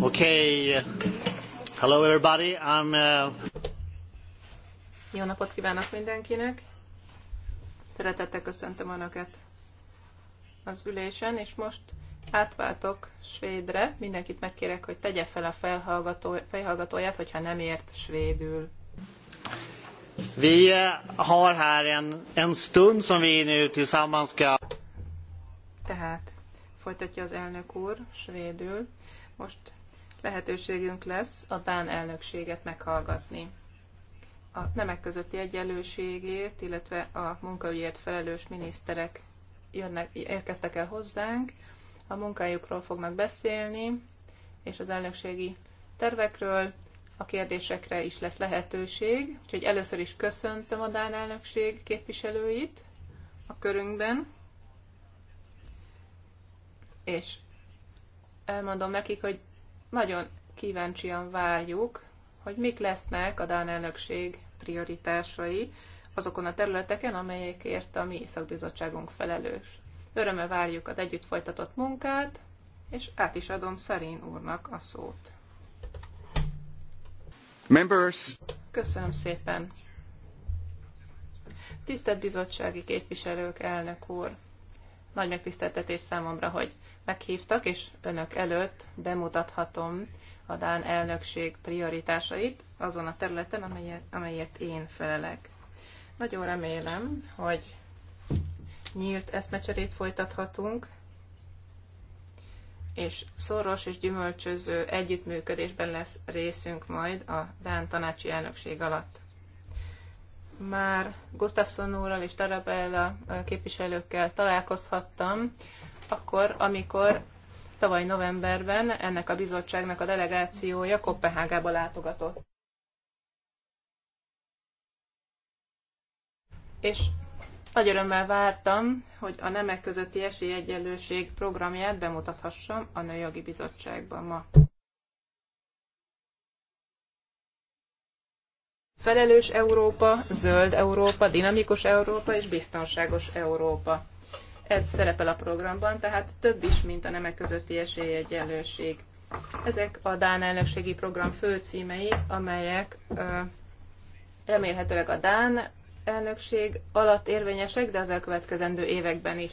Okay. Hello everybody. I'm, uh... Jó napot kívánok mindenkinek. Szeretettel köszöntöm Önöket az ülésen, és most átváltok svédre. Mindenkit megkérek, hogy tegye fel a felhallgató, fejhallgatóját, hogyha nem ért svédül. Vi uh, har här en, en stund som vi nu tillsammans ska... Tehát, folytatja az elnök úr svédül most lehetőségünk lesz a Dán elnökséget meghallgatni. A nemek közötti egyenlőségért, illetve a munkaügyért felelős miniszterek jönnek, érkeztek el hozzánk, a munkájukról fognak beszélni, és az elnökségi tervekről, a kérdésekre is lesz lehetőség. Úgyhogy először is köszöntöm a Dán elnökség képviselőit a körünkben, és elmondom nekik, hogy nagyon kíváncsian várjuk, hogy mik lesznek a Dán elnökség prioritásai azokon a területeken, amelyekért a mi szakbizottságunk felelős. Örömmel várjuk az együtt folytatott munkát, és át is adom Szerén úrnak a szót. Members. Köszönöm szépen. Tisztelt bizottsági képviselők, elnök úr! Nagy megtiszteltetés számomra, hogy meghívtak, és önök előtt bemutathatom a Dán elnökség prioritásait azon a területen, amelyet, amelyet én felelek. Nagyon remélem, hogy nyílt eszmecserét folytathatunk, és szoros és gyümölcsöző együttműködésben lesz részünk majd a Dán tanácsi elnökség alatt. Már Gustafsson úrral és Tarabella képviselőkkel találkozhattam, akkor, amikor tavaly novemberben ennek a bizottságnak a delegációja Kopenhágába látogatott. És nagy örömmel vártam, hogy a nemek közötti esélyegyenlőség programját bemutathassam a Nőjogi Bizottságban ma. Felelős Európa, zöld Európa, dinamikus Európa és biztonságos Európa. Ez szerepel a programban, tehát több is, mint a nemek közötti esélyegyenlőség. Ezek a Dán elnökségi program fő címei, amelyek remélhetőleg a Dán elnökség alatt érvényesek, de az elkövetkezendő években is.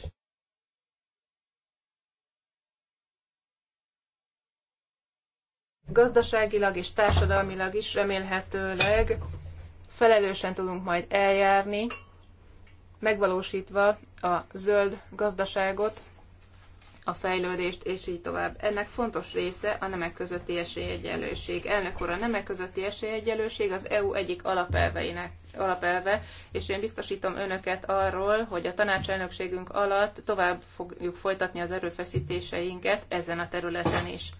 Gazdaságilag és társadalmilag is remélhetőleg felelősen tudunk majd eljárni megvalósítva a zöld gazdaságot, a fejlődést, és így tovább. Ennek fontos része a nemek közötti esélyegyenlőség. Elnök úr, a nemek közötti esélyegyenlőség az EU egyik alapelveinek alapelve, és én biztosítom önöket arról, hogy a tanácselnökségünk alatt tovább fogjuk folytatni az erőfeszítéseinket ezen a területen is.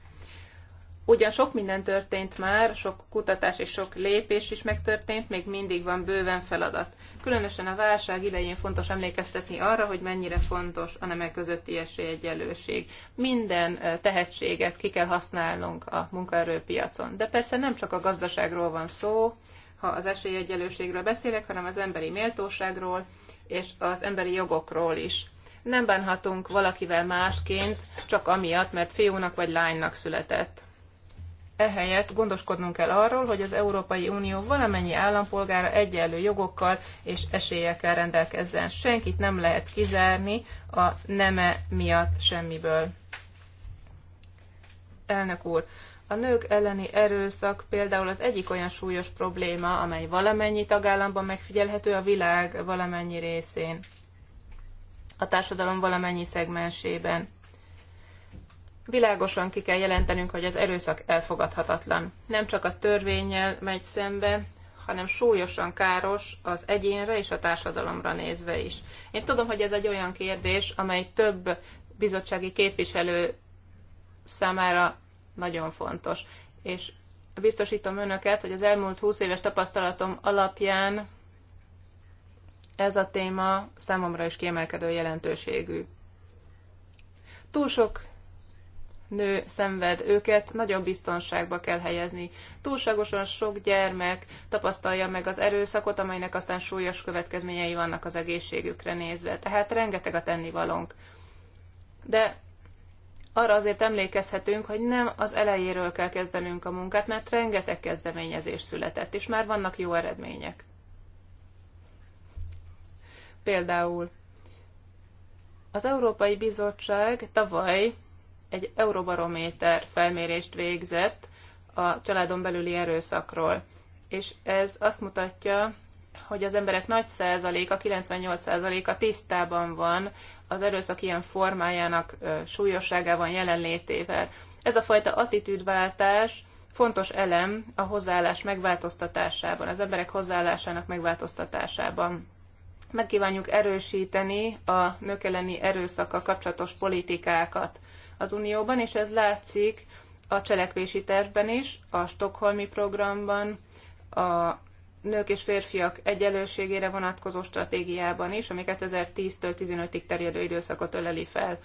Ugyan sok minden történt már, sok kutatás és sok lépés is megtörtént, még mindig van bőven feladat. Különösen a válság idején fontos emlékeztetni arra, hogy mennyire fontos a nemek közötti esélyegyelőség. Minden tehetséget ki kell használnunk a munkaerőpiacon. De persze nem csak a gazdaságról van szó, ha az esélyegyelőségről beszélek, hanem az emberi méltóságról és az emberi jogokról is nem bánhatunk valakivel másként, csak amiatt, mert fiúnak vagy lánynak született. Ehelyett gondoskodnunk kell arról, hogy az Európai Unió valamennyi állampolgára egyenlő jogokkal és esélyekkel rendelkezzen. Senkit nem lehet kizárni a neme miatt semmiből. Elnök úr, a nők elleni erőszak például az egyik olyan súlyos probléma, amely valamennyi tagállamban megfigyelhető a világ valamennyi részén, a társadalom valamennyi szegmensében. Világosan ki kell jelentenünk, hogy az erőszak elfogadhatatlan. Nem csak a törvényel megy szembe, hanem súlyosan káros az egyénre és a társadalomra nézve is. Én tudom, hogy ez egy olyan kérdés, amely több bizottsági képviselő számára nagyon fontos. És biztosítom önöket, hogy az elmúlt 20 éves tapasztalatom alapján ez a téma számomra is kiemelkedő jelentőségű. Túl sok nő szenved, őket nagyobb biztonságba kell helyezni. Túlságosan sok gyermek tapasztalja meg az erőszakot, amelynek aztán súlyos következményei vannak az egészségükre nézve. Tehát rengeteg a tennivalónk. De arra azért emlékezhetünk, hogy nem az elejéről kell kezdenünk a munkát, mert rengeteg kezdeményezés született, és már vannak jó eredmények. Például az Európai Bizottság tavaly egy euróbarométer felmérést végzett a családon belüli erőszakról. És ez azt mutatja, hogy az emberek nagy százaléka, 98 százaléka tisztában van az erőszak ilyen formájának súlyosságában, jelenlétével. Ez a fajta attitűdváltás fontos elem a hozzáállás megváltoztatásában, az emberek hozzáállásának megváltoztatásában. Megkívánjuk erősíteni a nők elleni erőszakkal kapcsolatos politikákat az Unióban, és ez látszik a cselekvési tervben is, a Stockholmi programban, a nők és férfiak egyenlőségére vonatkozó stratégiában is, ami 2010-től 15-ig terjedő időszakot öleli fel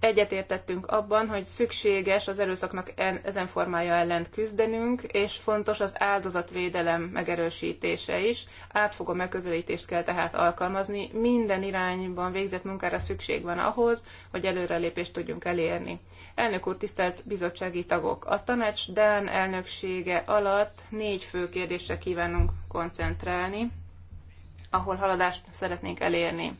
egyetértettünk abban, hogy szükséges az erőszaknak en, ezen formája ellen küzdenünk, és fontos az áldozatvédelem megerősítése is. Átfogó megközelítést kell tehát alkalmazni. Minden irányban végzett munkára szükség van ahhoz, hogy előrelépést tudjunk elérni. Elnök úr, tisztelt bizottsági tagok! A tanács Dán elnöksége alatt négy fő kérdésre kívánunk koncentrálni, ahol haladást szeretnénk elérni.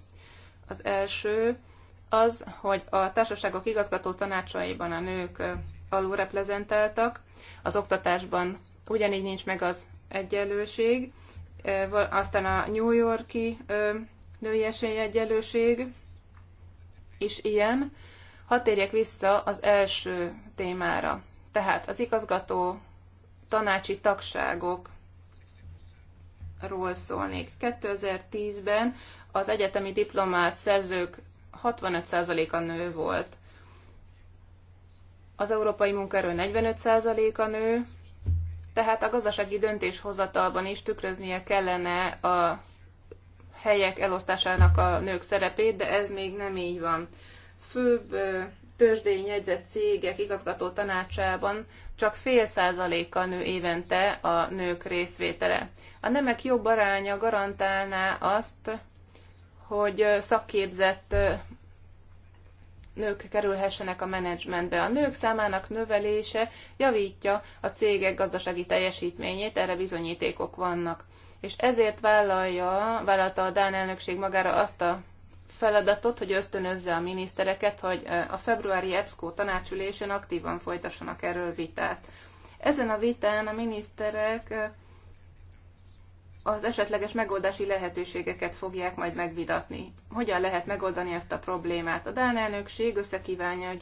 Az első, az, hogy a társaságok igazgató tanácsaiban a nők alulreprezentáltak, az oktatásban ugyanígy nincs meg az egyenlőség, aztán a New Yorki női esélyegyenlőség is ilyen. Hadd térjek vissza az első témára. Tehát az igazgató tanácsi tagságokról szólnék. 2010-ben az egyetemi diplomát szerzők 65%-a nő volt. Az európai munkaerő 45%-a nő, tehát a gazdasági döntéshozatalban is tükröznie kellene a helyek elosztásának a nők szerepét, de ez még nem így van. Főbb tőzsdén jegyzett cégek igazgató tanácsában csak fél százaléka nő évente a nők részvétele. A nemek jobb aránya garantálná azt, hogy szakképzett nők kerülhessenek a menedzsmentbe. A nők számának növelése javítja a cégek gazdasági teljesítményét, erre bizonyítékok vannak. És ezért vállalja, vállalta a Dán elnökség magára azt a feladatot, hogy ösztönözze a minisztereket, hogy a februári EBSCO tanácsülésen aktívan folytassanak erről vitát. Ezen a vitán a miniszterek az esetleges megoldási lehetőségeket fogják majd megvitatni. Hogyan lehet megoldani ezt a problémát? A Dán elnökség összekívánja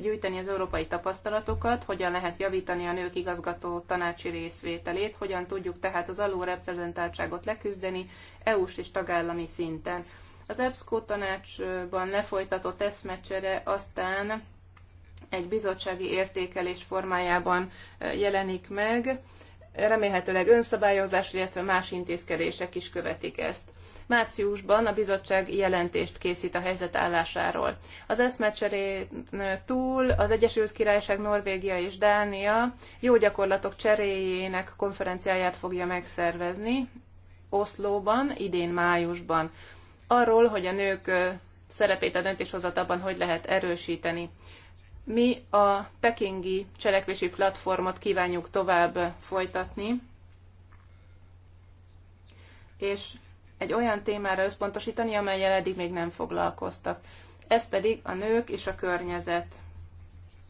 gyűjteni az európai tapasztalatokat, hogyan lehet javítani a nők igazgató tanácsi részvételét, hogyan tudjuk tehát az alulreprezentáltságot leküzdeni EU-s és tagállami szinten. Az EBSCO tanácsban lefolytatott eszmecsere aztán egy bizottsági értékelés formájában jelenik meg, remélhetőleg önszabályozás, illetve más intézkedések is követik ezt. Márciusban a bizottság jelentést készít a helyzet állásáról. Az eszmecserén túl az Egyesült Királyság, Norvégia és Dánia jó gyakorlatok cseréjének konferenciáját fogja megszervezni Oszlóban, idén májusban. Arról, hogy a nők szerepét a döntéshozatalban hogy lehet erősíteni. Mi a pekingi cselekvési platformot kívánjuk tovább folytatni, és egy olyan témára összpontosítani, amelyel eddig még nem foglalkoztak. Ez pedig a nők és a környezet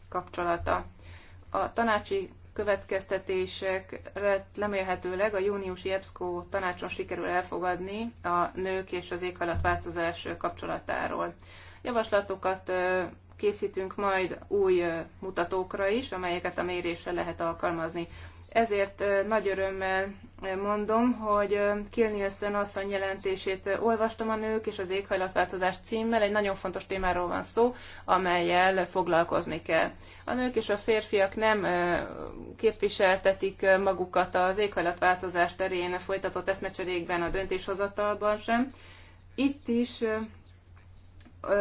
kapcsolata. A tanácsi következtetések lemélhetőleg a júniusi EBSCO tanácson sikerül elfogadni a nők és az éghajlatváltozás kapcsolatáról. Javaslatokat készítünk majd új mutatókra is, amelyeket a mérésre lehet alkalmazni. Ezért nagy örömmel mondom, hogy Kill Nielsen asszony jelentését olvastam a nők és az éghajlatváltozás címmel. Egy nagyon fontos témáról van szó, amelyel foglalkozni kell. A nők és a férfiak nem képviseltetik magukat az éghajlatváltozás terén folytatott eszmecserékben, a döntéshozatalban sem. Itt is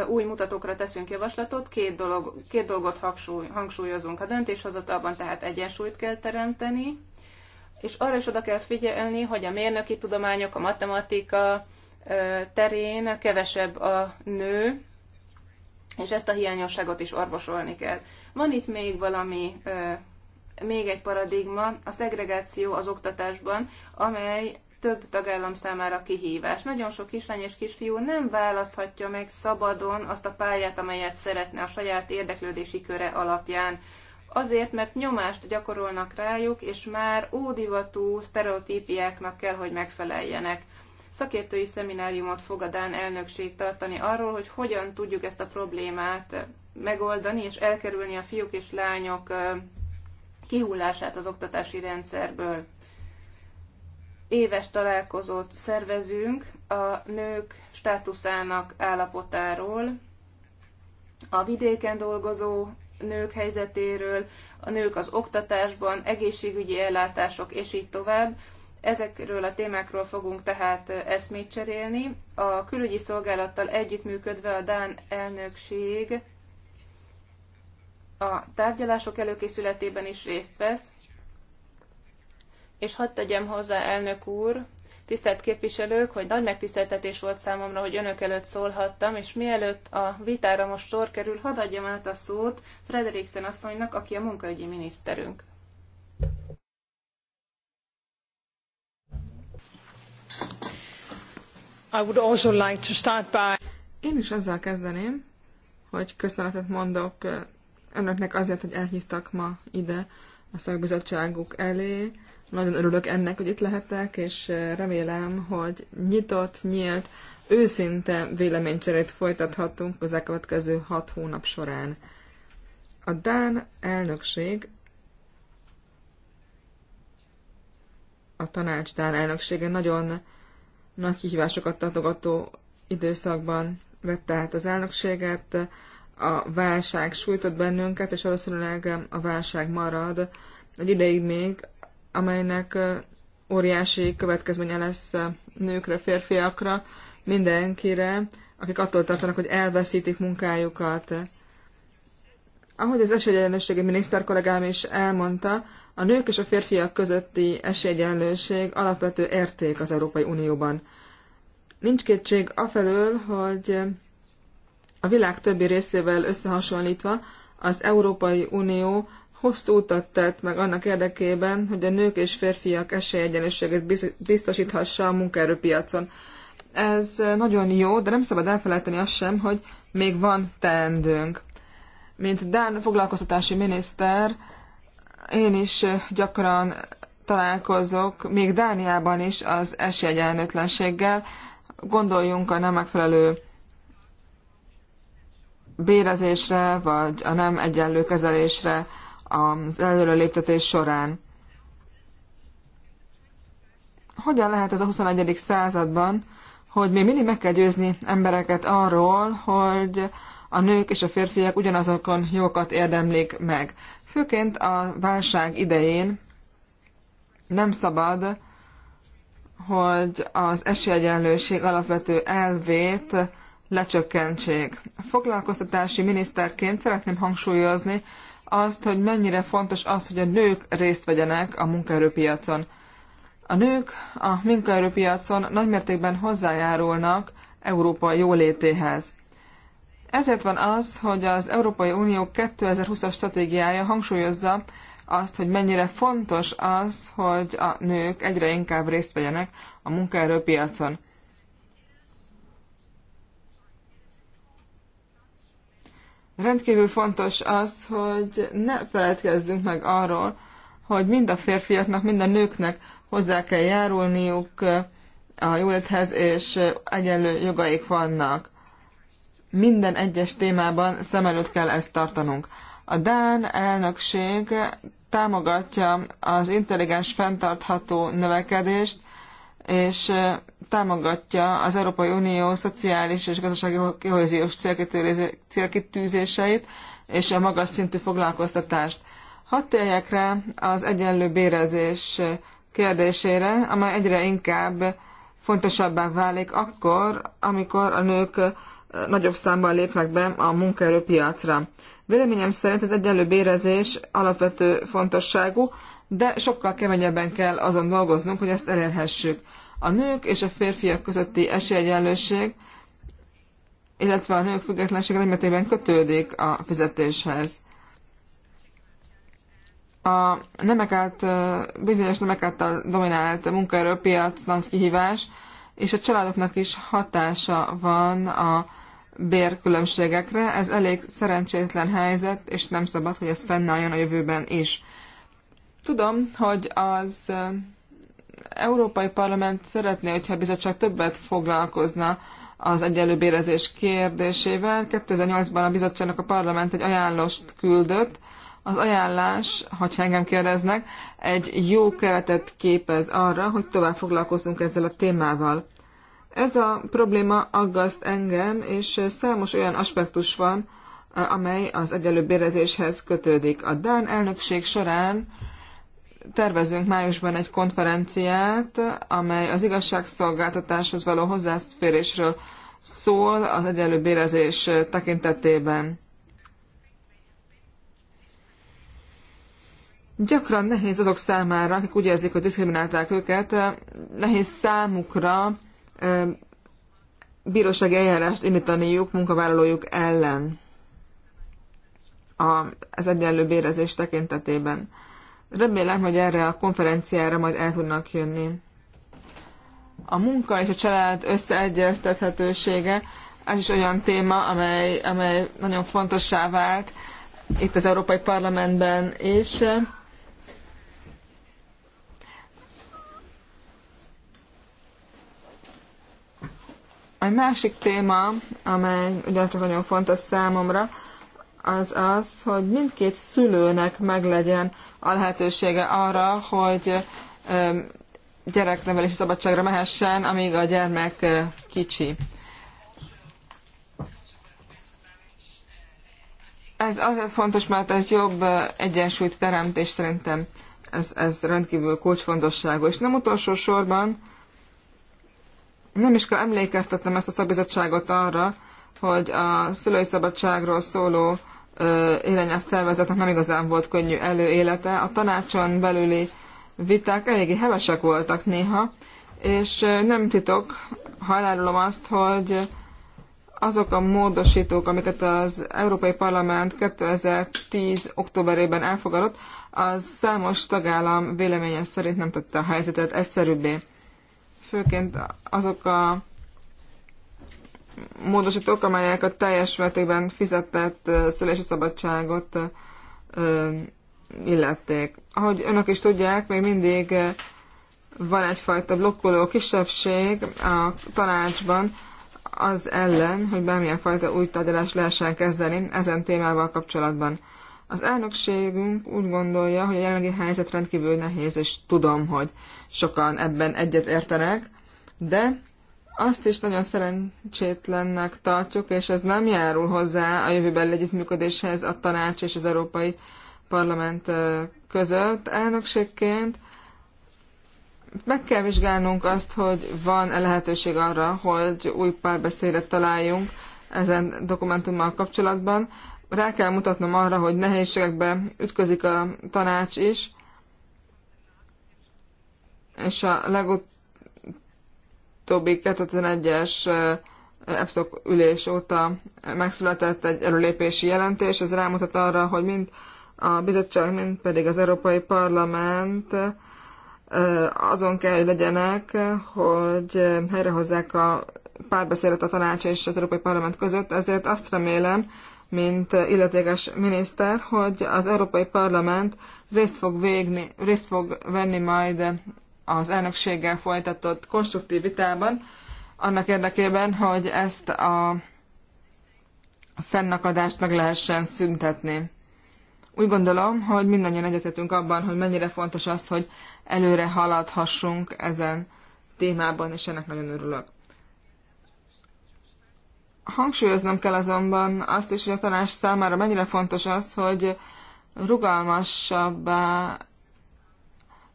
új mutatókra teszünk javaslatot, két, dolog, két dolgot hangsúlyozunk a döntéshozatalban, tehát egyensúlyt kell teremteni, és arra is oda kell figyelni, hogy a mérnöki tudományok, a matematika terén kevesebb a nő, és ezt a hiányosságot is orvosolni kell. Van itt még valami, még egy paradigma, a szegregáció az oktatásban, amely több tagállam számára kihívás. Nagyon sok kislány és kisfiú nem választhatja meg szabadon azt a pályát, amelyet szeretne a saját érdeklődési köre alapján. Azért, mert nyomást gyakorolnak rájuk, és már ódivatú sztereotípiáknak kell, hogy megfeleljenek. Szakértői szemináriumot fog a Dán elnökség tartani arról, hogy hogyan tudjuk ezt a problémát megoldani, és elkerülni a fiúk és lányok kihullását az oktatási rendszerből éves találkozót szervezünk a nők státuszának állapotáról, a vidéken dolgozó nők helyzetéről, a nők az oktatásban, egészségügyi ellátások, és így tovább. Ezekről a témákról fogunk tehát eszmét cserélni. A külügyi szolgálattal együttműködve a Dán elnökség a tárgyalások előkészületében is részt vesz, és hadd tegyem hozzá, elnök úr, tisztelt képviselők, hogy nagy megtiszteltetés volt számomra, hogy önök előtt szólhattam, és mielőtt a vitára most sor kerül, hadd adjam át a szót Frederiksen asszonynak, aki a munkaügyi miniszterünk. I would also like to start by... Én is azzal kezdeném, hogy köszönetet mondok önöknek azért, hogy elhívtak ma ide a szakbizottságuk elé, nagyon örülök ennek, hogy itt lehettek, és eh, remélem, hogy nyitott, nyílt, őszinte véleménycserét folytathatunk az elkövetkező hat hónap során. A Dán elnökség a tanács Dán elnöksége nagyon nagy kihívásokat tartogató időszakban vette át az elnökséget, a válság sújtott bennünket, és valószínűleg a válság marad egy ideig még amelynek óriási következménye lesz nőkre, férfiakra, mindenkire, akik attól tartanak, hogy elveszítik munkájukat. Ahogy az esélyegyenlőségi miniszter kollégám is elmondta, a nők és a férfiak közötti esélyegyenlőség alapvető érték az Európai Unióban. Nincs kétség afelől, hogy a világ többi részével összehasonlítva az Európai Unió hosszú utat tett meg annak érdekében, hogy a nők és férfiak esélyegyenlőségét biztosíthassa a munkaerőpiacon. Ez nagyon jó, de nem szabad elfelejteni azt sem, hogy még van teendőnk. Mint Dán foglalkoztatási miniszter, én is gyakran találkozok, még Dániában is az esélyegyenlőtlenséggel. Gondoljunk a nem megfelelő bérezésre, vagy a nem egyenlő kezelésre az előre léptetés során. Hogyan lehet ez a 21. században, hogy még mindig meg kell győzni embereket arról, hogy a nők és a férfiak ugyanazokon jókat érdemlik meg. Főként a válság idején nem szabad, hogy az esélyegyenlőség alapvető elvét lecsökkentsék. Foglalkoztatási miniszterként szeretném hangsúlyozni, azt, hogy mennyire fontos az, hogy a nők részt vegyenek a munkaerőpiacon. A nők a munkaerőpiacon nagymértékben hozzájárulnak Európa jólétéhez. Ezért van az, hogy az Európai Unió 2020-as stratégiája hangsúlyozza azt, hogy mennyire fontos az, hogy a nők egyre inkább részt vegyenek a munkaerőpiacon. Rendkívül fontos az, hogy ne feledkezzünk meg arról, hogy mind a férfiaknak, mind a nőknek hozzá kell járulniuk a jóléthez, és egyenlő jogaik vannak. Minden egyes témában szem előtt kell ezt tartanunk. A Dán elnökség támogatja az intelligens fenntartható növekedést, és támogatja az Európai Unió szociális és gazdasági kohéziós célkitűzéseit és a magas szintű foglalkoztatást. Hadd térjek rá az egyenlő bérezés kérdésére, amely egyre inkább fontosabbá válik akkor, amikor a nők nagyobb számban lépnek be a munkaerőpiacra. Véleményem szerint az egyenlő bérezés alapvető fontosságú, de sokkal keményebben kell azon dolgoznunk, hogy ezt elérhessük. A nők és a férfiak közötti esélyegyenlőség, illetve a nők függetlensége remetében kötődik a fizetéshez. A nemek által, bizonyos nemek által dominált munkaerőpiac nagy kihívás, és a családoknak is hatása van a bérkülönbségekre. Ez elég szerencsétlen helyzet, és nem szabad, hogy ez fennálljon a jövőben is. Tudom, hogy az Európai Parlament szeretné, hogyha a bizottság többet foglalkozna az egyenlő bérezés kérdésével. 2008-ban a bizottságnak a parlament egy ajánlást küldött. Az ajánlás, ha engem kérdeznek, egy jó keretet képez arra, hogy tovább foglalkozzunk ezzel a témával. Ez a probléma aggaszt engem, és számos olyan aspektus van, amely az egyenlő bérezéshez kötődik. A Dán elnökség során tervezünk májusban egy konferenciát, amely az igazságszolgáltatáshoz való hozzáférésről szól az egyenlő bérezés tekintetében. Gyakran nehéz azok számára, akik úgy érzik, hogy diszkriminálták őket, nehéz számukra bírósági eljárást indítaniuk munkavállalójuk ellen az egyenlő bérezés tekintetében. Remélem, hogy erre a konferenciára majd el tudnak jönni. A munka és a család összeegyeztethetősége, ez is olyan téma, amely, amely nagyon fontossá vált itt az Európai Parlamentben is. Eh, egy másik téma, amely ugyancsak nagyon fontos számomra, az az, hogy mindkét szülőnek meglegyen a lehetősége arra, hogy gyereknevelési szabadságra mehessen, amíg a gyermek kicsi. Ez azért fontos, mert ez jobb egyensúlyt teremt, és szerintem ez, ez rendkívül kulcsfontosságú. És nem utolsó sorban nem is kell emlékeztetnem ezt a szabizottságot arra, hogy a szülői szabadságról szóló élenyebb szervezetnek nem igazán volt könnyű előélete. A tanácson belüli viták eléggé hevesek voltak néha, és nem titok, ha elárulom azt, hogy azok a módosítók, amiket az Európai Parlament 2010. októberében elfogadott, az számos tagállam véleménye szerint nem tette a helyzetet egyszerűbbé. Főként azok a módosítók, amelyek a teljes mértékben fizetett szülési szabadságot illették. Ahogy önök is tudják, még mindig van egyfajta blokkoló kisebbség a tanácsban az ellen, hogy bármilyen fajta új tárgyalást lehessen kezdeni ezen témával kapcsolatban. Az elnökségünk úgy gondolja, hogy a jelenlegi helyzet rendkívül nehéz, és tudom, hogy sokan ebben egyet értenek, de azt is nagyon szerencsétlennek tartjuk, és ez nem járul hozzá a jövőbeli együttműködéshez a tanács és az Európai Parlament között elnökségként. Meg kell vizsgálnunk azt, hogy van-e lehetőség arra, hogy új párbeszédet találjunk ezen dokumentummal kapcsolatban. Rá kell mutatnom arra, hogy nehézségekbe ütközik a tanács is, és a legutóbb utóbbi 2011-es EPSZOK ülés óta megszületett egy erőlépési jelentés. Ez rámutat arra, hogy mind a bizottság, mind pedig az Európai Parlament azon kell, hogy legyenek, hogy helyrehozzák a párbeszédet a tanács és az Európai Parlament között, ezért azt remélem, mint illetékes miniszter, hogy az Európai Parlament részt fog, végni, részt fog venni majd az elnökséggel folytatott konstruktív vitában, annak érdekében, hogy ezt a fennakadást meg lehessen szüntetni. Úgy gondolom, hogy mindannyian egyetetünk abban, hogy mennyire fontos az, hogy előre haladhassunk ezen témában, és ennek nagyon örülök. Hangsúlyoznom kell azonban azt is, hogy a tanás számára mennyire fontos az, hogy rugalmasabbá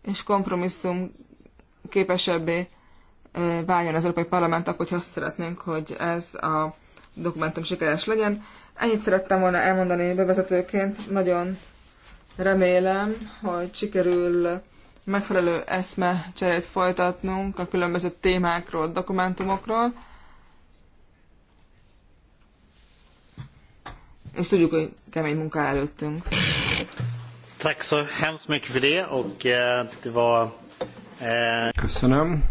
és kompromisszum képesebbé váljon az Európai Parlament, akkor hogyha azt szeretnénk, hogy ez a dokumentum sikeres legyen. Ennyit szerettem volna elmondani bevezetőként. Nagyon remélem, hogy sikerül megfelelő eszme cserét folytatnunk a különböző témákról, dokumentumokról. És tudjuk, hogy kemény munká előttünk. Tack så hemskt mycket för det och eh, det var Köszönöm.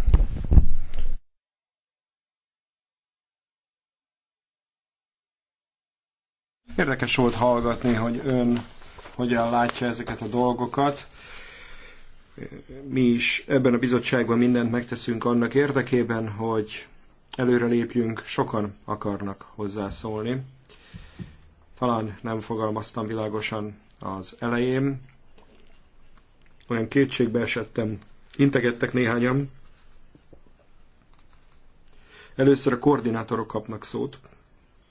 Érdekes volt hallgatni, hogy ön hogyan látja ezeket a dolgokat. Mi is ebben a bizottságban mindent megteszünk annak érdekében, hogy előre lépjünk, sokan akarnak hozzászólni. Talán nem fogalmaztam világosan az elején. Olyan kétségbe esettem, Integettek néhányan. Először a koordinátorok kapnak szót,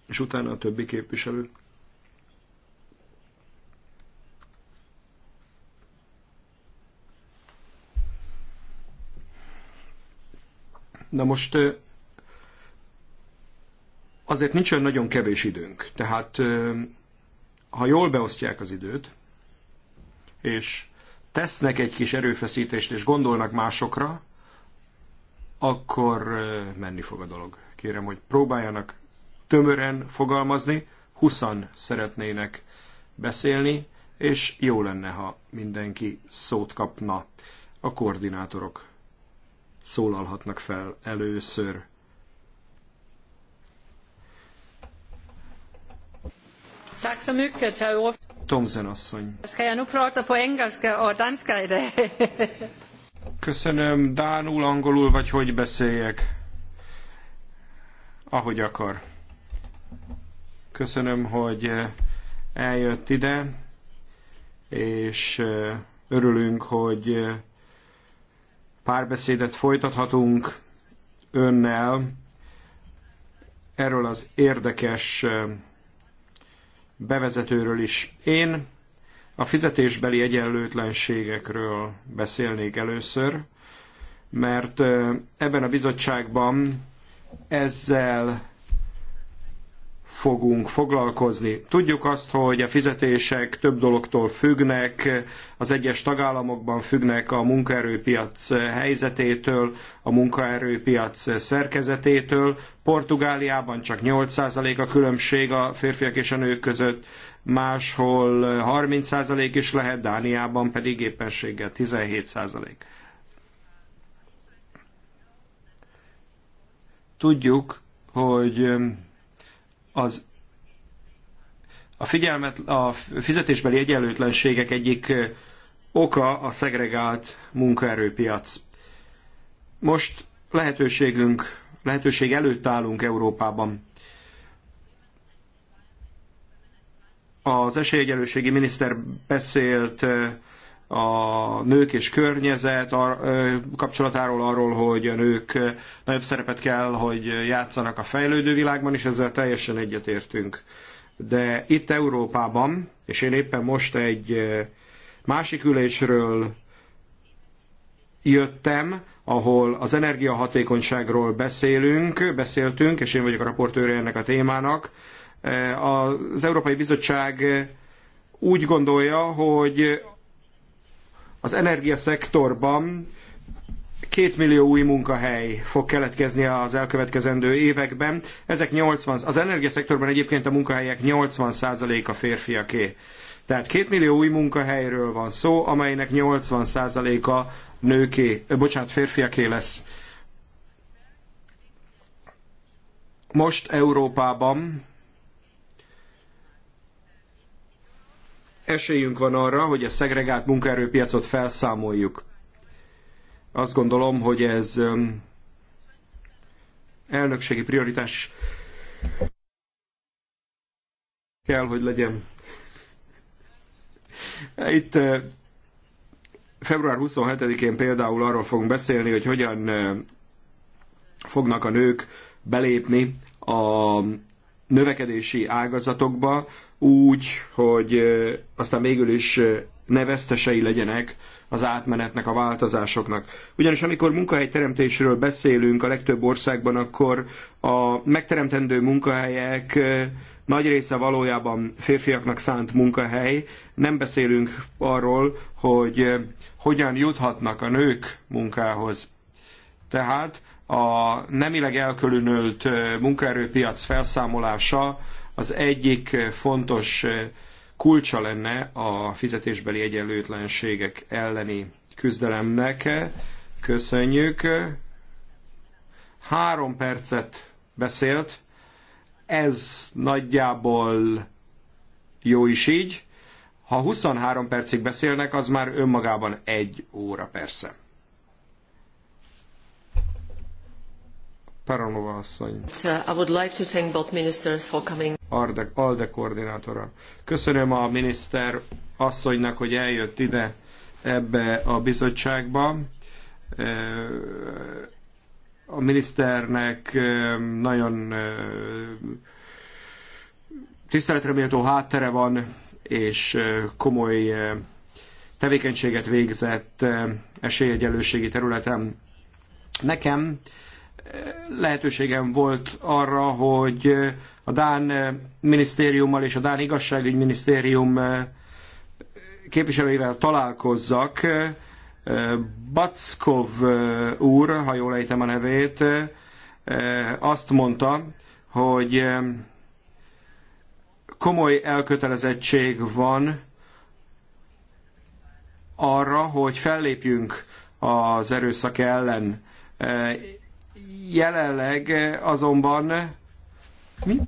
és utána a többi képviselő. Na most azért nincs olyan nagyon kevés időnk. Tehát ha jól beosztják az időt, és tesznek egy kis erőfeszítést és gondolnak másokra, akkor menni fog a dolog. Kérem, hogy próbáljanak tömören fogalmazni, huszan szeretnének beszélni, és jó lenne, ha mindenki szót kapna. A koordinátorok szólalhatnak fel először. Tack så Tomzen asszony. Er Köszönöm, Dánul, angolul, vagy hogy beszéljek? Ahogy akar. Köszönöm, hogy eh, eljött ide, és eh, örülünk, hogy eh, párbeszédet folytathatunk önnel erről az érdekes bevezetőről is. Én a fizetésbeli egyenlőtlenségekről beszélnék először, mert ebben a bizottságban ezzel fogunk foglalkozni. Tudjuk azt, hogy a fizetések több dologtól függnek, az egyes tagállamokban függnek a munkaerőpiac helyzetétől, a munkaerőpiac szerkezetétől. Portugáliában csak 8% a különbség a férfiak és a nők között, máshol 30% is lehet, Dániában pedig éppenséggel 17%. Tudjuk, hogy az a, figyelmet, a fizetésbeli egyenlőtlenségek egyik oka a szegregált munkaerőpiac. Most lehetőségünk, lehetőség előtt állunk Európában. Az esélyegyenlőségi miniszter beszélt a nők és környezet kapcsolatáról, arról, hogy a nők nagyobb szerepet kell, hogy játszanak a fejlődő világban, és ezzel teljesen egyetértünk. De itt Európában, és én éppen most egy másik ülésről jöttem, ahol az energiahatékonyságról beszélünk, beszéltünk, és én vagyok a raportőre ennek a témának. Az Európai Bizottság úgy gondolja, hogy az energiaszektorban két millió új munkahely fog keletkezni az elkövetkezendő években. Ezek 80, az energiaszektorban egyébként a munkahelyek 80%-a férfiaké. Tehát két millió új munkahelyről van szó, amelynek 80%-a nőké, bocsánat, férfiaké lesz. Most Európában esélyünk van arra, hogy a szegregált munkaerőpiacot felszámoljuk. Azt gondolom, hogy ez elnökségi prioritás kell, hogy legyen. Itt február 27-én például arról fogunk beszélni, hogy hogyan fognak a nők belépni a növekedési ágazatokba, úgy, hogy aztán végül is neveztesei legyenek az átmenetnek, a változásoknak. Ugyanis amikor munkahelyteremtésről beszélünk a legtöbb országban, akkor a megteremtendő munkahelyek nagy része valójában férfiaknak szánt munkahely. Nem beszélünk arról, hogy hogyan juthatnak a nők munkához. Tehát a nemileg elkülönült munkaerőpiac felszámolása az egyik eh, fontos eh, kulcsa lenne a fizetésbeli egyenlőtlenségek elleni küzdelemnek. Köszönjük. Három percet beszélt. Ez nagyjából jó is így. Ha 23 percig beszélnek, az már önmagában egy óra persze. Paranova asszony. I would like to thank both ministers for coming. Arde, ALDE koordinátora. Köszönöm a miniszter asszonynak, hogy eljött ide ebbe a bizottságba. A miniszternek nagyon tiszteletre méltó háttere van, és komoly tevékenységet végzett esélyegyelőségi területen. Nekem lehetőségem volt arra, hogy a Dán minisztériummal és a Dán igazságügyminisztérium képviselőivel találkozzak. Backov úr, ha jól ejtem a nevét, azt mondta, hogy komoly elkötelezettség van arra, hogy fellépjünk az erőszak ellen Jelenleg eh, azonban eh, mi?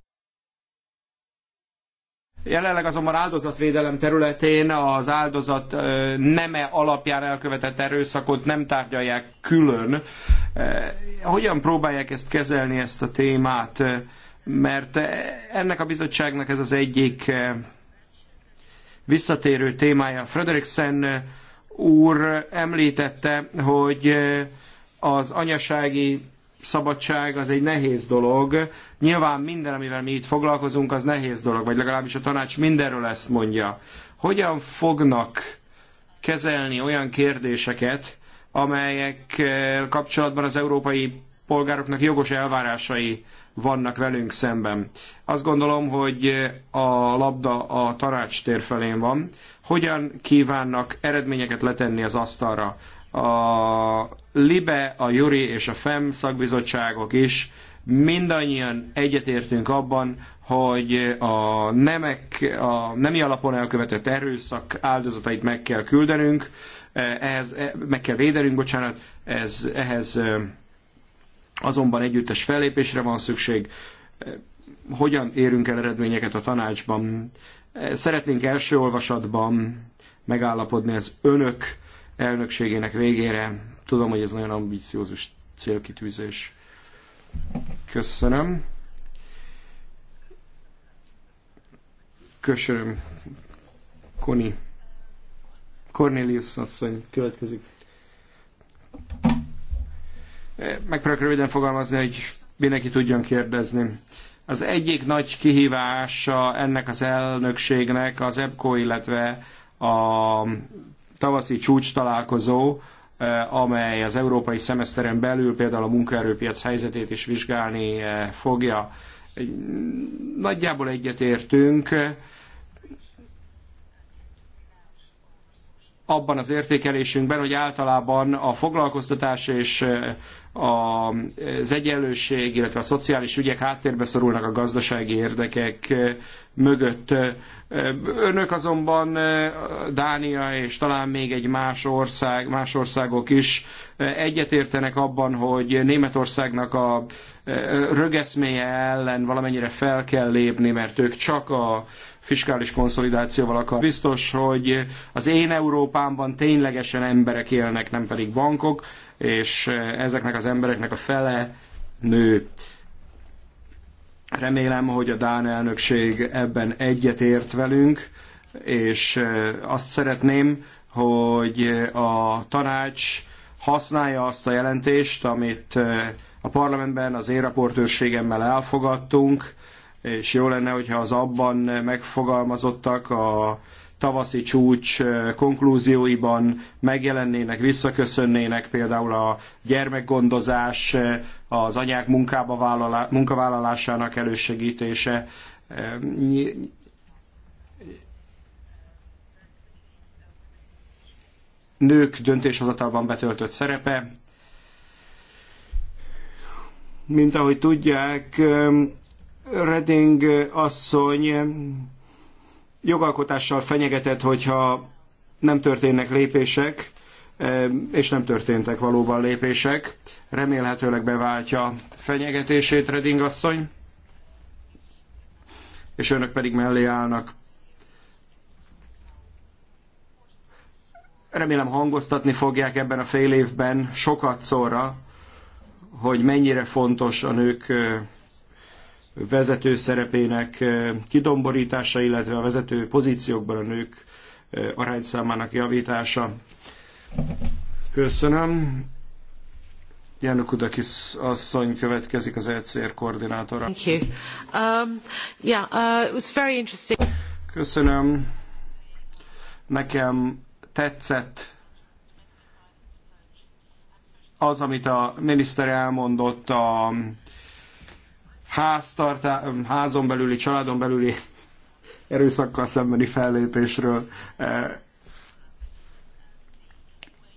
Jelenleg azonban áldozatvédelem területén az áldozat eh, neme alapján elkövetett erőszakot nem tárgyalják külön. Hogyan próbálják ezt kezelni, ezt a témát? Mert ennek a bizottságnak ez az egyik visszatérő témája. Frederiksen úr említette, hogy az anyasági szabadság az egy nehéz dolog. Nyilván minden, amivel mi itt foglalkozunk, az nehéz dolog, vagy legalábbis a tanács mindenről ezt mondja. Hogyan fognak kezelni olyan kérdéseket, amelyek kapcsolatban az európai polgároknak jogos elvárásai vannak velünk szemben. Azt gondolom, hogy a labda a tanács tér felén van. Hogyan kívánnak eredményeket letenni az asztalra? a LIBE, a JURI és a FEM szakbizottságok is mindannyian egyetértünk abban, hogy a, nemek, a nemi alapon elkövetett erőszak áldozatait meg kell küldenünk, e, ehhez, e, meg kell védenünk, bocsánat, ez, ehhez e, azonban együttes fellépésre van szükség. Hogyan érünk el eredményeket a tanácsban? Szeretnénk első olvasatban megállapodni az önök elnökségének végére. Tudom, hogy ez nagyon ambiciózus célkitűzés. Köszönöm. Köszönöm. Koni. Cornelius asszony következik. Eh, megpróbálok röviden fogalmazni, hogy mindenki tudjon kérdezni. Az egyik nagy kihívása ennek az elnökségnek az EBCO, illetve a tavaszi csúcs találkozó, eh, amely az európai szemeszteren belül például a munkaerőpiac helyzetét is vizsgálni eh, fogja. Nagyjából egyetértünk abban az értékelésünkben, hogy általában a foglalkoztatás és eh, az egyenlőség, illetve a szociális ügyek háttérbe szorulnak a gazdasági érdekek mögött. Önök azonban Dánia és talán még egy más ország, más országok is egyetértenek abban, hogy Németországnak a rögeszméje ellen valamennyire fel kell lépni, mert ők csak a fiskális konszolidációval akar. Biztos, hogy az én Európámban ténylegesen emberek élnek, nem pedig bankok és eh, ezeknek az embereknek a fele nő. Remélem, hogy a Dán elnökség ebben egyetért velünk, és eh, azt szeretném, hogy eh, a tanács használja azt a jelentést, amit a parlamentben az éraportőrségemmel elfogadtunk, és jó lenne, hogyha az abban megfogalmazottak a tavaszi csúcs eh, konklúzióiban megjelennének, visszaköszönnének, például a gyermekgondozás, eh, az anyák munkába vállalá, munkavállalásának elősegítése. Eh, nők döntéshozatalban betöltött szerepe. Mint ahogy tudják, Reding asszony jogalkotással fenyegetett, hogyha nem történnek lépések, e, és nem történtek valóban lépések. Remélhetőleg beváltja fenyegetését Reding asszony, és önök pedig mellé állnak. Remélem hangoztatni fogják ebben a fél évben sokat szóra, hogy mennyire fontos a nők e, vezető szerepének eh, kidomborítása, illetve a vezető pozíciókban a nők eh, arányszámának javítása. Köszönöm. Jánok Udakis asszony következik az ECR koordinátora. Thank you. Um, yeah, uh, it was very interesting. Köszönöm. Nekem tetszett az, amit a miniszter elmondott a háztartá, házon belüli, családon belüli erőszakkal szembeni fellépésről. E,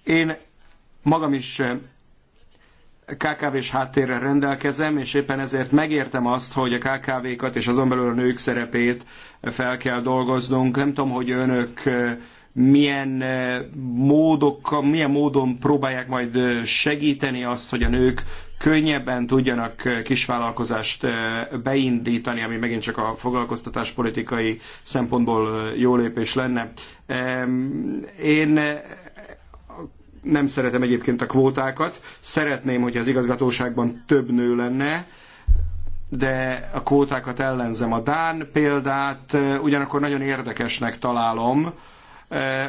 én magam is e, KKV-s háttérrel rendelkezem, és éppen ezért megértem azt, hogy a KKV-kat és azon belül a nők szerepét fel kell dolgoznunk. Nem tudom, hogy önök e, milyen, módok, milyen módon próbálják majd segíteni azt, hogy a nők könnyebben tudjanak kisvállalkozást beindítani, ami megint csak a foglalkoztatás politikai szempontból jó lépés lenne. Én nem szeretem egyébként a kvótákat, szeretném, hogy az igazgatóságban több nő lenne, de a kvótákat ellenzem. A Dán példát ugyanakkor nagyon érdekesnek találom,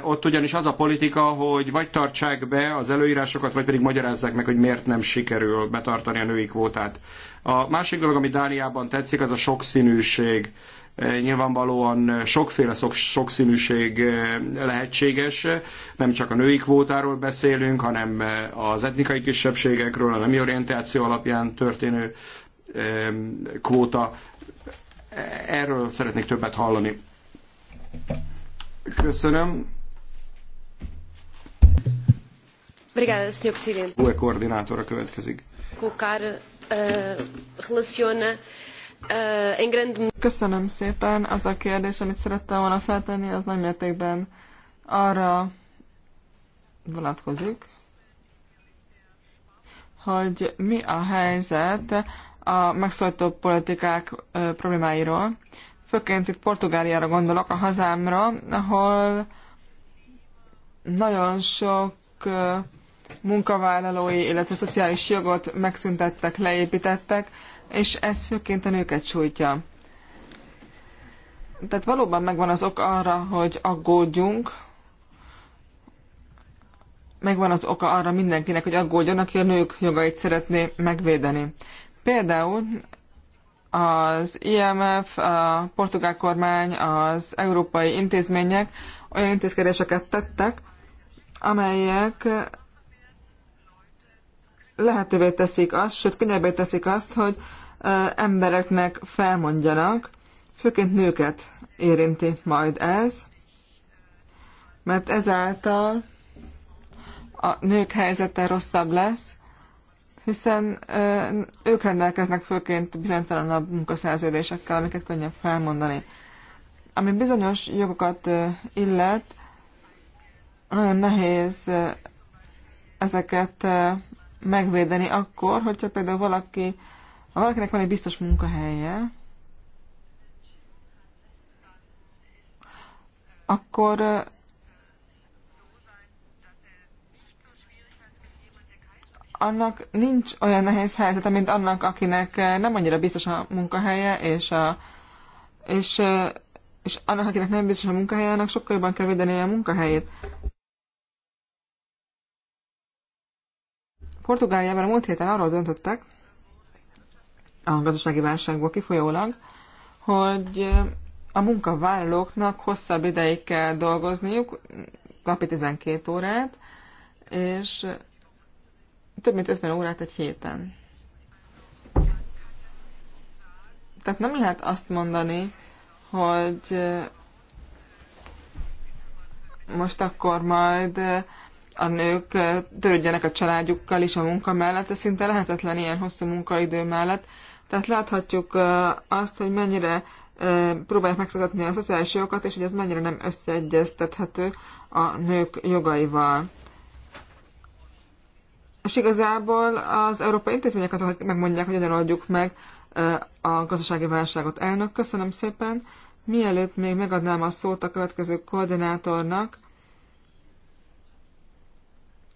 ott ugyanis az a politika, hogy vagy tartsák be az előírásokat, vagy pedig magyarázzák meg, hogy miért nem sikerül betartani a női kvótát. A másik dolog, ami Dániában tetszik, az a sokszínűség nyilvánvalóan sokféle szok, sokszínűség lehetséges. Nem csak a női kvótáról beszélünk, hanem az etnikai kisebbségekről, a nemi orientáció alapján történő kvóta. Erről szeretnék többet hallani. Köszönöm. Obrigada, Sr. Presidente. Colocar uh, eh, relaciona uh, em grande... Köszönöm szépen. Az a kérdés, amit szerettem volna feltenni, az nagy mértékben arra vonatkozik, hogy mi a helyzet a megszólító politikák eh, problémáiról. Főként itt Portugáliára gondolok, a hazámra, ahol nagyon sok munkavállalói, illetve szociális jogot megszüntettek, leépítettek, és ez főként a nőket sújtja. Tehát valóban megvan az ok arra, hogy aggódjunk, megvan az oka arra mindenkinek, hogy aggódjon, aki a nők jogait szeretné megvédeni. Például az IMF, a portugál kormány, az európai intézmények olyan intézkedéseket tettek, amelyek lehetővé teszik azt, sőt könnyebbé teszik azt, hogy embereknek felmondjanak, főként nőket érinti majd ez, mert ezáltal a nők helyzete rosszabb lesz, hiszen ők rendelkeznek főként bizonytalanabb munkaszerződésekkel, amiket könnyebb felmondani. Ami bizonyos jogokat illet, nagyon nehéz ezeket megvédeni akkor, hogyha például valaki, ha valakinek van egy biztos munkahelye, akkor annak nincs olyan nehéz helyzete, mint annak, akinek eh, nem annyira biztos a munkahelye, és, a, és, eh, és annak, akinek nem biztos a munkahelye, annak sokkal jobban kell védeni a munkahelyét. Portugáliában a múlt héten arról döntöttek, a gazdasági válságból kifolyólag, hogy eh, a munkavállalóknak hosszabb ideig kell dolgozniuk, napi 12 órát, és több mint 50 órát egy héten. Tehát nem lehet azt mondani, hogy most akkor majd a nők törődjenek a családjukkal is a munka mellett, ez szinte lehetetlen ilyen hosszú munkaidő mellett. Tehát láthatjuk azt, hogy mennyire próbálják megszokatni a szociális jogokat, és hogy ez mennyire nem összeegyeztethető a nők jogaival és igazából az európai intézmények azok, hogy megmondják, hogy hogyan oldjuk meg a gazdasági válságot. Elnök, köszönöm szépen. Mielőtt még megadnám a szót a következő koordinátornak,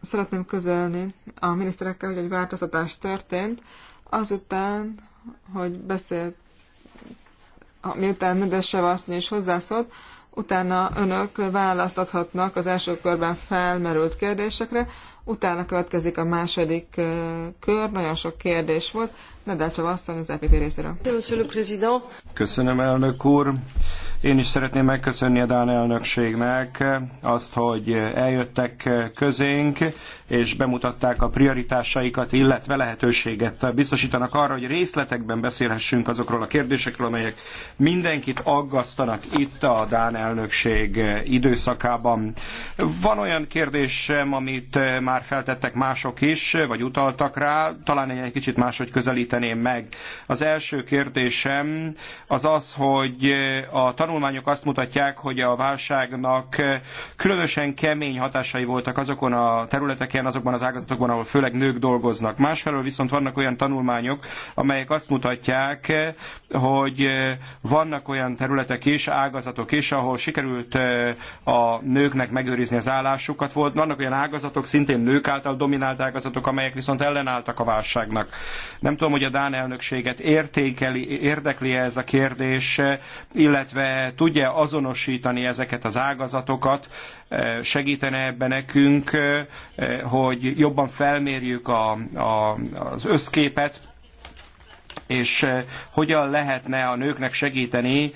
szeretném közölni a miniszterekkel, hogy egy változtatás történt. Azután, hogy beszélt, miután Nedessev asszony is hozzászólt, utána önök választathatnak az első körben felmerült kérdésekre, Utána következik a második kör, nagyon sok kérdés volt asszony az EPP részéről. Köszönöm, elnök úr. Én is szeretném megköszönni a Dán elnökségnek azt, hogy eljöttek közénk, és bemutatták a prioritásaikat, illetve lehetőséget biztosítanak arra, hogy részletekben beszélhessünk azokról a kérdésekről, amelyek mindenkit aggasztanak itt a Dán elnökség időszakában. Van olyan kérdésem, amit már feltettek mások is, vagy utaltak rá, talán egy kicsit máshogy közelít említeném meg. Az első kérdésem az az, hogy a tanulmányok azt mutatják, hogy a válságnak különösen kemény hatásai voltak azokon a területeken, azokban az ágazatokban, ahol főleg nők dolgoznak. Másfelől viszont vannak olyan tanulmányok, amelyek azt mutatják, hogy vannak olyan területek is, ágazatok is, ahol sikerült a nőknek megőrizni az állásukat. Volt, vannak olyan ágazatok, szintén nők által dominált ágazatok, amelyek viszont ellenálltak a válságnak. Nem tudom, hogy hogy a Dán elnökséget értékeli, érdekli -e ez a kérdés, illetve tudja azonosítani ezeket az ágazatokat, eh, segítene ebben nekünk, eh, hogy jobban felmérjük a, a, az összképet, és eh, hogyan lehetne a nőknek segíteni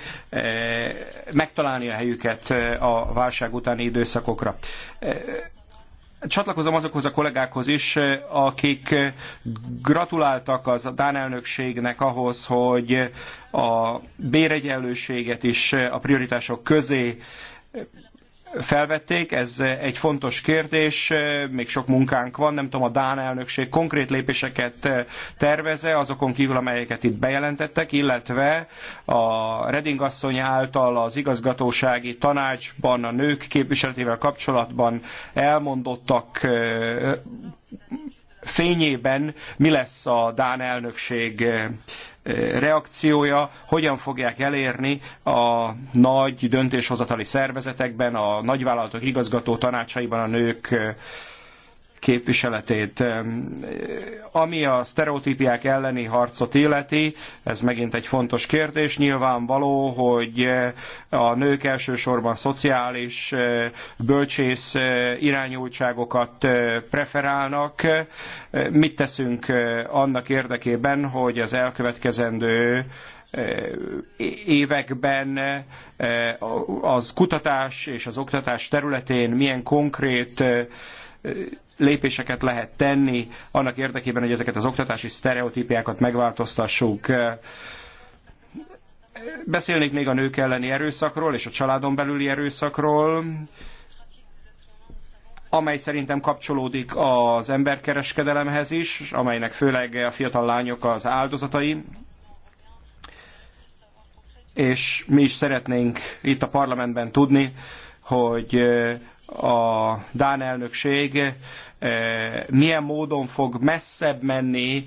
megtalálni a helyüket a válság utáni időszakokra. Csatlakozom azokhoz a kollégákhoz is, eh, akik eh, gratuláltak az Dán elnökségnek ahhoz, hogy a béregyenlőséget is eh, a prioritások közé felvették, ez egy fontos kérdés, még sok munkánk van, nem tudom, a Dán elnökség konkrét lépéseket terveze, azokon kívül, amelyeket itt bejelentettek, illetve a Reding asszony által az igazgatósági tanácsban a nők képviseletével kapcsolatban elmondottak fényében mi lesz a Dán elnökség eh, reakciója, hogyan fogják elérni a nagy döntéshozatali szervezetekben, a nagyvállalatok igazgató tanácsaiban a nők eh, képviseletét. Ami a sztereotípiák elleni harcot illeti, ez megint egy fontos kérdés. Nyilvánvaló, hogy eh, a nők elsősorban szociális, eh, bölcsész eh, irányultságokat preferálnak. Mit teszünk annak érdekében, hogy az elkövetkezendő években az kutatás és az oktatás területén milyen konkrét lépéseket lehet tenni annak érdekében, hogy ezeket az oktatási sztereotípiákat megváltoztassuk. Beszélnék még a nők elleni erőszakról és a családon belüli erőszakról, amely szerintem kapcsolódik az emberkereskedelemhez is, amelynek főleg a fiatal lányok az áldozatai. És mi is szeretnénk itt a parlamentben tudni, hogy a Dán elnökség eh, milyen módon fog messzebb menni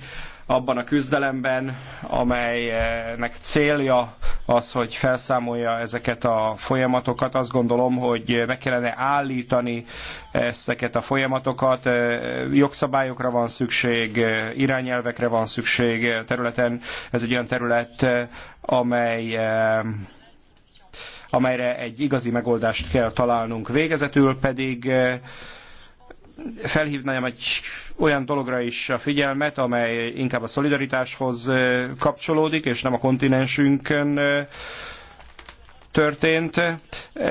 abban a küzdelemben, amelynek célja az, hogy felszámolja ezeket a folyamatokat. Azt gondolom, hogy meg kellene állítani ezteket a folyamatokat. Eh, jogszabályokra van szükség, eh, irányelvekre van szükség területen. Ez egy olyan terület, amely amelyre egy igazi megoldást kell találnunk. Végezetül pedig eh, felhívnám egy olyan dologra is a figyelmet, amely inkább a szolidaritáshoz eh, kapcsolódik, és nem a kontinensünkön eh, történt.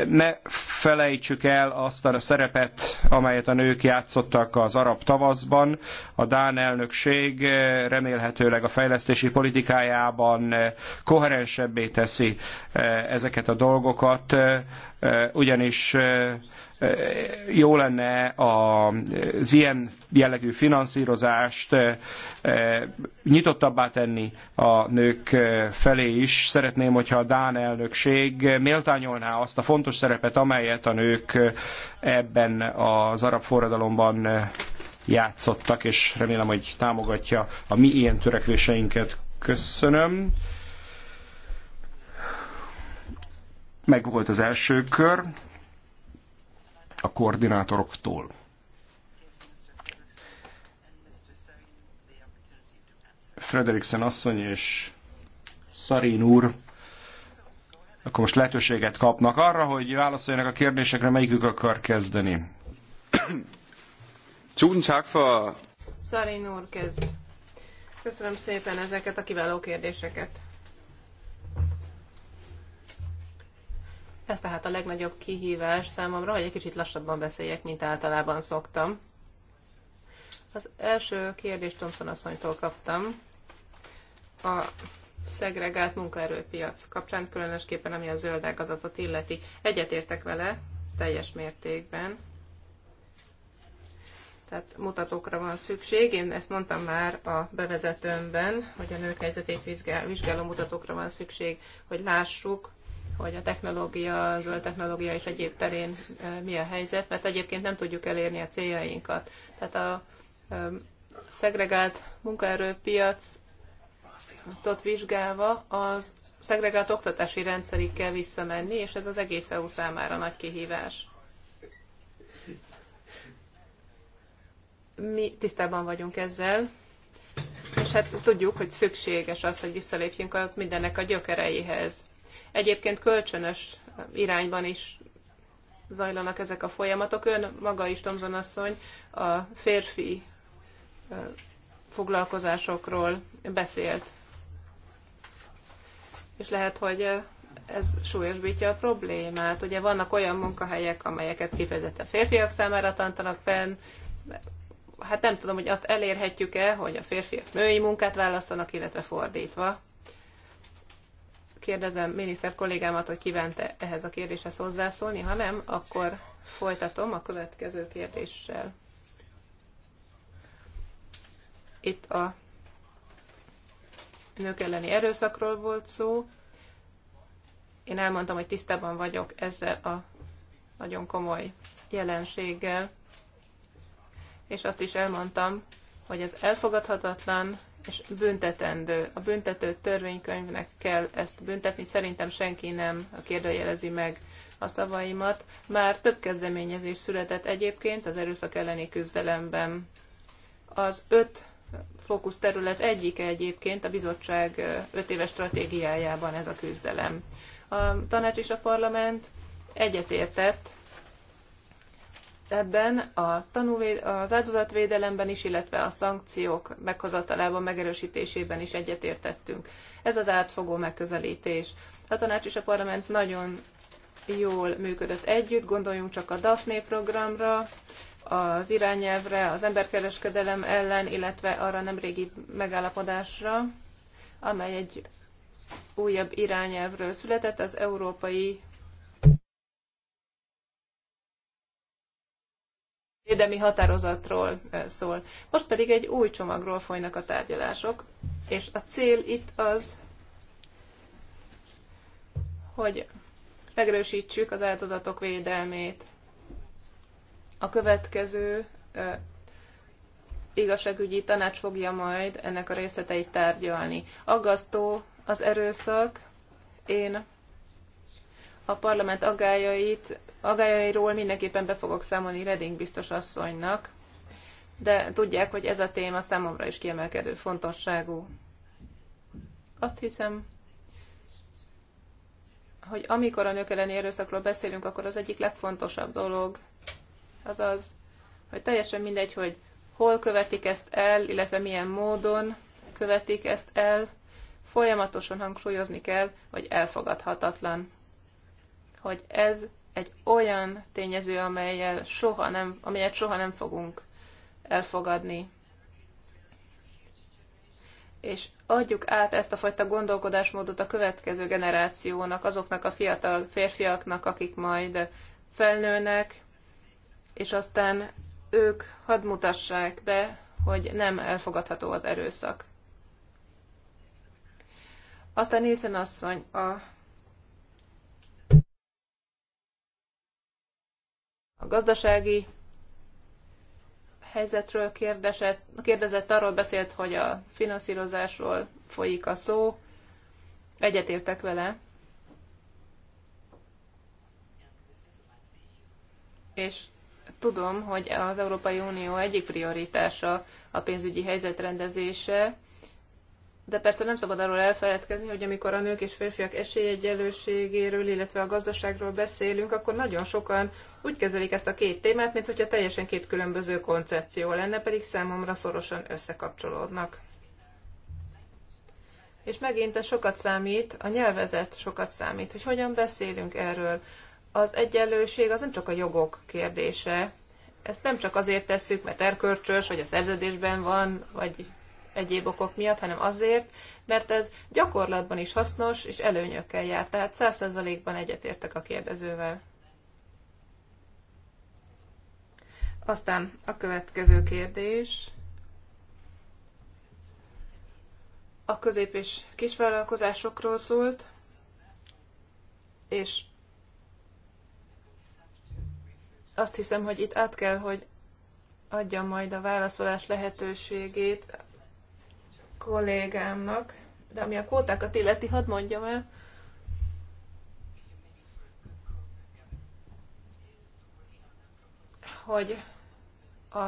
Ne felejtsük el azt a szerepet, amelyet a nők játszottak az arab tavaszban. A Dán elnökség remélhetőleg a fejlesztési politikájában koherensebbé teszi eh, ezeket a dolgokat, eh, ugyanis eh, jó lenne az ilyen jellegű finanszírozást nyitottabbá tenni a nők felé is. Szeretném, hogyha a Dán elnökség méltányolná azt a fontos szerepet, amelyet a nők ebben az arab forradalomban játszottak, és remélem, hogy támogatja a mi ilyen törekvéseinket. Köszönöm. Meg volt az első kör a koordinátoroktól. Frederiksen asszony és Szarin úr akkor most lehetőséget kapnak arra, hogy válaszoljanak a kérdésekre, melyikük akar kezdeni. Tusen tak Szarin úr kezd. Köszönöm szépen ezeket a kiváló kérdéseket. Ez tehát a legnagyobb kihívás számomra, hogy egy kicsit lassabban beszéljek, mint általában szoktam. Az első kérdést Thompson asszonytól kaptam. A szegregált munkaerőpiac kapcsán, különösképpen ami a zöld ágazatot illeti. Egyetértek vele teljes mértékben. Tehát mutatókra van szükség. Én ezt mondtam már a bevezetőmben, hogy a nők helyzetét vizsgáló mutatókra van szükség, hogy lássuk, hogy a technológia, a zöld technológia és egyéb terén e, mi a helyzet, mert egyébként nem tudjuk elérni a céljainkat. Tehát a e, szegregált munkaerőpiac vizsgálva az szegregált oktatási rendszerig kell visszamenni, és ez az egész EU számára nagy kihívás. Mi tisztában vagyunk ezzel, és hát tudjuk, hogy szükséges az, hogy visszalépjünk a mindennek a gyökereihez. Egyébként kölcsönös irányban is zajlanak ezek a folyamatok. Ön maga is, Tomzon asszony, a férfi foglalkozásokról beszélt és lehet, hogy ez súlyosbítja a problémát. Ugye vannak olyan munkahelyek, amelyeket kifejezetten férfiak számára tantanak fenn, hát nem tudom, hogy azt elérhetjük-e, hogy a férfiak női munkát választanak, illetve fordítva. Kérdezem miniszter kollégámat, hogy kívánta ehhez a kérdéshez hozzászólni, ha nem, akkor folytatom a következő kérdéssel. Itt a nők elleni erőszakról volt szó. Én elmondtam, hogy tisztában vagyok ezzel a nagyon komoly jelenséggel, és azt is elmondtam, hogy ez elfogadhatatlan és büntetendő. A büntető törvénykönyvnek kell ezt büntetni, szerintem senki nem kérdőjelezi meg a szavaimat. Már több kezdeményezés született egyébként az erőszak elleni küzdelemben. Az öt fókuszterület egyike egyébként a bizottság öt éves stratégiájában ez a küzdelem. A tanács és a parlament egyetértett ebben a tanúvéd, az áldozatvédelemben is, illetve a szankciók meghozatalában, megerősítésében is egyetértettünk. Ez az átfogó megközelítés. A tanács és a parlament nagyon jól működött együtt, gondoljunk csak a DAFNE programra, az irányelvre, az emberkereskedelem ellen, illetve arra nemrégi megállapodásra, amely egy újabb irányelvről született, az európai védelmi határozatról szól. Most pedig egy új csomagról folynak a tárgyalások, és a cél itt az, hogy megerősítsük az áldozatok védelmét. A következő igazságügyi tanács fogja majd ennek a részleteit tárgyalni. Aggasztó az erőszak. Én a parlament agályait, agályairól mindenképpen be fogok számolni Reding biztos asszonynak, de tudják, hogy ez a téma számomra is kiemelkedő fontosságú. Azt hiszem, hogy amikor a nők elleni erőszakról beszélünk, akkor az egyik legfontosabb dolog azaz, hogy teljesen mindegy, hogy hol követik ezt el, illetve milyen módon követik ezt el, folyamatosan hangsúlyozni kell, hogy elfogadhatatlan. Hogy ez egy olyan tényező, amelyel soha nem, amelyet soha nem fogunk elfogadni. És adjuk át ezt a fajta gondolkodásmódot a következő generációnak, azoknak a fiatal férfiaknak, akik majd felnőnek, és aztán ők hadd mutassák be, hogy nem elfogadható az erőszak. Aztán hiszen asszony a, a gazdasági helyzetről kérdezett, kérdezett, arról beszélt, hogy a finanszírozásról folyik a szó. Egyetértek vele. És tudom, hogy az Európai Unió egyik prioritása a pénzügyi helyzet rendezése, de persze nem szabad arról elfeledkezni, hogy amikor a nők és férfiak esélyegyelőségéről, illetve a gazdaságról beszélünk, akkor nagyon sokan úgy kezelik ezt a két témát, mint hogyha teljesen két különböző koncepció lenne, pedig számomra szorosan összekapcsolódnak. És megint a sokat számít, a nyelvezet sokat számít, hogy hogyan beszélünk erről, az egyenlőség az nem csak a jogok kérdése. Ezt nem csak azért tesszük, mert erkölcsös, vagy a szerződésben van, vagy egyéb okok miatt, hanem azért, mert ez gyakorlatban is hasznos és előnyökkel jár. Tehát száz százalékban egyetértek a kérdezővel. Aztán a következő kérdés. A közép- és kisvállalkozásokról szólt, és azt hiszem, hogy itt át kell, hogy adjam majd a válaszolás lehetőségét kollégámnak, de ami a kótákat illeti, hadd mondjam el, hogy a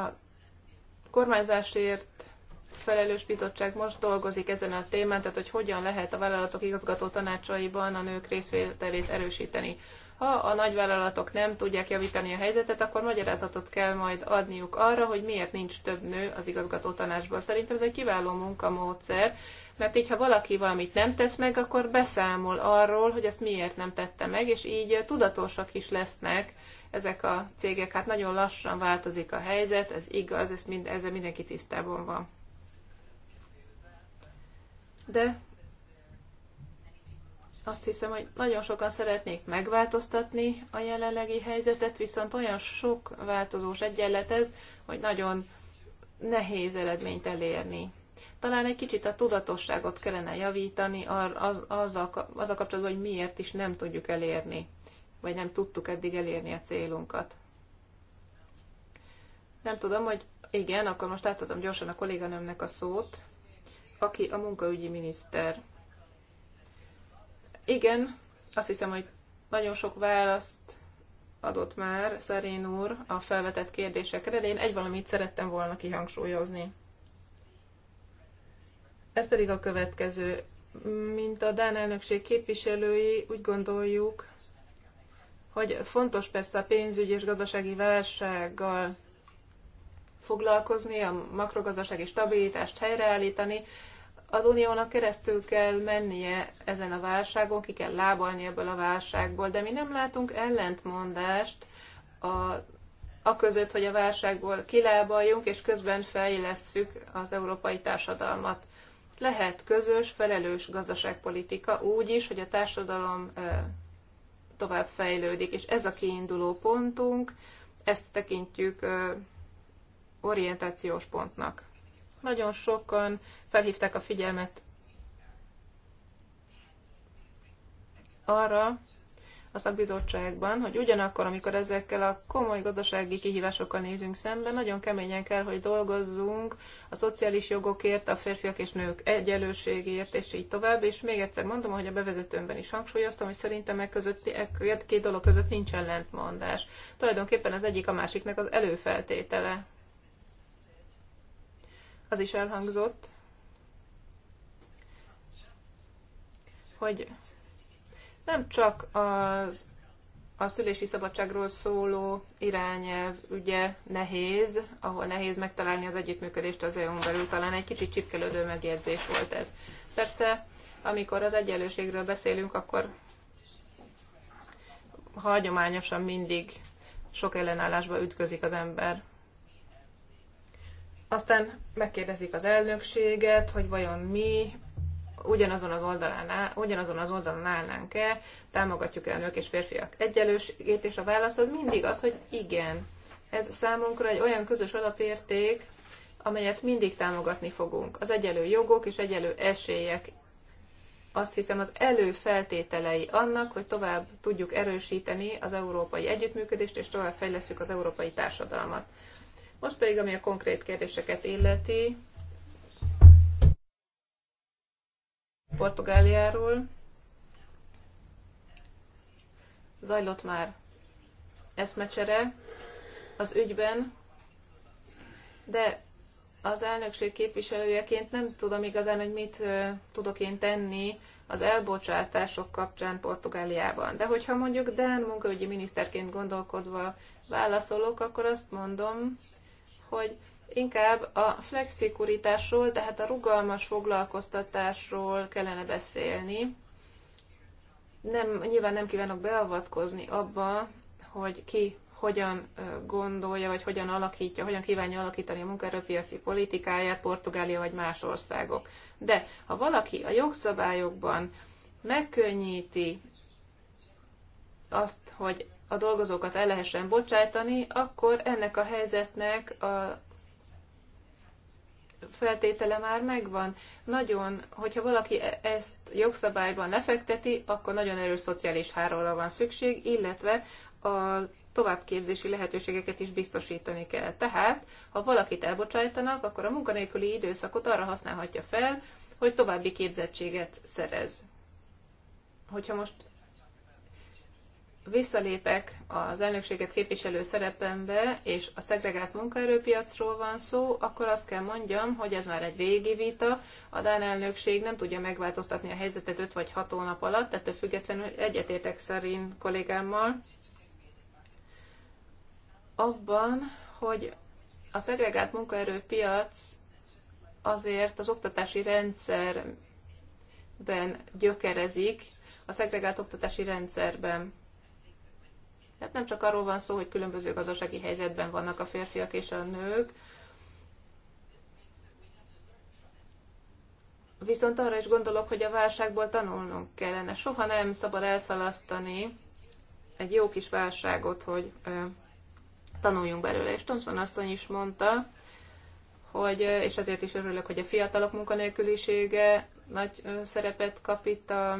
kormányzásért felelős bizottság most dolgozik ezen a témán, tehát hogy hogyan lehet a vállalatok igazgató tanácsaiban a nők részvételét erősíteni. Ha a nagyvállalatok nem tudják javítani a helyzetet, akkor magyarázatot kell majd adniuk arra, hogy miért nincs több nő az igazgató tanácsban. Szerintem ez egy kiváló munkamódszer, mert így, ha valaki valamit nem tesz meg, akkor beszámol arról, hogy ezt miért nem tette meg, és így tudatosak is lesznek ezek a cégek. Hát nagyon lassan változik a helyzet, ez igaz, ez mind, ezzel mindenki tisztában van. De azt hiszem, hogy nagyon sokan szeretnék megváltoztatni a jelenlegi helyzetet, viszont olyan sok változós egyenlet ez, hogy nagyon nehéz eredményt elérni. Talán egy kicsit a tudatosságot kellene javítani az, a azzal kapcsolatban, hogy miért is nem tudjuk elérni, vagy nem tudtuk eddig elérni a célunkat. Nem tudom, hogy igen, akkor most átadom gyorsan a kolléganőmnek a szót, aki a munkaügyi miniszter. Igen, azt hiszem, hogy nagyon sok választ adott már Szerén úr a felvetett kérdésekre, de én egy valamit szerettem volna kihangsúlyozni. Ez pedig a következő. Mint a Dán elnökség képviselői, úgy gondoljuk, hogy fontos persze a pénzügyi és gazdasági válsággal foglalkozni, a makrogazdasági stabilitást helyreállítani, az uniónak keresztül kell mennie ezen a válságon, ki kell lábalni ebből a válságból, de mi nem látunk ellentmondást a, a között, hogy a válságból kilábaljunk, és közben fejlesszük az európai társadalmat. Lehet közös, felelős gazdaságpolitika úgy is, hogy a társadalom tovább fejlődik, és ez a kiinduló pontunk, ezt tekintjük orientációs pontnak. Nagyon sokan felhívták a figyelmet arra a szakbizottságban, hogy ugyanakkor, amikor ezekkel a komoly gazdasági kihívásokkal nézünk szemben, nagyon keményen kell, hogy dolgozzunk a szociális jogokért, a férfiak és nők egyenlőségért, és így tovább. És még egyszer mondom, hogy a bevezetőmben is hangsúlyoztam, hogy szerintem e között, e két dolog között nincs ellentmondás. Tulajdonképpen az egyik a másiknak az előfeltétele az is elhangzott, hogy nem csak az a szülési szabadságról szóló irányelv ugye nehéz, ahol nehéz megtalálni az együttműködést az EU-n belül, talán egy kicsit csipkelődő megjegyzés volt ez. Persze, amikor az egyenlőségről beszélünk, akkor hagyományosan mindig sok ellenállásba ütközik az ember. Aztán megkérdezik az elnökséget, hogy vajon mi ugyanazon az oldalán, áll, ugyanazon az oldalon állnánk-e, támogatjuk-e a nők és férfiak egyenlőségét, és a válasz az mindig az, hogy igen. Ez számunkra egy olyan közös alapérték, amelyet mindig támogatni fogunk. Az egyenlő jogok és egyenlő esélyek azt hiszem az előfeltételei annak, hogy tovább tudjuk erősíteni az európai együttműködést, és tovább fejleszünk az európai társadalmat. Most pedig, ami a konkrét kérdéseket illeti, Portugáliáról zajlott már eszmecsere az ügyben, de az elnökség képviselőjeként nem tudom igazán, hogy mit tudok én tenni az elbocsátások kapcsán Portugáliában. De hogyha mondjuk Dán munkaügyi miniszterként gondolkodva válaszolok, akkor azt mondom, hogy inkább a flexikuritásról, tehát a rugalmas foglalkoztatásról kellene beszélni. Nem, nyilván nem kívánok beavatkozni abba, hogy ki hogyan gondolja, vagy hogyan alakítja, hogyan kívánja alakítani a munkaerőpiaci politikáját Portugália vagy más országok. De ha valaki a jogszabályokban megkönnyíti azt, hogy a dolgozókat el lehessen bocsájtani, akkor ennek a helyzetnek a feltétele már megvan. Nagyon, hogyha valaki e- ezt jogszabályban lefekteti, akkor nagyon erős szociális hálóra van szükség, illetve a továbbképzési lehetőségeket is biztosítani kell. Tehát, ha valakit elbocsájtanak, akkor a munkanélküli időszakot arra használhatja fel, hogy további képzettséget szerez. Hogyha most visszalépek az elnökséget képviselő szerepembe, és a szegregált munkaerőpiacról van szó, akkor azt kell mondjam, hogy ez már egy régi vita. A Dán elnökség nem tudja megváltoztatni a helyzetet 5 vagy 6 hónap alatt, ettől függetlenül egyetértek szerint kollégámmal abban, hogy a szegregált munkaerőpiac azért az oktatási rendszerben gyökerezik, a szegregált oktatási rendszerben tehát nem csak arról van szó, hogy különböző gazdasági helyzetben vannak a férfiak és a nők, Viszont arra is gondolok, hogy a válságból tanulnunk kellene. Soha nem szabad elszalasztani egy jó kis válságot, hogy ö, tanuljunk belőle. És Thompson asszony is mondta, hogy, és ezért is örülök, hogy a fiatalok munkanélkülisége nagy szerepet kap itt a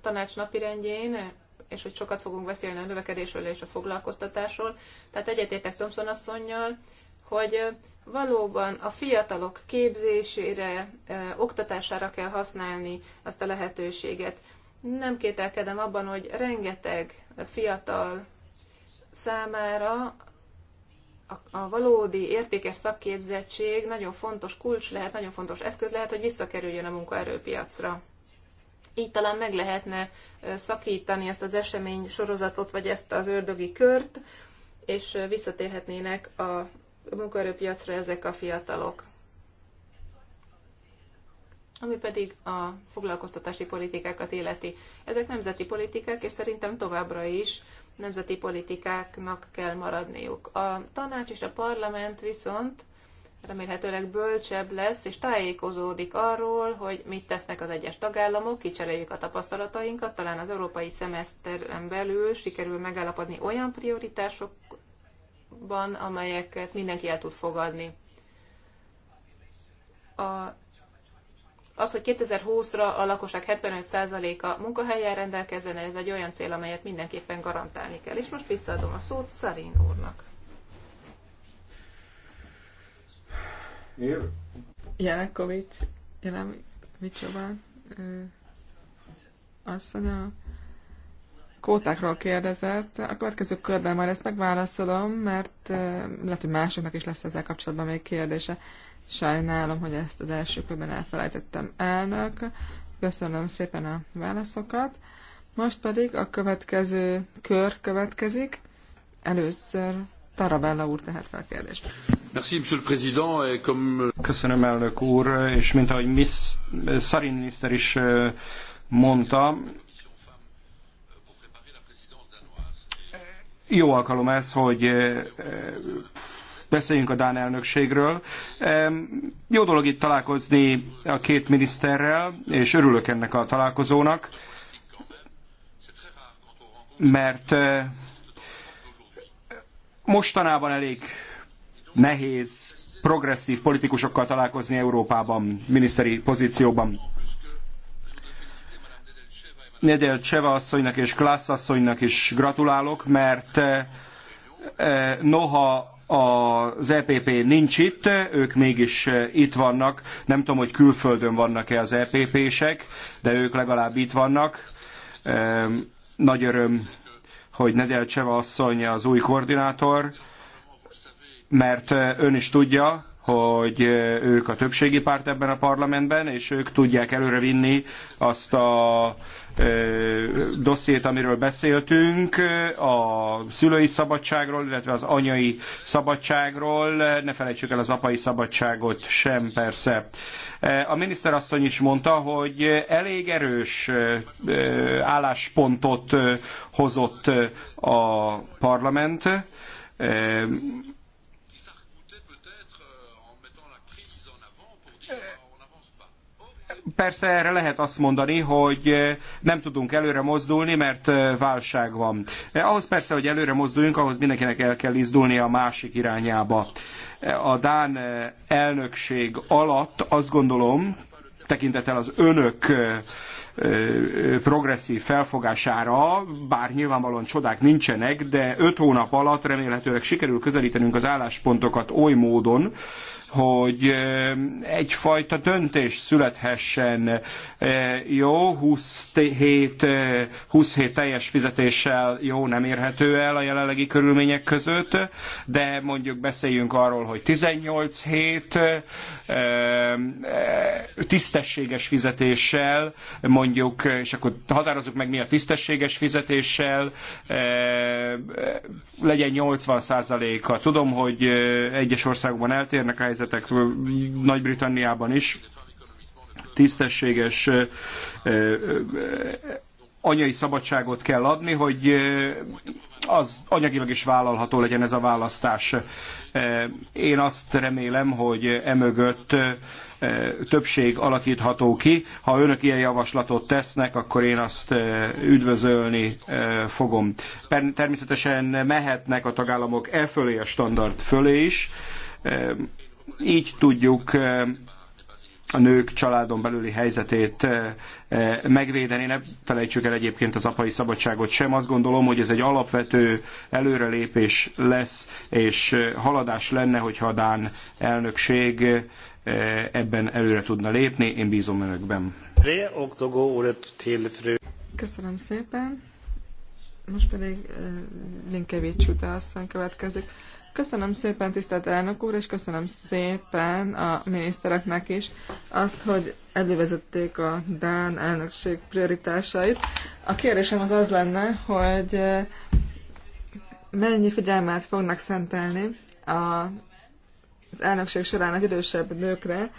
tanács napirendjén, és hogy sokat fogunk beszélni a növekedésről és a foglalkoztatásról. Tehát egyetértek Thompson asszonynal, hogy valóban a fiatalok képzésére, oktatására kell használni azt a lehetőséget. Nem kételkedem abban, hogy rengeteg fiatal számára a, valódi értékes szakképzettség nagyon fontos kulcs lehet, nagyon fontos eszköz lehet, hogy visszakerüljön a munkaerőpiacra így talán meg lehetne szakítani ezt az esemény sorozatot, vagy ezt az ördögi kört, és visszatérhetnének a munkaerőpiacra ezek a fiatalok. Ami pedig a foglalkoztatási politikákat életi. Ezek nemzeti politikák, és szerintem továbbra is nemzeti politikáknak kell maradniuk. A tanács és a parlament viszont remélhetőleg bölcsebb lesz, és tájékozódik arról, hogy mit tesznek az egyes tagállamok, kicseréljük a tapasztalatainkat, talán az európai szemeszteren belül sikerül megállapodni olyan prioritásokban, amelyeket mindenki el tud fogadni. A, az, hogy 2020-ra a lakosság 75%-a munkahelyen rendelkezzen, ez egy olyan cél, amelyet mindenképpen garantálni kell. És most visszaadom a szót Szarin úrnak. Jelekovics, Jelemicsobán azt a kótákról kérdezett. A következő körben majd ezt megválaszolom, mert lehet, hogy másoknak is lesz ezzel kapcsolatban még kérdése. Sajnálom, hogy ezt az első körben elfelejtettem elnök. Köszönöm szépen a válaszokat. Most pedig a következő kör következik. Először Tarabella úr tehet fel kérdést. Euh, Köszönöm, elnök úr, és mint ahogy Miss, eh, Szarin miniszter is eh, mondta, jó alkalom ez, hogy eh, beszéljünk a Dán elnökségről. Jó dolog itt találkozni a két miniszterrel, és örülök ennek a találkozónak, mert mostanában elég nehéz progresszív politikusokkal találkozni Európában, miniszteri pozícióban. Nedel Cseva asszonynak és Klász asszonynak is gratulálok, mert eh, eh, noha az EPP nincs itt, ők mégis eh, itt vannak. Nem tudom, hogy külföldön vannak-e az EPP-sek, de ők legalább itt vannak. Nagy öröm hogy Nedelcseva asszony az új koordinátor, mert ön is tudja, hogy ők a többségi párt ebben a parlamentben, és ők tudják előrevinni azt a dossziét, amiről beszéltünk, a szülői szabadságról, illetve az anyai szabadságról, ne felejtsük el az apai szabadságot sem persze. A miniszterasszony is mondta, hogy elég erős álláspontot hozott a parlament, Persze erre lehet azt mondani, hogy eh, nem tudunk előre mozdulni, mert eh, válság van. Eh, ahhoz persze, hogy előre mozduljunk, ahhoz mindenkinek el kell izdulni a másik irányába. A Dán elnökség alatt azt gondolom, tekintettel az önök progresszív felfogására, bár nyilvánvalóan csodák nincsenek, de öt hónap alatt remélhetőleg sikerül közelítenünk az álláspontokat oly módon, hogy egyfajta döntés születhessen. Jó, 27, 27 teljes fizetéssel jó, nem érhető el a jelenlegi körülmények között, de mondjuk beszéljünk arról, hogy 18 hét tisztességes fizetéssel, mondjuk, és akkor határozzuk meg mi a tisztességes fizetéssel, legyen 80 százaléka. Tudom, hogy egyes országokban eltérnek a helyzetek Nagy-Britanniában is, tisztességes anyai szabadságot kell adni, hogy az anyagilag is vállalható legyen ez a választás. Én azt remélem, hogy emögött többség alakítható ki. Ha önök ilyen javaslatot tesznek, akkor én azt üdvözölni fogom. Természetesen mehetnek a tagállamok e fölé, a standard fölé is így tudjuk eh, a nők családon belüli helyzetét eh, eh, megvédeni. Ne felejtsük el egyébként az apai szabadságot sem. Azt gondolom, hogy ez egy alapvető előrelépés lesz, és haladás lenne, hogyha a Dán elnökség ebben előre tudna lépni. Én bízom önökben. Köszönöm szépen. Most pedig Linkevics Uta következik. Köszönöm szépen, tisztelt elnök úr, és köszönöm szépen a minisztereknek is azt, hogy elővezették a Dán elnökség prioritásait. A kérdésem az az lenne, hogy eh, mennyi figyelmet fognak szentelni a, az elnökség során az idősebb nőkre,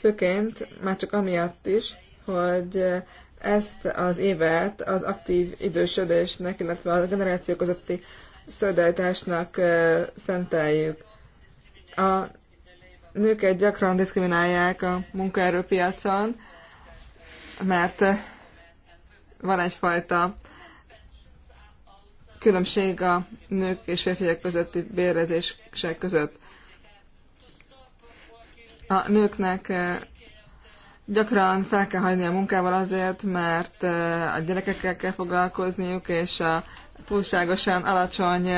főként már csak amiatt is, hogy eh, ezt az évet az aktív idősödésnek, illetve a generáció közötti szolidaritásnak szenteljük. A nőket gyakran diszkriminálják a munkaerőpiacon, mert van egyfajta különbség a nők és férfiak közötti bérezések között. A nőknek gyakran fel kell hagyni a munkával azért, mert a gyerekekkel kell foglalkozniuk, és a túlságosan alacsony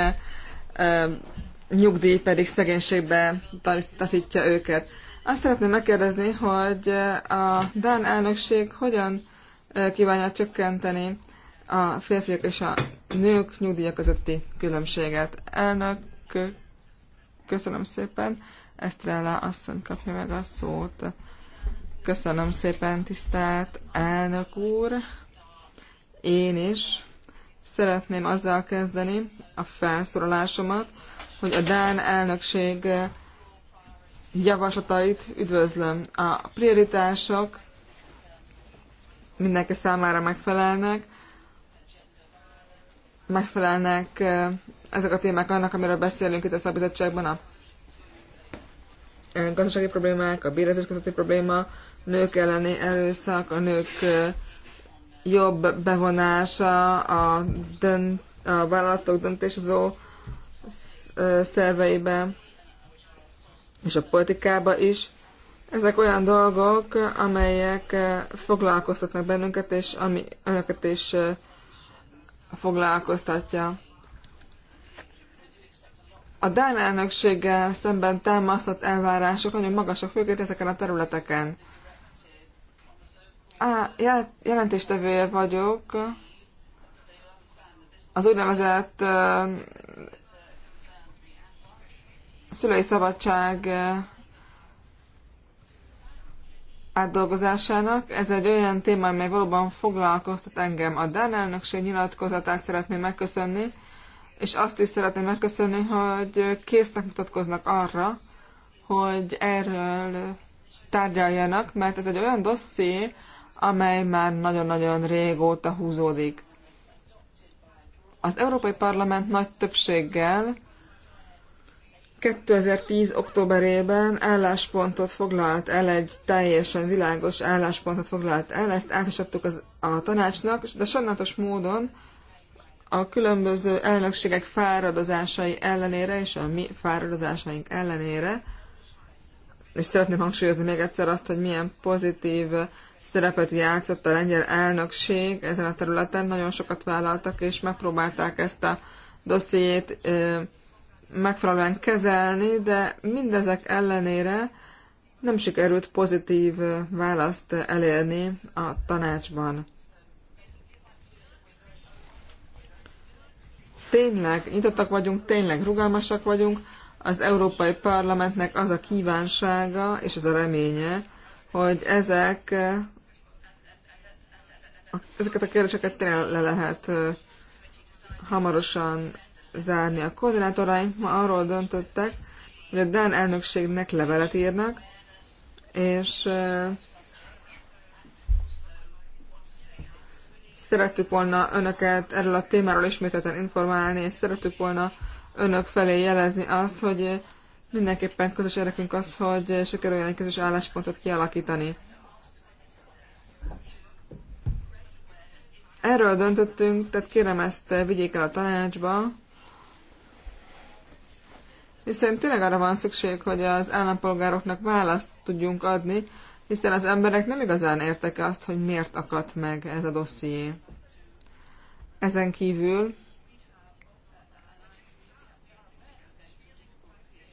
nyugdíj pedig szegénységbe taszítja őket. Azt szeretném megkérdezni, hogy a Dán elnökség hogyan kívánja csökkenteni a férfiak és a nők nyugdíja közötti különbséget. Elnök, köszönöm szépen. Estrella asszony kapja meg a szót. Köszönöm szépen, tisztelt elnök úr. Én is Szeretném azzal kezdeni a felszólalásomat, hogy a Dán elnökség eh, javaslatait üdvözlöm. A prioritások mindenki számára megfelelnek, megfelelnek eh, ezek a témák annak, amiről beszélünk itt a szabizottságban, a eh, gazdasági problémák, a bérezés közötti probléma, nők elleni erőszak, a nők jobb bevonása a, dönt, a vállalatok döntéshozó szerveibe és a politikába is. Ezek olyan dolgok, amelyek foglalkoztatnak bennünket, és ami önöket is foglalkoztatja. A Dán elnökséggel szemben támasztott elvárások nagyon magasak, főként ezeken a területeken á, jelentéstevője vagyok az úgynevezett uh, szülői szabadság uh, átdolgozásának. Ez egy olyan téma, amely valóban foglalkoztat engem. A Dán elnökség nyilatkozatát szeretném megköszönni, és azt is szeretném megköszönni, hogy késznek mutatkoznak arra, hogy erről tárgyaljanak, mert ez egy olyan dosszié, amely már nagyon-nagyon régóta húzódik. Az Európai Parlament nagy többséggel 2010. októberében álláspontot foglalt el, egy teljesen világos álláspontot foglalt el, ezt átadtuk az, a tanácsnak, de sajnálatos módon a különböző elnökségek fáradozásai ellenére és a mi fáradozásaink ellenére, és szeretném hangsúlyozni még egyszer azt, hogy milyen pozitív szerepet játszott a lengyel elnökség ezen a területen, nagyon sokat vállaltak, és megpróbálták ezt a dossziét megfelelően kezelni, de mindezek ellenére nem sikerült pozitív választ elérni a tanácsban. Tényleg nyitottak vagyunk, tényleg rugalmasak vagyunk. Az Európai Parlamentnek az a kívánsága és az a reménye, hogy ezek eh, ezeket a kérdéseket tényleg le lehet eh, hamarosan zárni. A koordinátoraink ma arról döntöttek, hogy a Dán elnökségnek levelet írnak, és eh, szerettük volna önöket erről a témáról ismételten informálni, és szerettük volna önök felé jelezni azt, hogy Mindenképpen közös érdekünk az, hogy sikerüljön egy közös álláspontot kialakítani. Erről döntöttünk, tehát kérem ezt vigyék el a tanácsba, hiszen tényleg arra van szükség, hogy az állampolgároknak választ tudjunk adni, hiszen az emberek nem igazán értek azt, hogy miért akadt meg ez a dosszié. Ezen kívül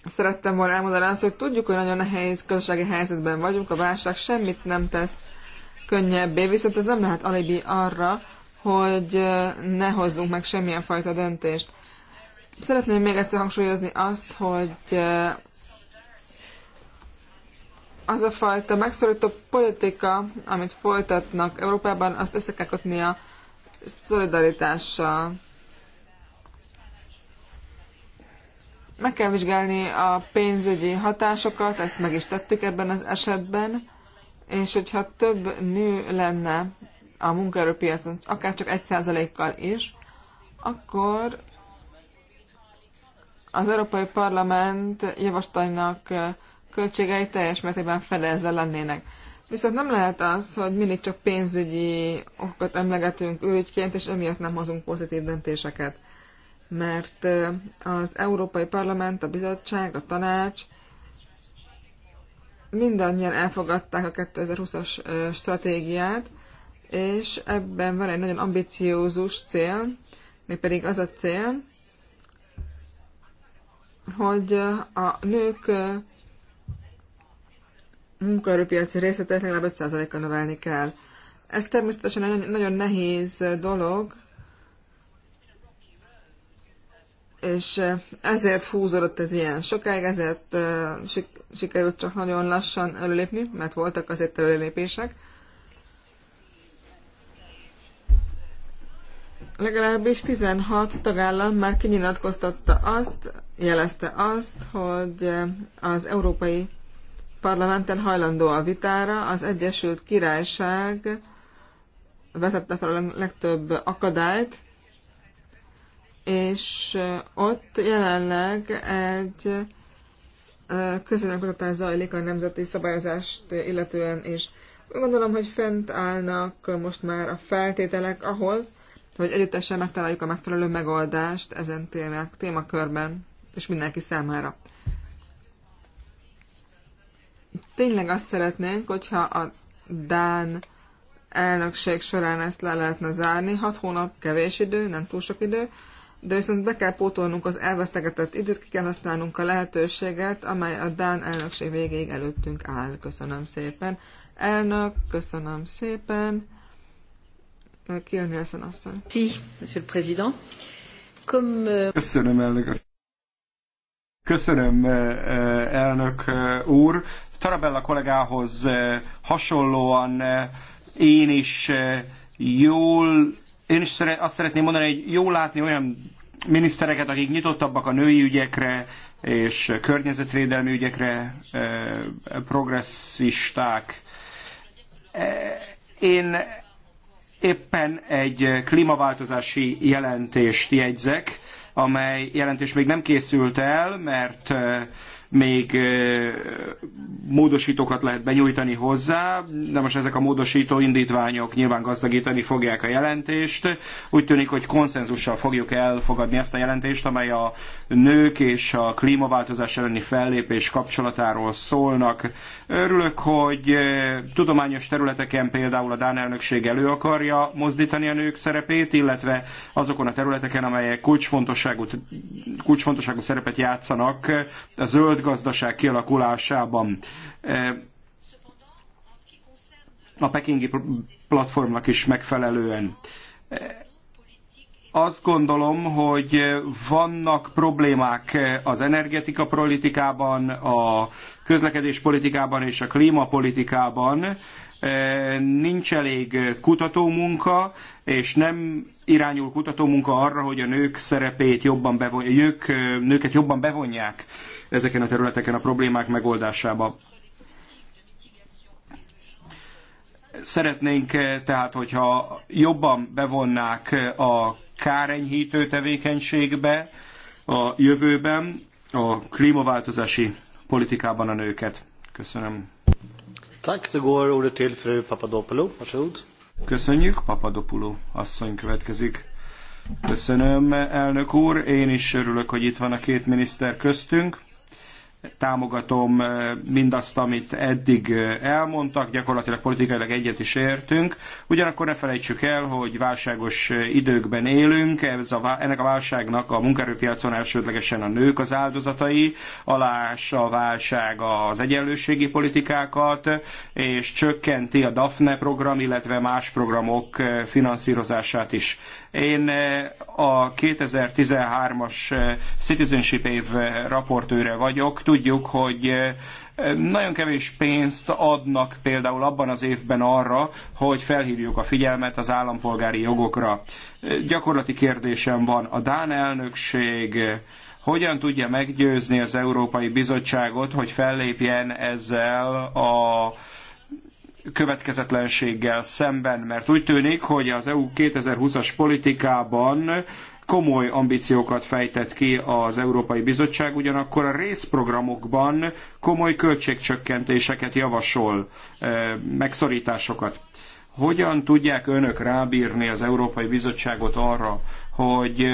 szerettem volna elmondani azt, hogy tudjuk, hogy nagyon nehéz közösségi helyzetben vagyunk, a válság semmit nem tesz könnyebbé, viszont ez nem lehet alibi arra, hogy ne hozzunk meg semmilyen fajta döntést. Szeretném még egyszer hangsúlyozni azt, hogy az a fajta megszorító politika, amit folytatnak Európában, azt össze kell kötni a szolidaritással. Meg kell vizsgálni a pénzügyi hatásokat, ezt meg is tettük ebben az esetben, és hogyha több nő lenne a munkaerőpiacon, akár csak egy százalékkal is, akkor az Európai Parlament javaslatainak költségei teljes mértékben fedezve lennének. Viszont nem lehet az, hogy mindig csak pénzügyi okokat emlegetünk ügyként, és emiatt nem hozunk pozitív döntéseket mert az Európai Parlament, a Bizottság, a Tanács mindannyian elfogadták a 2020-as stratégiát, és ebben van egy nagyon ambiciózus cél, mégpedig az a cél, hogy a nők munkaerőpiaci részletet legalább 5 a növelni kell. Ez természetesen egy nagyon nehéz dolog, és ezért húzódott ez ilyen sokáig, ezért sikerült csak nagyon lassan előlépni, mert voltak azért előlépések. Legalábbis 16 tagállam már kinyilatkoztatta azt, jelezte azt, hogy az Európai Parlamenten hajlandó a vitára, az Egyesült Királyság vetette fel a legtöbb akadályt, és ott jelenleg egy közönökutatás zajlik a nemzeti szabályozást illetően is. Gondolom, hogy fent állnak most már a feltételek ahhoz, hogy együttesen megtaláljuk a megfelelő megoldást ezen témák, témakörben, és mindenki számára. Tényleg azt szeretnénk, hogyha a Dán elnökség során ezt le lehetne zárni. Hat hónap kevés idő, nem túl sok idő, de viszont be kell pótolnunk az elvesztegetett időt, ki kell használnunk a lehetőséget, amely a Dán elnökség végéig előttünk áll. Köszönöm szépen. Elnök, köszönöm szépen. Kiel Nielsen asszony. Si, monsieur le président. Comme... Euh, köszönöm, elnök. Köszönöm, eh, elnök eh, úr. Tarabella kollégához eh, hasonlóan én is jól én is azt szeretném mondani, hogy jó látni olyan minisztereket, akik nyitottabbak a női ügyekre és környezetvédelmi ügyekre, progresszisták. E, én éppen egy klímaváltozási jelentést jegyzek, amely jelentés még nem készült el, mert még módosítókat lehet benyújtani hozzá, de most ezek a módosító indítványok nyilván gazdagítani fogják a jelentést. Úgy tűnik, hogy konszenzussal fogjuk elfogadni ezt a jelentést, amely a nők és a klímaváltozás elleni fellépés kapcsolatáról szólnak. Örülök, hogy tudományos területeken például a Dán elnökség elő akarja mozdítani a nők szerepét, illetve azokon a területeken, amelyek kulcsfontosságú, kulcsfontosságú szerepet játszanak a zöld zöld gazdaság kialakulásában. E, a pekingi platformnak is megfelelően. E, azt gondolom, hogy vannak problémák az energetika politikában, a közlekedés politikában és a klímapolitikában, e, nincs elég kutatómunka, és nem irányul kutatómunka arra, hogy a nők szerepét jobban bevonják, nők, nőket jobban bevonják ezeken a területeken a problémák megoldásába. Szeretnénk eh, tehát, hogyha jobban bevonnák eh, a kárenyhítő tevékenységbe a jövőben a klímaváltozási politikában a nőket. Köszönöm. Köszönjük, Papadopoulou asszony következik. Köszönöm, elnök úr. Én is örülök, hogy itt van a két miniszter köztünk támogatom eh, mindazt, amit eddig eh, elmondtak, gyakorlatilag politikailag egyet is értünk. Ugyanakkor ne felejtsük el, hogy válságos eh, időkben élünk, ez a, ennek a válságnak a munkaerőpiacon elsődlegesen a nők az áldozatai, alás a válság az egyenlőségi politikákat, és csökkenti a DAFNE program, illetve más programok finanszírozását is. Én eh, a 2013-as eh, Citizenship év eh, raportőre vagyok. Tudjuk, hogy nagyon kevés pénzt adnak például abban az évben arra, hogy felhívjuk a figyelmet az állampolgári jogokra. Gyakorlati kérdésem van. A Dán elnökség hogyan tudja meggyőzni az Európai Bizottságot, hogy fellépjen ezzel a következetlenséggel szemben, mert úgy tűnik, hogy az EU 2020-as politikában komoly ambíciókat fejtett ki az Európai Bizottság, ugyanakkor a részprogramokban komoly költségcsökkentéseket javasol, megszorításokat. Hogyan tudják önök rábírni az Európai Bizottságot arra, hogy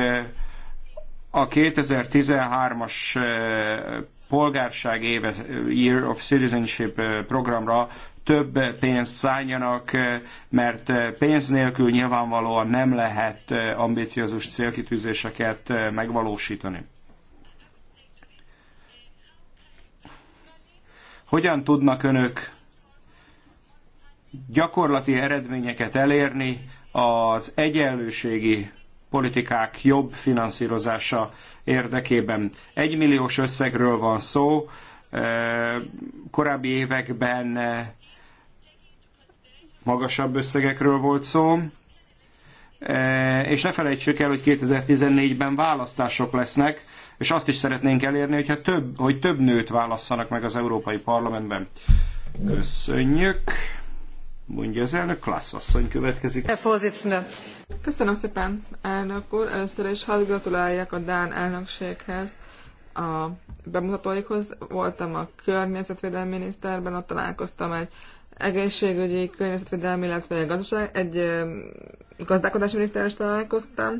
a 2013-as polgárság éve, Year of Citizenship programra több pénzt szálljanak, mert pénz nélkül nyilvánvalóan nem lehet ambiciózus célkitűzéseket megvalósítani. Hogyan tudnak önök gyakorlati eredményeket elérni az egyenlőségi politikák jobb finanszírozása érdekében. milliós összegről van szó, korábbi években magasabb összegekről volt szó, és ne felejtsük el, hogy 2014-ben választások lesznek, és azt is szeretnénk elérni, hogyha több, hogy több nőt válasszanak meg az Európai Parlamentben. Köszönjük! mondja az elnök. Klassz asszony következik. Köszönöm szépen, elnök úr. Először is hadd gratuláljak a Dán elnökséghez a bemutatóikhoz. Voltam a környezetvédelmi miniszterben, ott találkoztam egy egészségügyi, környezetvédelmi, illetve egy gazdaság, egy gazdálkodási miniszterrel is találkoztam.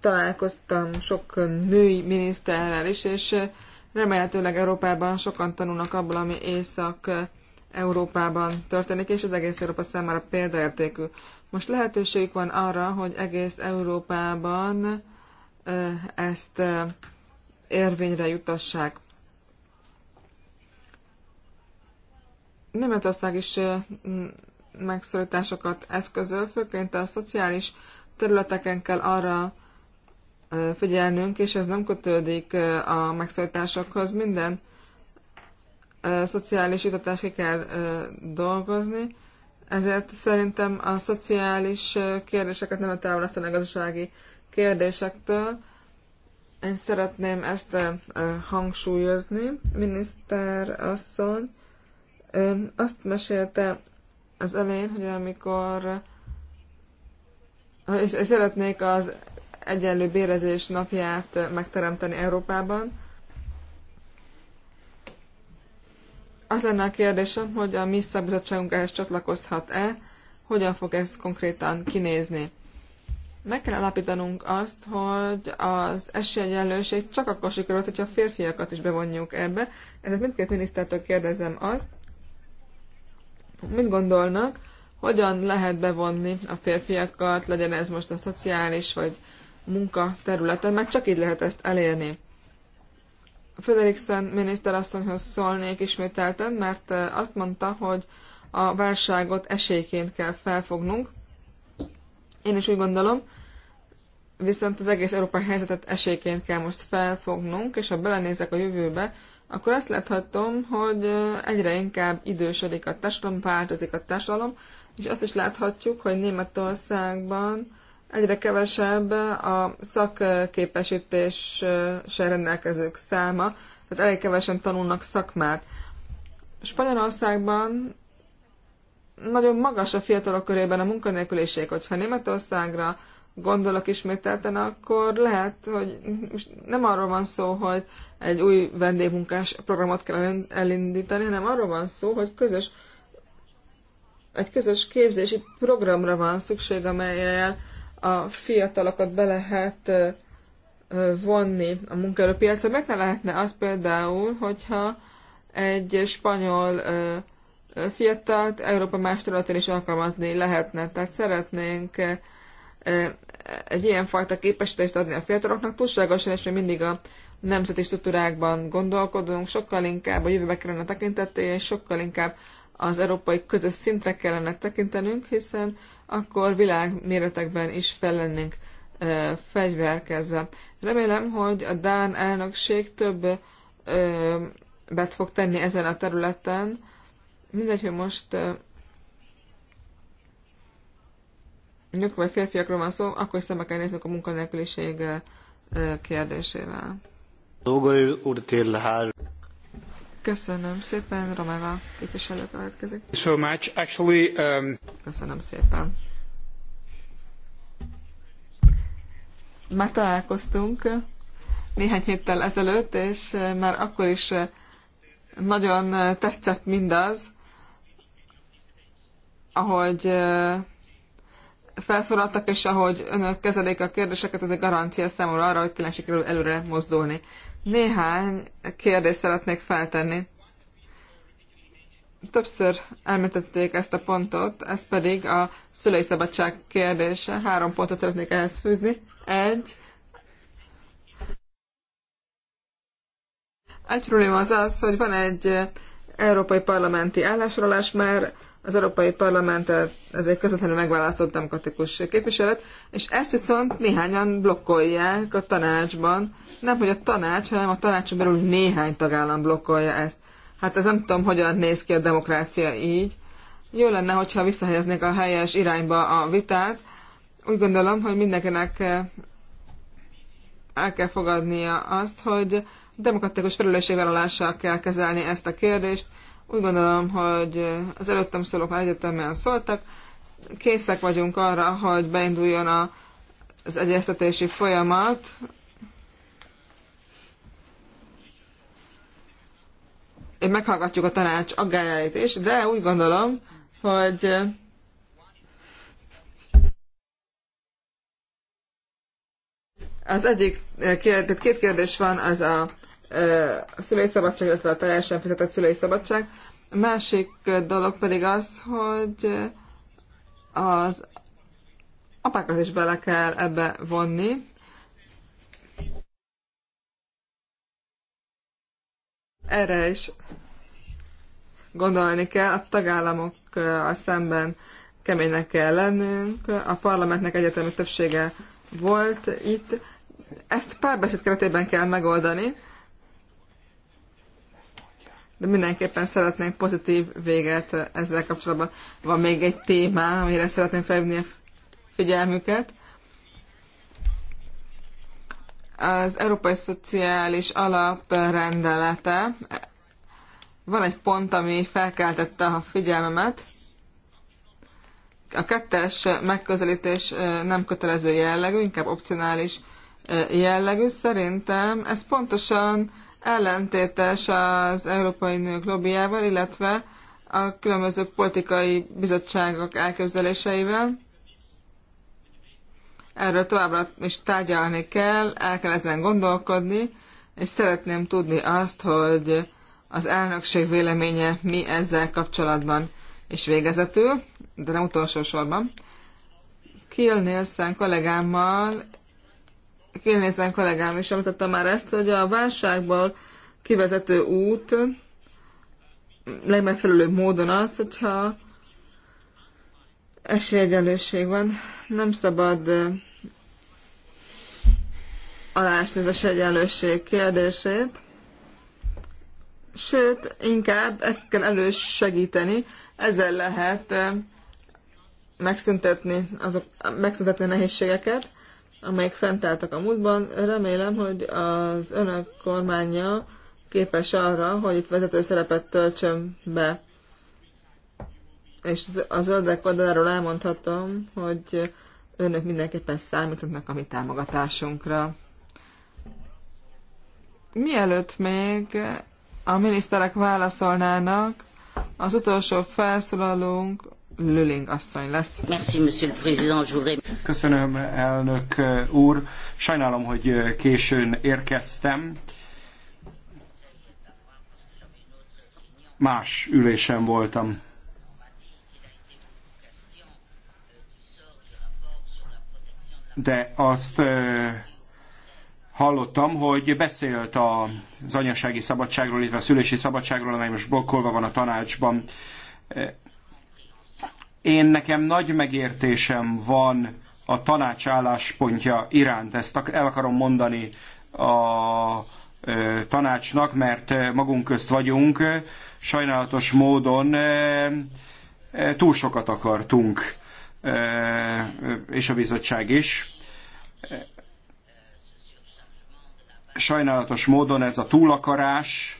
Találkoztam sok női miniszterrel is, és remélhetőleg Európában sokan tanulnak abból, ami észak Európában történik, és az egész Európa számára példaértékű. Most lehetőségük van arra, hogy egész Európában ezt érvényre jutassák. Németország is megszorításokat eszközöl, főként a szociális területeken kell arra figyelnünk, és ez nem kötődik a megszorításokhoz. Minden szociális jutatást ki kell dolgozni, ezért szerintem a szociális kérdéseket nem távolasztani a gazdasági kérdésektől. Én szeretném ezt hangsúlyozni. Miniszter asszony azt mesélte az elején, hogy amikor és szeretnék az egyenlő bérezés napját megteremteni Európában, Az lenne a kérdésem, hogy a mi szabizottságunk ehhez csatlakozhat-e, hogyan fog ez konkrétan kinézni. Meg kell alapítanunk azt, hogy az esélyegyenlőség csak akkor sikerült, hogyha a férfiakat is bevonjuk ebbe. Ezért mindkét minisztertől kérdezem azt, mit gondolnak, hogyan lehet bevonni a férfiakat, legyen ez most a szociális vagy munka területen, mert csak így lehet ezt elérni. Frederiksen miniszterasszonyhoz szólnék ismételten, mert azt mondta, hogy a válságot esélyként kell felfognunk. Én is úgy gondolom, viszont az egész európai helyzetet esélyként kell most felfognunk, és ha belenézek a jövőbe, akkor azt láthatom, hogy egyre inkább idősödik a társadalom, változik a társadalom, és azt is láthatjuk, hogy Németországban egyre kevesebb a szakképesítéssel rendelkezők száma, tehát elég kevesen tanulnak szakmát. Spanyolországban nagyon magas a fiatalok körében a munkanélküliség, hogyha Németországra gondolok ismételten, akkor lehet, hogy nem arról van szó, hogy egy új vendégmunkás programot kell elindítani, hanem arról van szó, hogy közös, egy közös képzési programra van szükség, amelyel a fiatalokat be lehet vonni a munkaerőpiacra. Meg ne lehetne az például, hogyha egy spanyol fiatalt Európa más területén is alkalmazni lehetne. Tehát szeretnénk egy ilyen fajta képesítést adni a fiataloknak, túlságosan és még mindig a nemzeti struktúrákban gondolkodunk, sokkal inkább a jövőbe kellene tekintetni, és sokkal inkább az európai közös szintre kellene tekintenünk, hiszen akkor világméretekben is fel lennénk e, fegyverkezve. Remélem, hogy a Dán elnökség több e, bet fog tenni ezen a területen. Mindegy, hogy most e, nők vagy férfiakról van szó, akkor is szembe kell néznünk a munkanélküliség kérdésével. Köszönöm szépen, Romeva képviselő következik. So much. Actually, um... Köszönöm szépen. Már találkoztunk néhány héttel ezelőtt, és már akkor is nagyon tetszett mindaz, ahogy felszólaltak, és ahogy önök kezelik a kérdéseket, ez egy garancia számomra arra, hogy tényleg sikerül előre mozdulni. Néhány kérdést szeretnék feltenni. Többször említették ezt a pontot, ez pedig a szülői szabadság kérdése. Három pontot szeretnék ehhez fűzni. Egy, egy probléma az az, hogy van egy eh, európai parlamenti állásolás, már az Európai Parlamentet ezért közvetlenül megválasztott demokratikus képviselet, és ezt viszont néhányan blokkolják a tanácsban. Nem, hogy a tanács, hanem a tanácson belül néhány tagállam blokkolja ezt. Hát ez nem tudom, hogyan néz ki a demokrácia így. Jó lenne, hogyha visszahelyeznék a helyes irányba a vitát. Úgy gondolom, hogy mindenkinek eh, el kell fogadnia azt, hogy demokratikus felelősségvállalással kell kezelni ezt a kérdést, úgy gondolom, hogy az előttem szólók már egyetemben szóltak. Készek vagyunk arra, hogy beinduljon a, az egyeztetési folyamat, Én meghallgatjuk a tanács aggájait is, de úgy gondolom, hogy az egyik, két kérdés van, az a a szülői szabadság, illetve a teljesen fizetett szülői szabadság. A másik dolog pedig az, hogy az apákat is bele kell ebbe vonni. Erre is gondolni kell, a tagállamok a szemben keménynek kell lennünk, a parlamentnek egyetemi többsége volt itt, ezt párbeszéd keretében kell megoldani, de mindenképpen szeretnénk pozitív véget ezzel kapcsolatban. Van még egy témá, amire szeretném felhívni a figyelmüket. Az Európai Szociális Alap rendelete. Van egy pont, ami felkeltette a figyelmemet. A kettes megközelítés nem kötelező jellegű, inkább opcionális jellegű. Szerintem ez pontosan ellentétes az európai nők lobbyjával, illetve a különböző politikai bizottságok elképzeléseivel. Erről továbbra is tárgyalni kell, el kell ezen gondolkodni, és szeretném tudni azt, hogy az elnökség véleménye mi ezzel kapcsolatban. És végezetül, de nem utolsó sorban, Kill Nielsen kollégámmal Kilnézzen kollégám is említette már ezt, hogy a válságból kivezető út legmegfelelőbb módon az, hogyha esélyegyenlőség van. Nem szabad alásni az esélyegyenlőség kérdését. Sőt, inkább ezt kell elősegíteni, ezzel lehet megszüntetni, azok, megszüntetni a nehézségeket amelyek fentálltak a múltban. Remélem, hogy az önök kormánya képes arra, hogy itt vezető szerepet töltsön be. És a zöldek oldaláról elmondhatom, hogy önök mindenképpen számítanak a mi támogatásunkra. Mielőtt még a miniszterek válaszolnának, az utolsó felszólalónk Lüling asszony lesz. Köszönöm, elnök eh, úr. Sajnálom, hogy eh, későn érkeztem. Más ülésen voltam. De azt eh, hallottam, hogy beszélt az anyasági szabadságról, illetve a szülési szabadságról, amely most blokkolva van a tanácsban én nekem nagy megértésem van a tanács álláspontja iránt, ezt el akarom mondani a tanácsnak, mert magunk közt vagyunk, sajnálatos módon túl sokat akartunk, és a bizottság is. Sajnálatos módon ez a túlakarás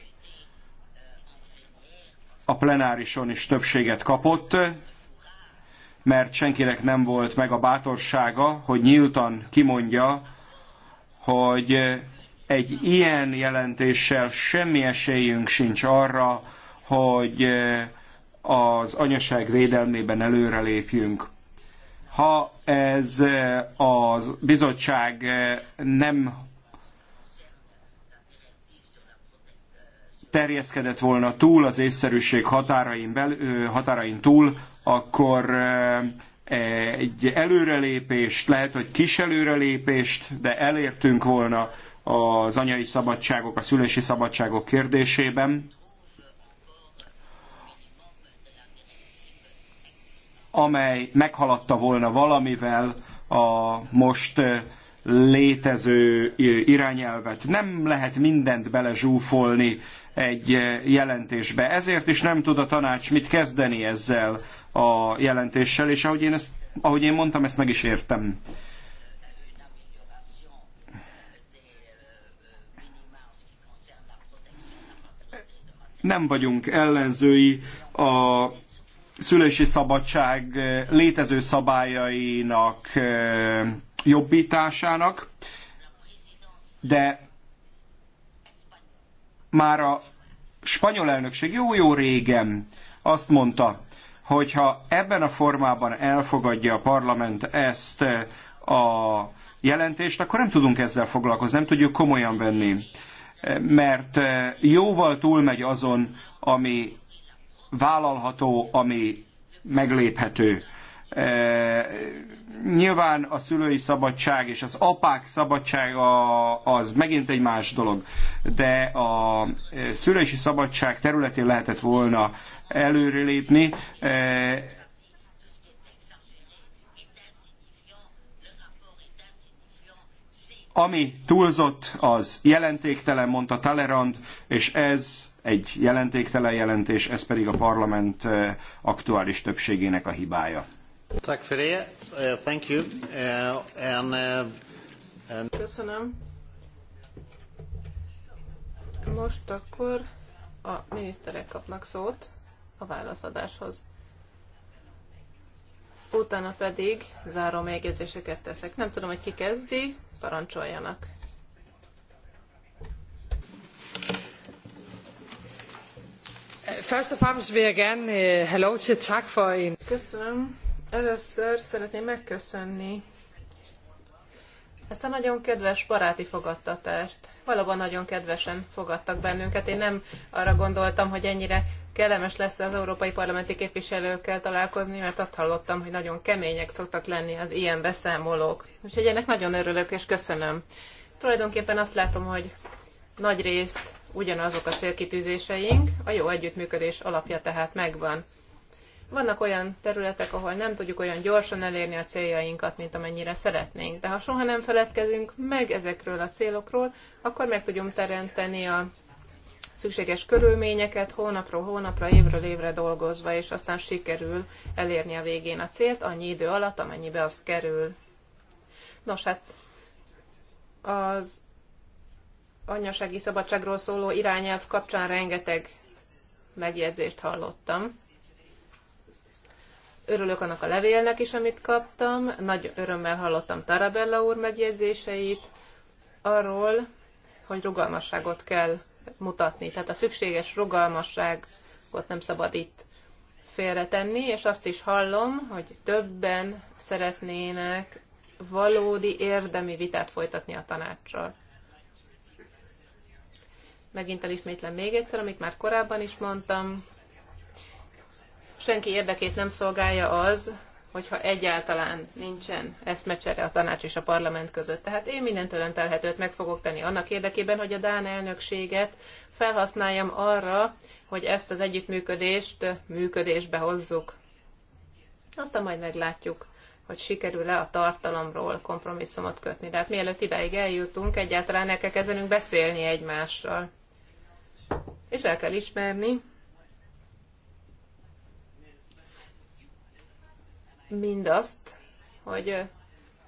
a plenárison is többséget kapott, mert senkinek nem volt meg a bátorsága, hogy nyíltan kimondja, hogy egy ilyen jelentéssel semmi esélyünk sincs arra, hogy az anyaság védelmében előrelépjünk. Ha ez a bizottság nem terjeszkedett volna túl az észszerűség határain, bel, határain túl, akkor eh, egy előrelépést, lehet, hogy kis előrelépést, de elértünk volna az anyai szabadságok, a szülési szabadságok kérdésében. amely meghaladta volna valamivel a most eh, létező eh, irányelvet. Nem lehet mindent belezsúfolni egy jelentésbe. Ezért is nem tud a tanács mit kezdeni ezzel a jelentéssel, és ahogy én, ezt, ahogy én mondtam, ezt meg is értem. Nem vagyunk ellenzői a szülési szabadság létező szabályainak jobbításának, de már a spanyol elnökség jó-jó régen azt mondta, Hogyha ebben a formában elfogadja a parlament ezt eh, a jelentést, akkor nem tudunk ezzel foglalkozni, nem tudjuk komolyan venni. Eh, mert eh, jóval túlmegy azon, ami vállalható, ami megléphető. Nyilván a szülői szabadság és az apák szabadsága az megint egy más dolog, de a szülési szabadság területén lehetett volna előrelépni. E, ami túlzott, az jelentéktelen, mondta Talleyrand, és ez egy jelentéktelen jelentés, ez pedig a parlament e, aktuális többségének a hibája. Eh, eh, eh, Köszönöm. Most akkor a miniszterek kapnak szót a válaszadáshoz. Utána pedig záró megjegyzéseket teszek. Nem tudom, hogy ki kezdi, parancsoljanak. Først og fremmest vil jeg gerne have for en... Köszönöm. Először szeretném megköszönni ezt a nagyon kedves baráti fogadtatást. Valóban nagyon kedvesen fogadtak bennünket. Én nem arra gondoltam, hogy ennyire kellemes lesz az európai parlamenti képviselőkkel találkozni, mert azt hallottam, hogy nagyon kemények szoktak lenni az ilyen beszámolók. Úgyhogy ennek nagyon örülök, és köszönöm. Tulajdonképpen azt látom, hogy nagy részt ugyanazok a célkitűzéseink, a jó együttműködés alapja tehát megvan. Vannak olyan területek, ahol nem tudjuk olyan gyorsan elérni a céljainkat, mint amennyire szeretnénk, de ha soha nem feledkezünk meg ezekről a célokról, akkor meg tudjunk teremteni a szükséges körülményeket hónapról hónapra, évről évre dolgozva, és aztán sikerül elérni a végén a célt, annyi idő alatt, amennyibe az kerül. Nos, hát az anyasági szabadságról szóló irányelv kapcsán rengeteg megjegyzést hallottam. Örülök annak a levélnek is, amit kaptam. Nagy örömmel hallottam Tarabella úr megjegyzéseit arról, hogy rugalmasságot kell mutatni. Tehát a szükséges rugalmasságot nem szabad itt félretenni, és azt is hallom, hogy többen szeretnének valódi érdemi vitát folytatni a tanácssal. Megint elismétlem még egyszer, amit már korábban is mondtam. Senki érdekét nem szolgálja az, hogyha egyáltalán nincsen eszmecsere a tanács és a parlament között. Tehát én minden tőlem telhetőt meg fogok tenni annak érdekében, hogy a Dán elnökséget felhasználjam arra, hogy ezt az együttműködést működésbe hozzuk. Aztán majd meglátjuk, hogy sikerül-e a tartalomról kompromisszumot kötni. De hát mielőtt ideig eljutunk, egyáltalán el kell kezdenünk beszélni egymással. És el kell ismerni, mindazt, hogy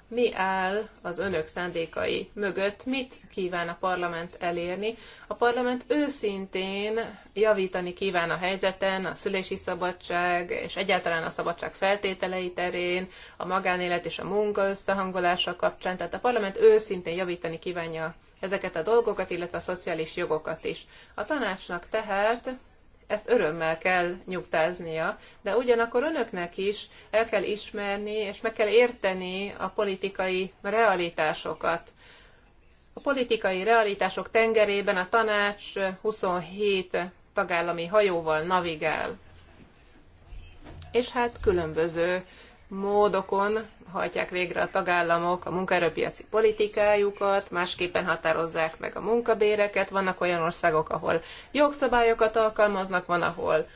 mi áll az önök szándékai mögött, mit kíván a parlament elérni. A parlament őszintén javítani kíván a helyzeten, a szülési szabadság és egyáltalán a szabadság feltételei terén, a magánélet és a munka összehangolása kapcsán. Tehát a parlament őszintén javítani kívánja ezeket a dolgokat, illetve a szociális jogokat is. A tanácsnak tehát ezt örömmel kell nyugtáznia, de ugyanakkor önöknek is el kell ismerni, és meg kell érteni a politikai realitásokat. A politikai realitások tengerében a tanács 27 tagállami hajóval navigál. És hát különböző módokon hajtják végre a tagállamok a munkaerőpiaci politikájukat, másképpen határozzák meg a munkabéreket, vannak olyan országok, ahol jogszabályokat alkalmaznak, van, ahol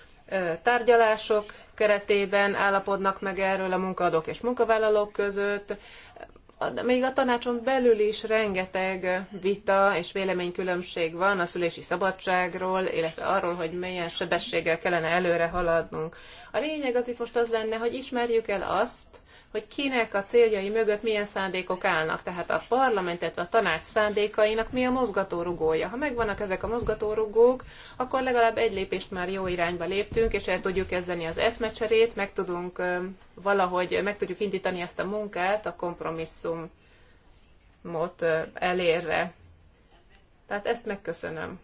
tárgyalások keretében állapodnak meg erről a munkaadók és munkavállalók között még a tanácson belül is rengeteg vita és véleménykülönbség van a szülési szabadságról, illetve arról, hogy milyen sebességgel kellene előre haladnunk. A lényeg az itt most az lenne, hogy ismerjük el azt, hogy kinek a céljai mögött milyen szándékok állnak. Tehát a parlament, illetve a tanács szándékainak mi a mozgatórugója. Ha megvannak ezek a mozgatórugók, akkor legalább egy lépést már jó irányba léptünk, és el tudjuk kezdeni az eszmecserét, meg tudunk valahogy, meg tudjuk indítani ezt a munkát, a kompromisszumot elérve. Tehát ezt megköszönöm.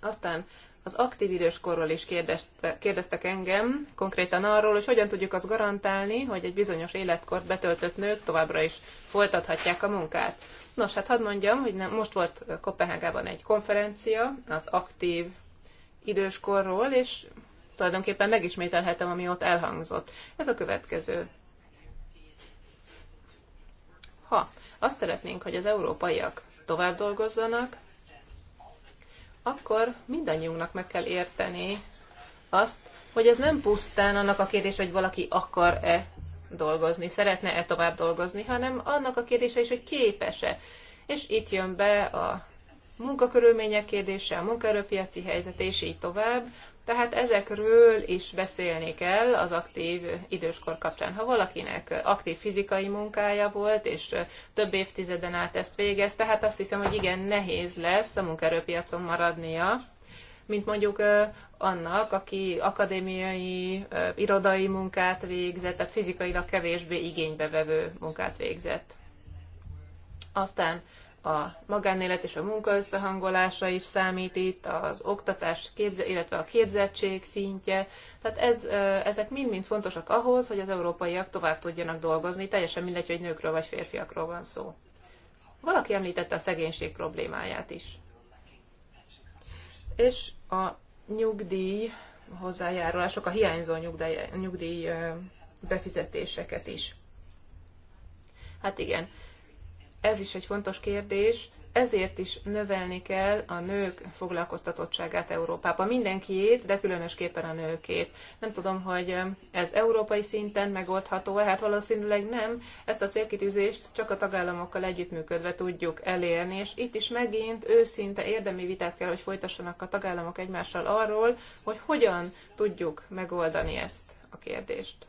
Aztán az aktív időskorról is kérdezte, kérdeztek engem, konkrétan arról, hogy hogyan tudjuk azt garantálni, hogy egy bizonyos életkort betöltött nők továbbra is folytathatják a munkát. Nos, hát hadd mondjam, hogy nem, most volt Kopenhágában egy konferencia az aktív időskorról, és tulajdonképpen megismételhetem, ami ott elhangzott. Ez a következő. Ha azt szeretnénk, hogy az európaiak tovább dolgozzanak, akkor mindannyiunknak meg kell érteni azt, hogy ez nem pusztán annak a kérdés, hogy valaki akar-e dolgozni, szeretne-e tovább dolgozni, hanem annak a kérdése is, hogy képes-e. És itt jön be a munkakörülmények kérdése, a munkaerőpiaci helyzet, és így tovább, tehát ezekről is beszélni kell az aktív időskor kapcsán. Ha valakinek aktív fizikai munkája volt, és több évtizeden át ezt végez, tehát azt hiszem, hogy igen, nehéz lesz a munkaerőpiacon maradnia, mint mondjuk annak, aki akadémiai, irodai munkát végzett, tehát fizikailag kevésbé igénybevevő munkát végzett. Aztán a magánélet és a munka összehangolása is számít itt, az oktatás, képze, illetve a képzettség szintje. Tehát ez, ezek mind-mind fontosak ahhoz, hogy az európaiak tovább tudjanak dolgozni, teljesen mindegy, hogy nőkről vagy férfiakról van szó. Valaki említette a szegénység problémáját is. És a nyugdíj hozzájárulások, a hiányzó nyugdíj, nyugdíj befizetéseket is. Hát igen, ez is egy fontos kérdés, ezért is növelni kell a nők foglalkoztatottságát Európában. Mindenkiét, de különösképpen a nőkét. Nem tudom, hogy ez európai szinten megoldható-e, hát valószínűleg nem. Ezt a célkitűzést csak a tagállamokkal együttműködve tudjuk elérni, és itt is megint őszinte érdemi vitát kell, hogy folytassanak a tagállamok egymással arról, hogy hogyan tudjuk megoldani ezt a kérdést.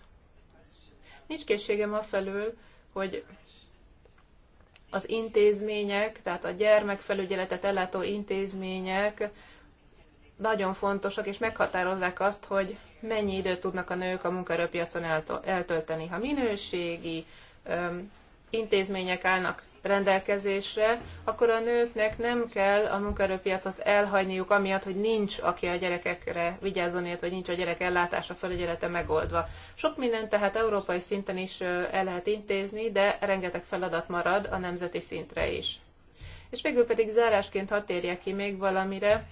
Nincs készségem afelől, hogy az intézmények, tehát a gyermekfelügyeletet ellátó intézmények nagyon fontosak, és meghatározzák azt, hogy mennyi időt tudnak a nők a munkaerőpiacon eltölteni. Ha minőségi intézmények állnak rendelkezésre, akkor a nőknek nem kell a munkaerőpiacot elhagyniuk, amiatt, hogy nincs, aki a gyerekekre vigyázzon, illetve nincs a gyerek ellátása, felügyelete megoldva. Sok minden tehát európai szinten is el lehet intézni, de rengeteg feladat marad a nemzeti szintre is. És végül pedig zárásként hadd térjek ki még valamire,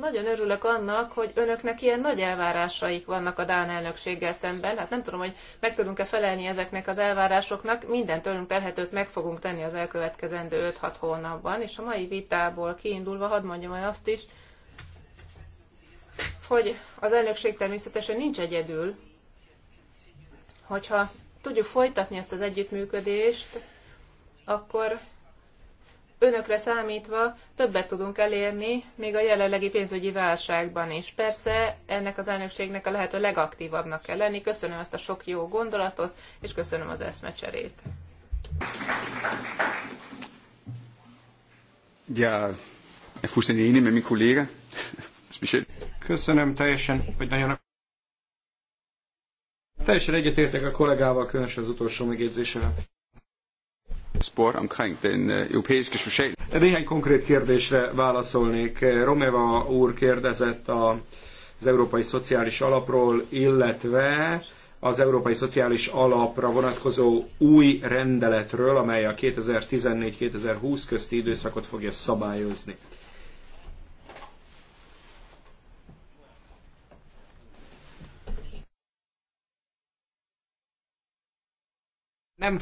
nagyon örülök annak, hogy önöknek ilyen nagy elvárásaik vannak a Dán elnökséggel szemben. Hát nem tudom, hogy meg tudunk-e felelni ezeknek az elvárásoknak. Minden tőlünk telhetőt meg fogunk tenni az elkövetkezendő 5-6 hónapban. És a mai vitából kiindulva hadd mondjam el azt is, hogy az elnökség természetesen nincs egyedül. Hogyha tudjuk folytatni ezt az együttműködést, akkor önökre számítva többet tudunk elérni, még a jelenlegi pénzügyi válságban is. Persze ennek az elnökségnek a lehető legaktívabbnak kell lenni. Köszönöm ezt a sok jó gondolatot, és köszönöm az eszmecserét. Ja, Köszönöm teljesen, hogy nagyon Teljesen egyetértek a kollégával, különösen az utolsó megjegyzésével. Øh, Néhány konkrét kérdésre válaszolnék. Romeva úr kérdezett a, az Európai Szociális Alapról, illetve az Európai Szociális Alapra vonatkozó új rendeletről, amely a 2014-2020 közti időszakot fogja szabályozni. Nem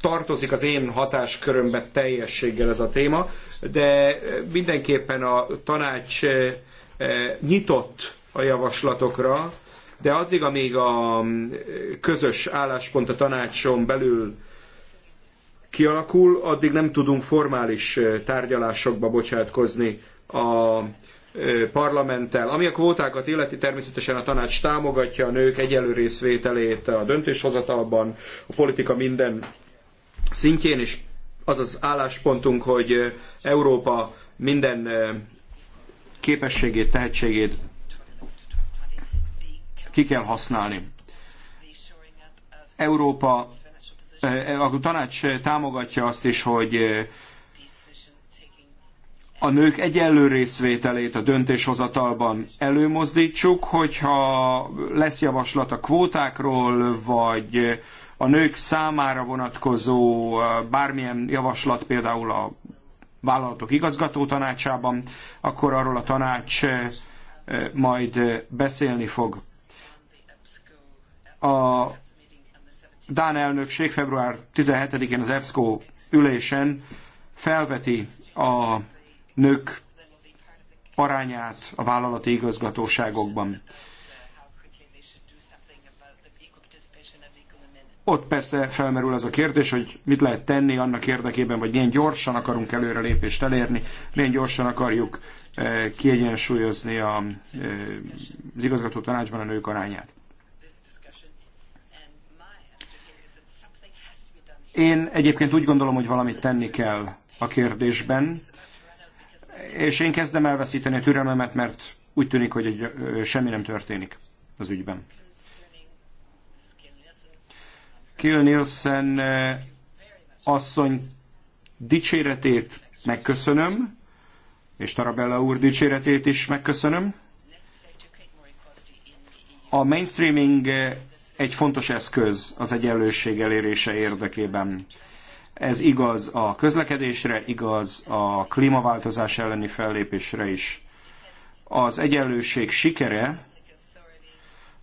tartozik az én hatáskörömbe teljességgel ez a téma, de mindenképpen a tanács eh, eh, nyitott a javaslatokra, de addig, amíg a mm, közös álláspont a tanácson belül kialakul, addig nem tudunk formális eh, tárgyalásokba bocsátkozni a parlamenttel. Ami a kvótákat illeti, természetesen a tanács támogatja a nők egyenlő részvételét a döntéshozatalban, a politika minden szintjén, és az az álláspontunk, hogy Európa minden képességét, tehetségét ki kell használni. Európa, a tanács támogatja azt is, hogy a nők egyenlő részvételét a döntéshozatalban előmozdítsuk, hogyha lesz javaslat a kvótákról, vagy a nők számára vonatkozó bármilyen javaslat, például a vállalatok igazgató tanácsában, akkor arról a tanács majd beszélni fog. A Dán elnökség február 17-én az EFSCO ülésen felveti a nők arányát a vállalati igazgatóságokban. Ott persze felmerül az a kérdés, hogy mit lehet tenni annak érdekében, vagy milyen gyorsan akarunk előrelépést elérni, milyen gyorsan akarjuk eh, kiegyensúlyozni a, eh, az igazgató tanácsban a nők arányát. Én egyébként úgy gondolom, hogy valamit tenni kell a kérdésben, és én kezdem elveszíteni a türelmemet, mert úgy tűnik, hogy semmi nem történik az ügyben. Kill Nielsen eh, asszony dicséretét megköszönöm, és Tarabella úr dicséretét is megköszönöm. A mainstreaming eh, egy fontos eszköz az egyenlőség elérése érdekében. Ez igaz a közlekedésre, igaz a klímaváltozás elleni fellépésre is. Az egyenlőség sikere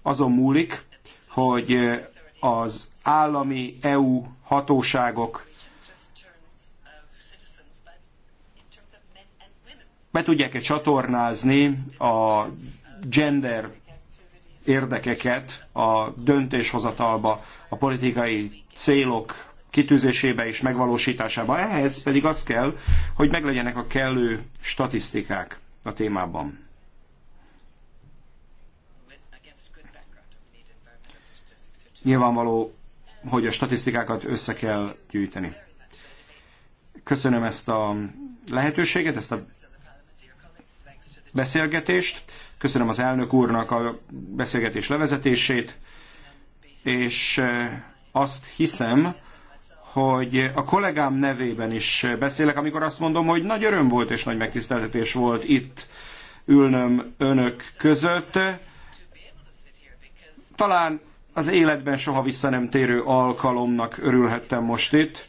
azon múlik, hogy eh, az állami EU hatóságok be tudják-e csatornázni a gender érdekeket a döntéshozatalba, a politikai célok kitűzésébe és megvalósításába. Ehhez pedig az kell, hogy meglegyenek a kellő statisztikák a témában. Nyilvánvaló, hogy a statisztikákat össze kell gyűjteni. Köszönöm ezt a lehetőséget, ezt a beszélgetést. Köszönöm az elnök úrnak a beszélgetés levezetését, és azt hiszem, hogy a kollégám nevében is beszélek, amikor azt mondom, hogy nagy öröm volt és nagy megtiszteltetés volt itt ülnöm önök között. Talán az életben soha vissza nem térő alkalomnak örülhettem most itt,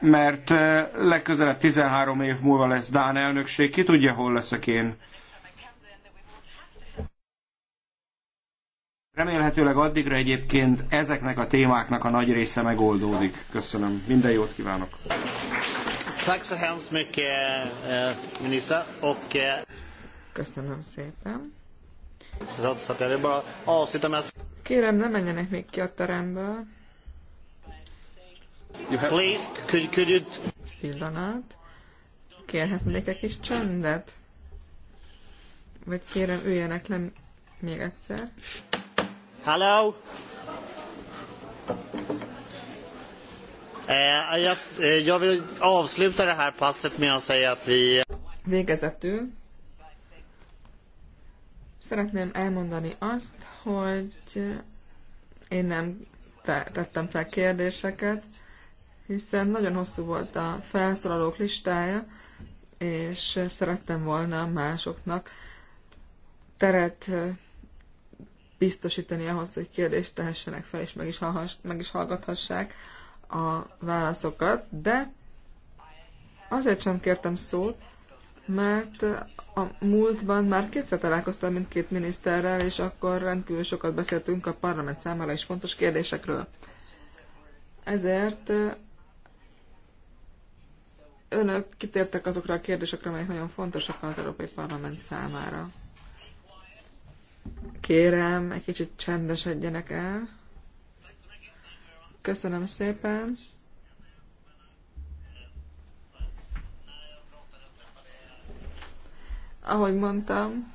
mert eh, legközelebb 13 év múlva lesz Dán elnökség, ki tudja, hol leszek én. Remélhetőleg addigra egyébként ezeknek a témáknak a nagy része megoldódik. Köszönöm. Minden jót kívánok. Eh, eh, Köszönöm szépen. Kérem, ne menjenek még ki a teremből. Please, could, could you... Pillanat. Kérhetnék egy kis csendet? Vagy kérem, üljenek le még egyszer. Hello! Eh, eh, jag vill avsluta det här passet med att säga att vi... Végezetül Szeretném elmondani azt, hogy én nem tettem fel kérdéseket, hiszen nagyon hosszú volt a felszólalók listája, és szerettem volna másoknak teret biztosítani ahhoz, hogy kérdést tehessenek fel, és meg is, hallhass, meg is hallgathassák a válaszokat, de azért sem kértem szót, mert a múltban már kétszer találkoztam mindkét miniszterrel, és akkor rendkívül sokat beszéltünk a parlament számára is fontos kérdésekről. Ezért eh, önök kitértek azokra a kérdésekre, amelyek nagyon fontosak az Európai Parlament számára. Kérem, egy kicsit csendesedjenek el. Köszönöm szépen. ahogy mondtam,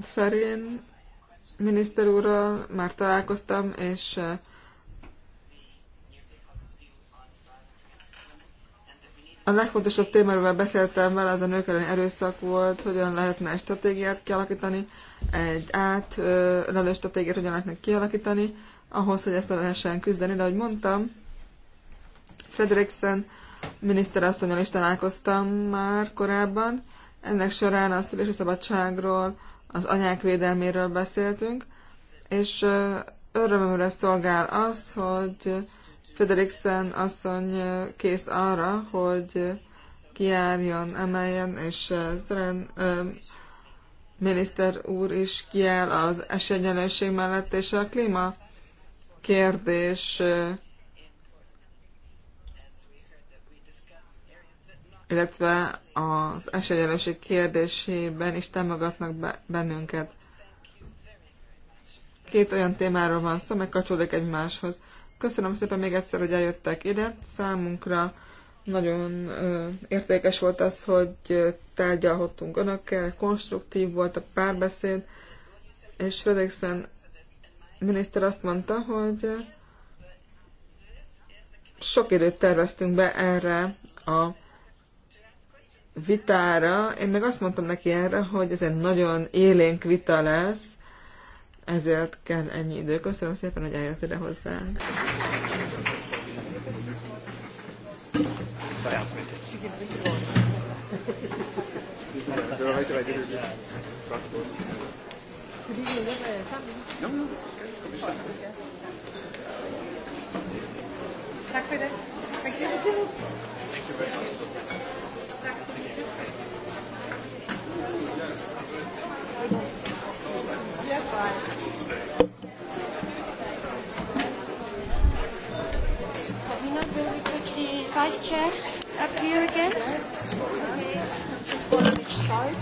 szerint miniszter úrral már találkoztam, és a legfontosabb témáról beszéltem vele, az a nők elleni erőszak volt, hogyan lehetne egy stratégiát kialakítani, egy átlelő stratégiát hogyan lehetne kialakítani, ahhoz, hogy ezt lehessen küzdeni, de ahogy mondtam, Frederiksen miniszterasszonyal is találkoztam már korábban. Ennek során a szülési szabadságról, az anyák védelméről beszéltünk, és örömömre szolgál az, hogy Frederiksen asszony kész arra, hogy kiálljon, emeljen, és Zren miniszter úr is kiáll az esélyegyenlőség mellett, és a klíma kérdés illetve az esélyelőség kérdésében is támogatnak bennünket. Két olyan témáról van szó, meg kapcsolódik egymáshoz. Köszönöm szépen még egyszer, hogy eljöttek ide. Számunkra nagyon értékes volt az, hogy tárgyalhattunk önökkel, konstruktív volt a párbeszéd, és Rödegszen miniszter azt mondta, hogy sok időt terveztünk be erre a vitára. Én meg azt mondtam neki erre, hogy ez egy nagyon élénk vita lesz, ezért kell ennyi idő. Köszönöm szépen, hogy eljött ide hozzánk. Thank you very much. Vice Chair, up here again. Okay. On which side?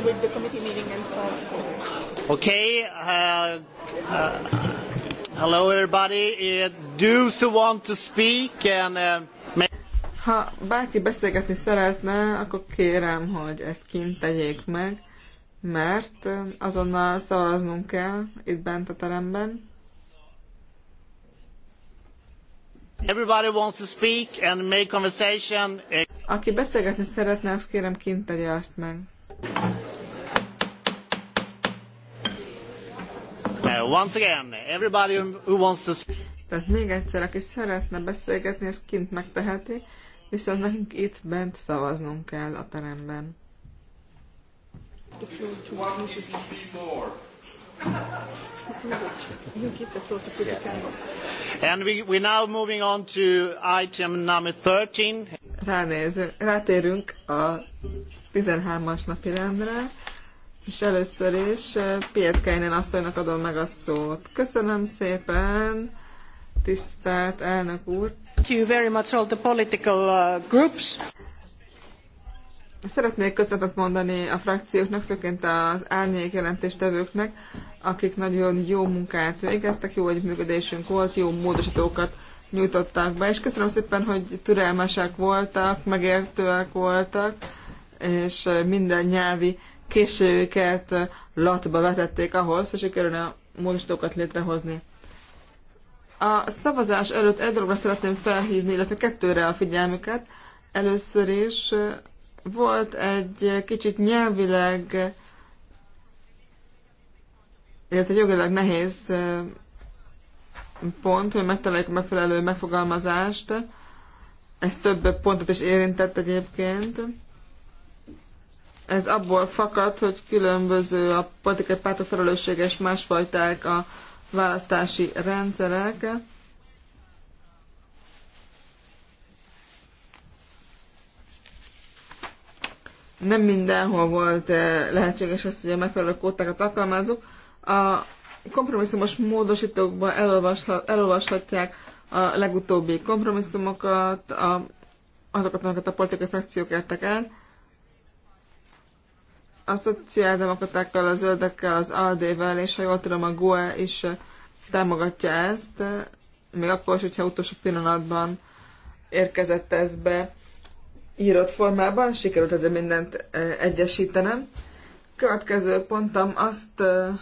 with the committee meeting and start. Okay. Uh, uh, hello, everybody. Uh, do you want to speak and uh, make... Ha bárki beszélgetni szeretne, akkor kérem, hogy ezt kint tegyék meg, mert uh, azonnal szavaznunk kell itt bent a teremben. Everybody wants to speak and make conversation. Aki beszélgetni szeretne, azt kérem kint tegye azt meg. Uh, once again, everybody who wants to... Tehát még egyszer, aki szeretne beszélgetni, ezt kint megteheti, viszont nekünk itt bent szavaznunk kell a teremben. And we, we now moving on to item number 13. Ránézünk, rátérünk a 13-as napi rendre. És először is eh, Pietkeinen asszonynak adom meg a szót. Köszönöm szépen, tisztelt elnök úr. Thank you very much all the political uh, groups. Szeretnék köszönetet mondani a frakcióknak, főként az árnyék jelentéstevőknek, akik nagyon jó munkát végeztek, jó együttműködésünk volt, jó módosítókat nyújtottak be, és köszönöm szépen, hogy türelmesek voltak, megértőek voltak, és eh, minden nyelvi későket latba vetették ahhoz, hogy sikerülne módosítókat létrehozni. A szavazás előtt egy dologra szeretném felhívni, illetve kettőre a figyelmüket. Először is eh, volt egy kicsit nyelvileg, illetve jogilag nehéz eh, pont, hogy megtaláljuk a megfelelő megfogalmazást. Ez több pontot is érintett egyébként ez abból fakad, hogy különböző a politikai pártok felelősséges másfajták a választási rendszerek. Nem mindenhol volt eh, lehetséges az, hogy a megfelelő kótákat alkalmazzuk. A kompromisszumos módosítókban elolvashat, elolvashatják a legutóbbi kompromisszumokat, a, azokat, amiket a politikai frakciók értek el a szociáldemokratákkal, a zöldekkel, az AD-vel, és ha jól tudom, a GUE is támogatja ezt, még akkor is, hogyha utolsó pillanatban érkezett ez be írott formában, sikerült ezzel mindent egyesítenem. Következő pontom azt,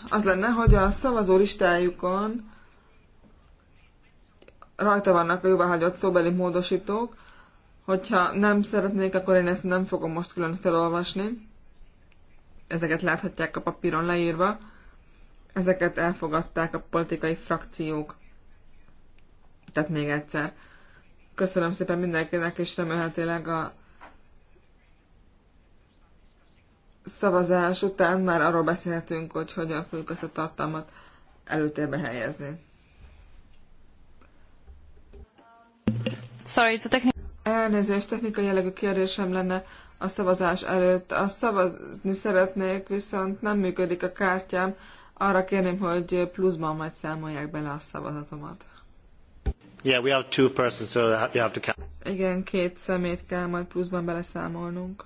az lenne, hogy a szavazó listájukon rajta vannak a jóváhagyott szóbeli módosítók, hogyha nem szeretnék, akkor én ezt nem fogom most külön felolvasni ezeket láthatják a papíron leírva, ezeket elfogadták a politikai frakciók. Tehát még egyszer. Köszönöm szépen mindenkinek, és remélhetőleg a szavazás után már arról beszélhetünk, hogy hogyan fogjuk ezt a tartalmat előtérbe helyezni. Sorry, it's a techni- Elnézést, technikai jellegű kérdésem lenne a szavazás előtt. A szavazni szeretnék, viszont nem működik a kártyám. Arra kérném, hogy pluszban majd számolják bele a szavazatomat. Yeah, we have two persons, so you have to count. Igen, két szemét kell majd pluszban beleszámolnunk.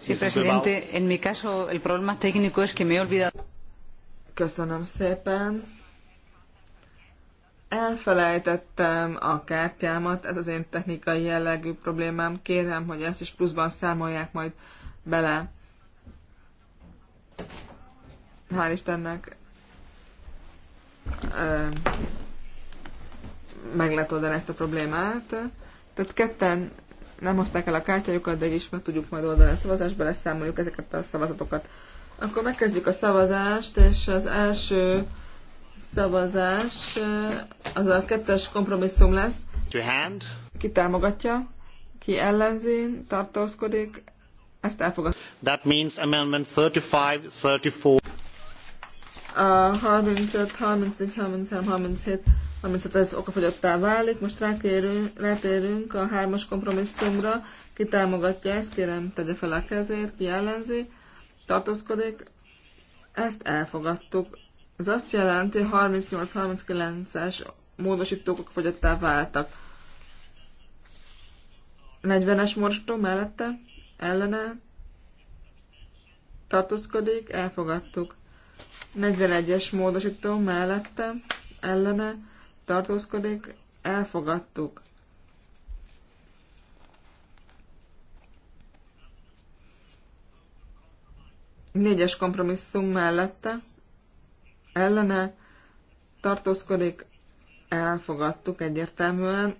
Sí, presidente, en mi caso el problema técnico es que me he olvidado. Köszönöm szépen elfelejtettem a kártyámat, ez az én technikai jellegű problémám, kérem, hogy ezt is pluszban számolják majd bele. Hál' Istennek meg lehet oldani ezt a problémát. Tehát ketten nem hozták el a kártyájukat, de is meg tudjuk majd oldani a szavazásba, leszámoljuk ezeket a szavazatokat. Akkor megkezdjük a szavazást, és az első szavazás, eh, az a kettes kompromisszum lesz. To hand. Ki támogatja, ki ellenzi, tartózkodik, ezt elfogad. That means amendment 35, 34. A 35, 34, 33, 37, 37 ez okafogyottá válik. Most rátérünk, rátérünk a hármas kompromisszumra. Ki támogatja ezt, kérem tegye fel a kezét, ki ellenzi, tartózkodik. Ezt elfogadtuk ez azt jelenti, hogy 38-39-es módosítók fogyattá váltak. 40-es morstó mellette ellene tartózkodik, elfogadtuk. 41-es módosító mellette ellene tartózkodik, elfogadtuk. Négyes kompromisszum mellette ellene tartózkodik, elfogadtuk egyértelműen.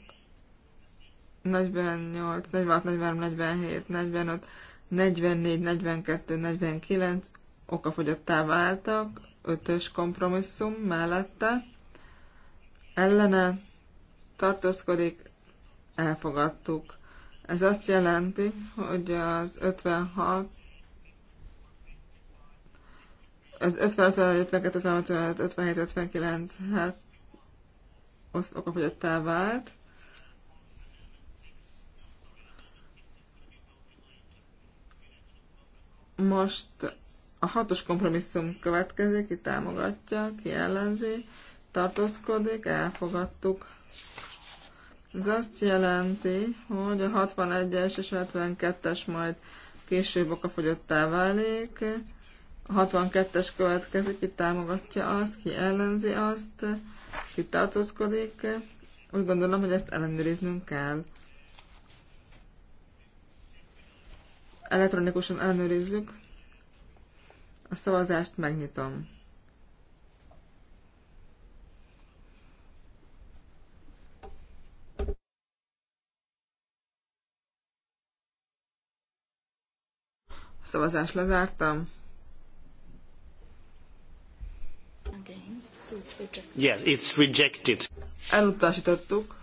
48, 46, 43, 47, 45, 44, 42, 49 okafogyottá váltak, ötös kompromisszum mellette. Ellene tartózkodik, elfogadtuk. Ez azt jelenti, hogy az 56 az 50, 51, 52, 55, 57, 59, hát okafogyottá vált. Most a hatos kompromisszum következik, ki támogatja, ki ellenzi, tartózkodik, elfogadtuk. Ez azt jelenti, hogy a 61-es és 72-es majd később okafogyottá válik. A 62-es következik, ki támogatja azt, ki ellenzi azt, ki tartózkodik. Úgy gondolom, hogy ezt ellenőriznünk kell. Elektronikusan ellenőrizzük. A szavazást megnyitom. A szavazást lezártam. Yes, it's rejected. Elutasítottuk.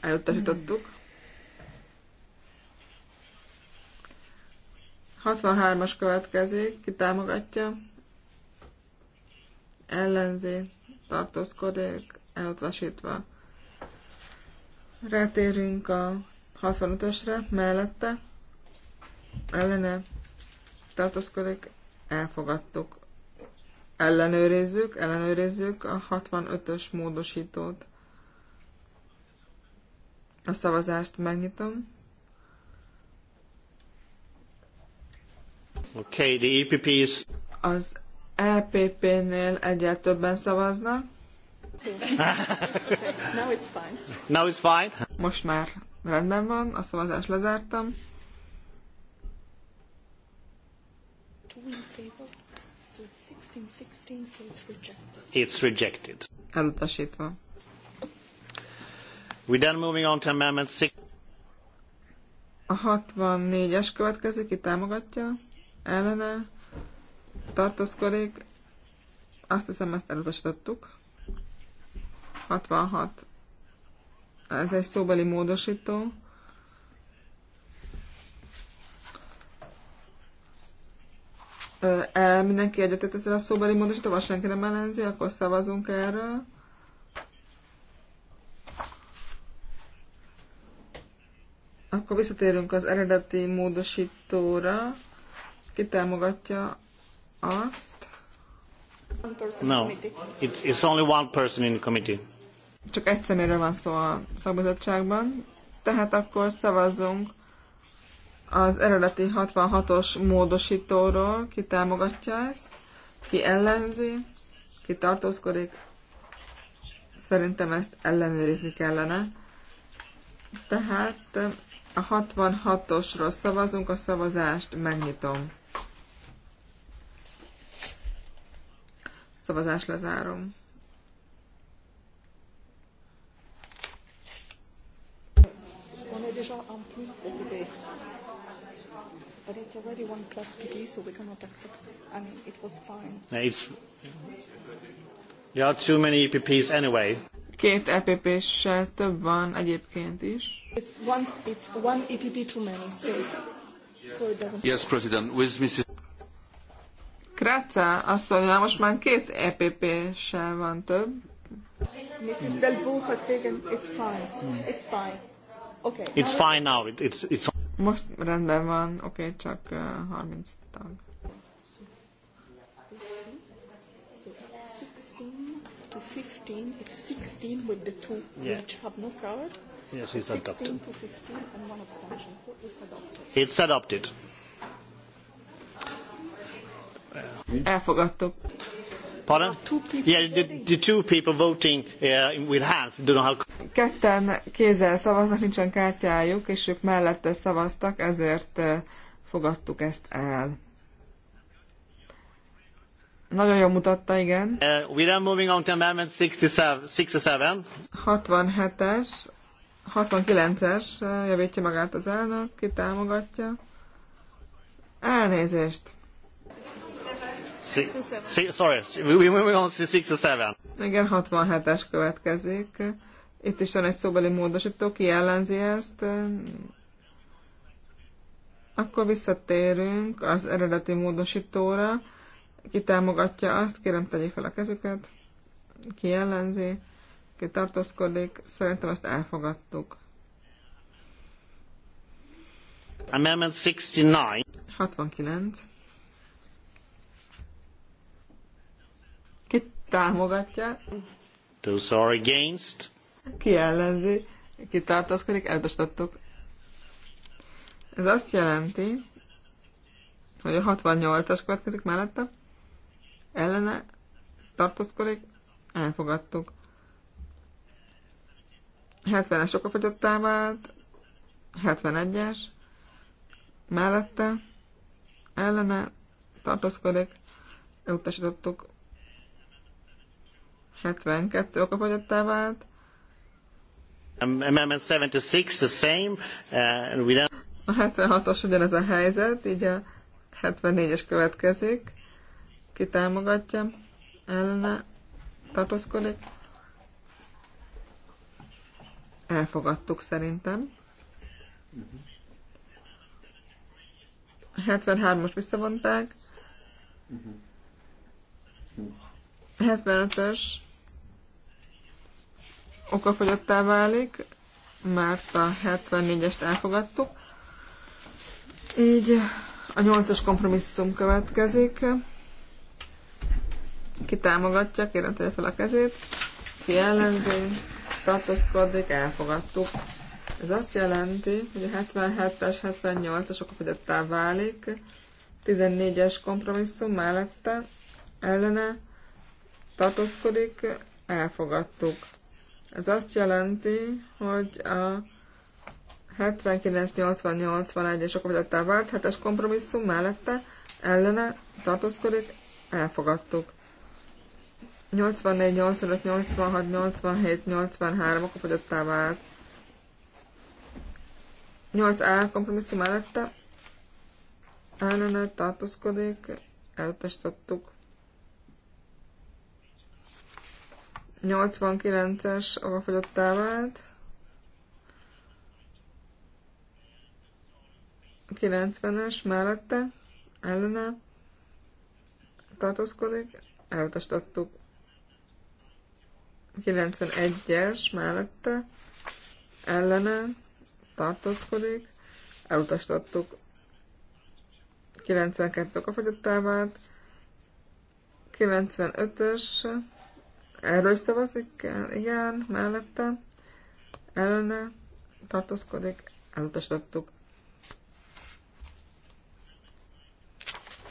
Elutasítottuk. 63-as következik, ki támogatja. Ellenzi, tartózkodik, elutasítva. Rátérünk a 65-ösre, mellette, ellene, tartózkodik, elfogadtuk ellenőrizzük, ellenőrizzük a 65-ös módosítót. A szavazást megnyitom. Okay, the EPP is... Az EPP-nél egyel többen szavaznak. Now it's fine. Now it's fine. Most már rendben van, a szavazást lezártam. in favor. 16, it's rejected. It's rejected. Elutasítva. We then moving on to amendment 6. A 64-es következik, ki támogatja, ellene, tartózkodik, azt hiszem ezt elutasítottuk. 66. Ez egy szóbeli módosító. el, mindenki egyetett ezzel a szóbeli módosítóval, senki nem ellenzi, akkor szavazunk erről. Akkor visszatérünk az eredeti módosítóra. Ki támogatja azt? No, it's, it's only one person in the committee. Csak egy személyre van szó a szabadságban. Tehát akkor szavazzunk az eredeti 66-os módosítóról, ki támogatja ezt, ki ellenzi, ki tartózkodik. Szerintem ezt ellenőrizni kellene. Tehát a 66-osról szavazunk, a szavazást megnyitom. Szavazást lezárom. On But it's already one plus PD, so we cannot accept. I mean, it was fine. It's, there are too many EPPs anyway. Két EPP-s több van egyébként is. It's one, it's one EPP too many, so, so it doesn't... Yes, President, with Mrs. Kratza azt mondja, most már két EPP-sel van több. Mrs. Delvaux has taken, it's fine, it's fine. Okay. It's fine now. It's it's. Most rendben van, oké, okay, csak uh, 30 tag. to 15, it's 16 with the two yeah. which have no card. Yes, it's adopted. so it's adopted. It's adopted. Elfogadtuk. Pardon? Yeah, the, the two people voting uh, with hands Ketten kézzel szavaznak, nincsen kártyájuk, és ők mellette szavaztak, ezért uh, fogadtuk ezt el. Nagyon jól mutatta, igen. Uh, we are moving on to amendment 67. 67-es. 69-es, javítja magát az elnök, ki támogatja. Elnézést. Six, sorry, we, we on six or seven. Igen, 67-es következik. Itt is van egy szóbeli módosító, ki ellenzi ezt. Akkor visszatérünk az eredeti módosítóra. Ki támogatja azt, kérem tegyék fel a kezüket. Ki ellenzi, ki tartózkodik. Szerintem ezt elfogadtuk. Amendment 69. 69. támogatja. Those are against. Ki ellenzi, ki tartózkodik, elutasítottuk. Ez azt jelenti, hogy a 68-as következik mellette, ellene tartózkodik, elfogadtuk. 70-es okafogyottá vált, 71-es, mellette, ellene tartózkodik, elutasítottuk. 72 okafogyottá vált. Amendment 76 the same, uh, and we don't... A 76-os ugyanez a helyzet, így a 74-es következik. Ki támogatja? Ellene tartózkodik. Elfogadtuk szerintem. 73-os visszavonták. 75-ös mhm okafogyottá válik, mert a 74-est elfogadtuk. Így a 8-as kompromisszum következik. Ki támogatja, kérem tegye fel a kezét. Ki ellenzi, tartózkodik, elfogadtuk. Ez azt jelenti, hogy a 77-es, 78-as okafogyottá válik, 14-es kompromisszum mellette, ellene tartózkodik, elfogadtuk. Ez azt jelenti, hogy a 79-80-81 és a vált hetes kompromisszum mellette ellene tartózkodik, elfogadtuk. 84, 85, 86, 87, 83 fogyottá vált. 8A kompromisszum mellette ellene tartózkodik, elutasítottuk. 89-es avafogyottá vált. 90-es mellette, ellene tartózkodik, elutasítottuk. 91-es mellette, ellene tartózkodik, elutasítottuk. 92 a fogyottá vált, 95-ös Erről szavazni kell? Igen, mellette. Ellene tartózkodik. Elutasítottuk.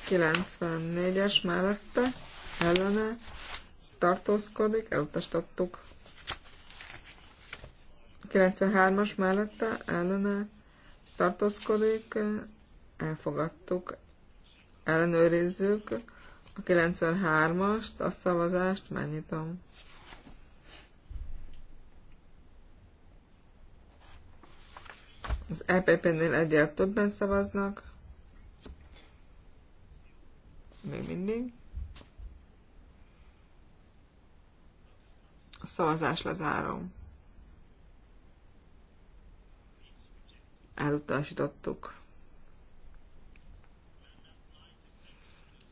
94-es mellette. Ellene tartózkodik. Elutasítottuk. 93-as mellette. Ellene tartózkodik. Elfogadtuk. Ellenőrizzük a 93-ast, a szavazást megnyitom. Az EPP-nél egyel többen szavaznak. Még mindig. A szavazás lezárom. Elutasítottuk.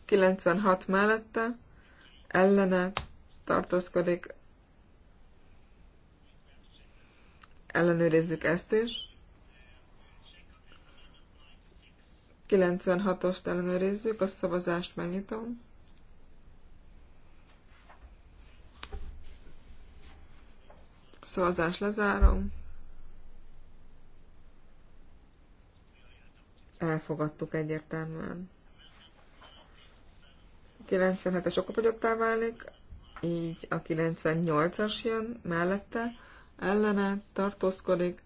96 mellette ellene tartózkodik. Ellenőrizzük ezt is. 96-ost ellenőrizzük, a szavazást megnyitom. Szavazás lezárom. Elfogadtuk egyértelműen. 97-es okopogyottá válik, így a 98-as jön mellette, ellene tartózkodik,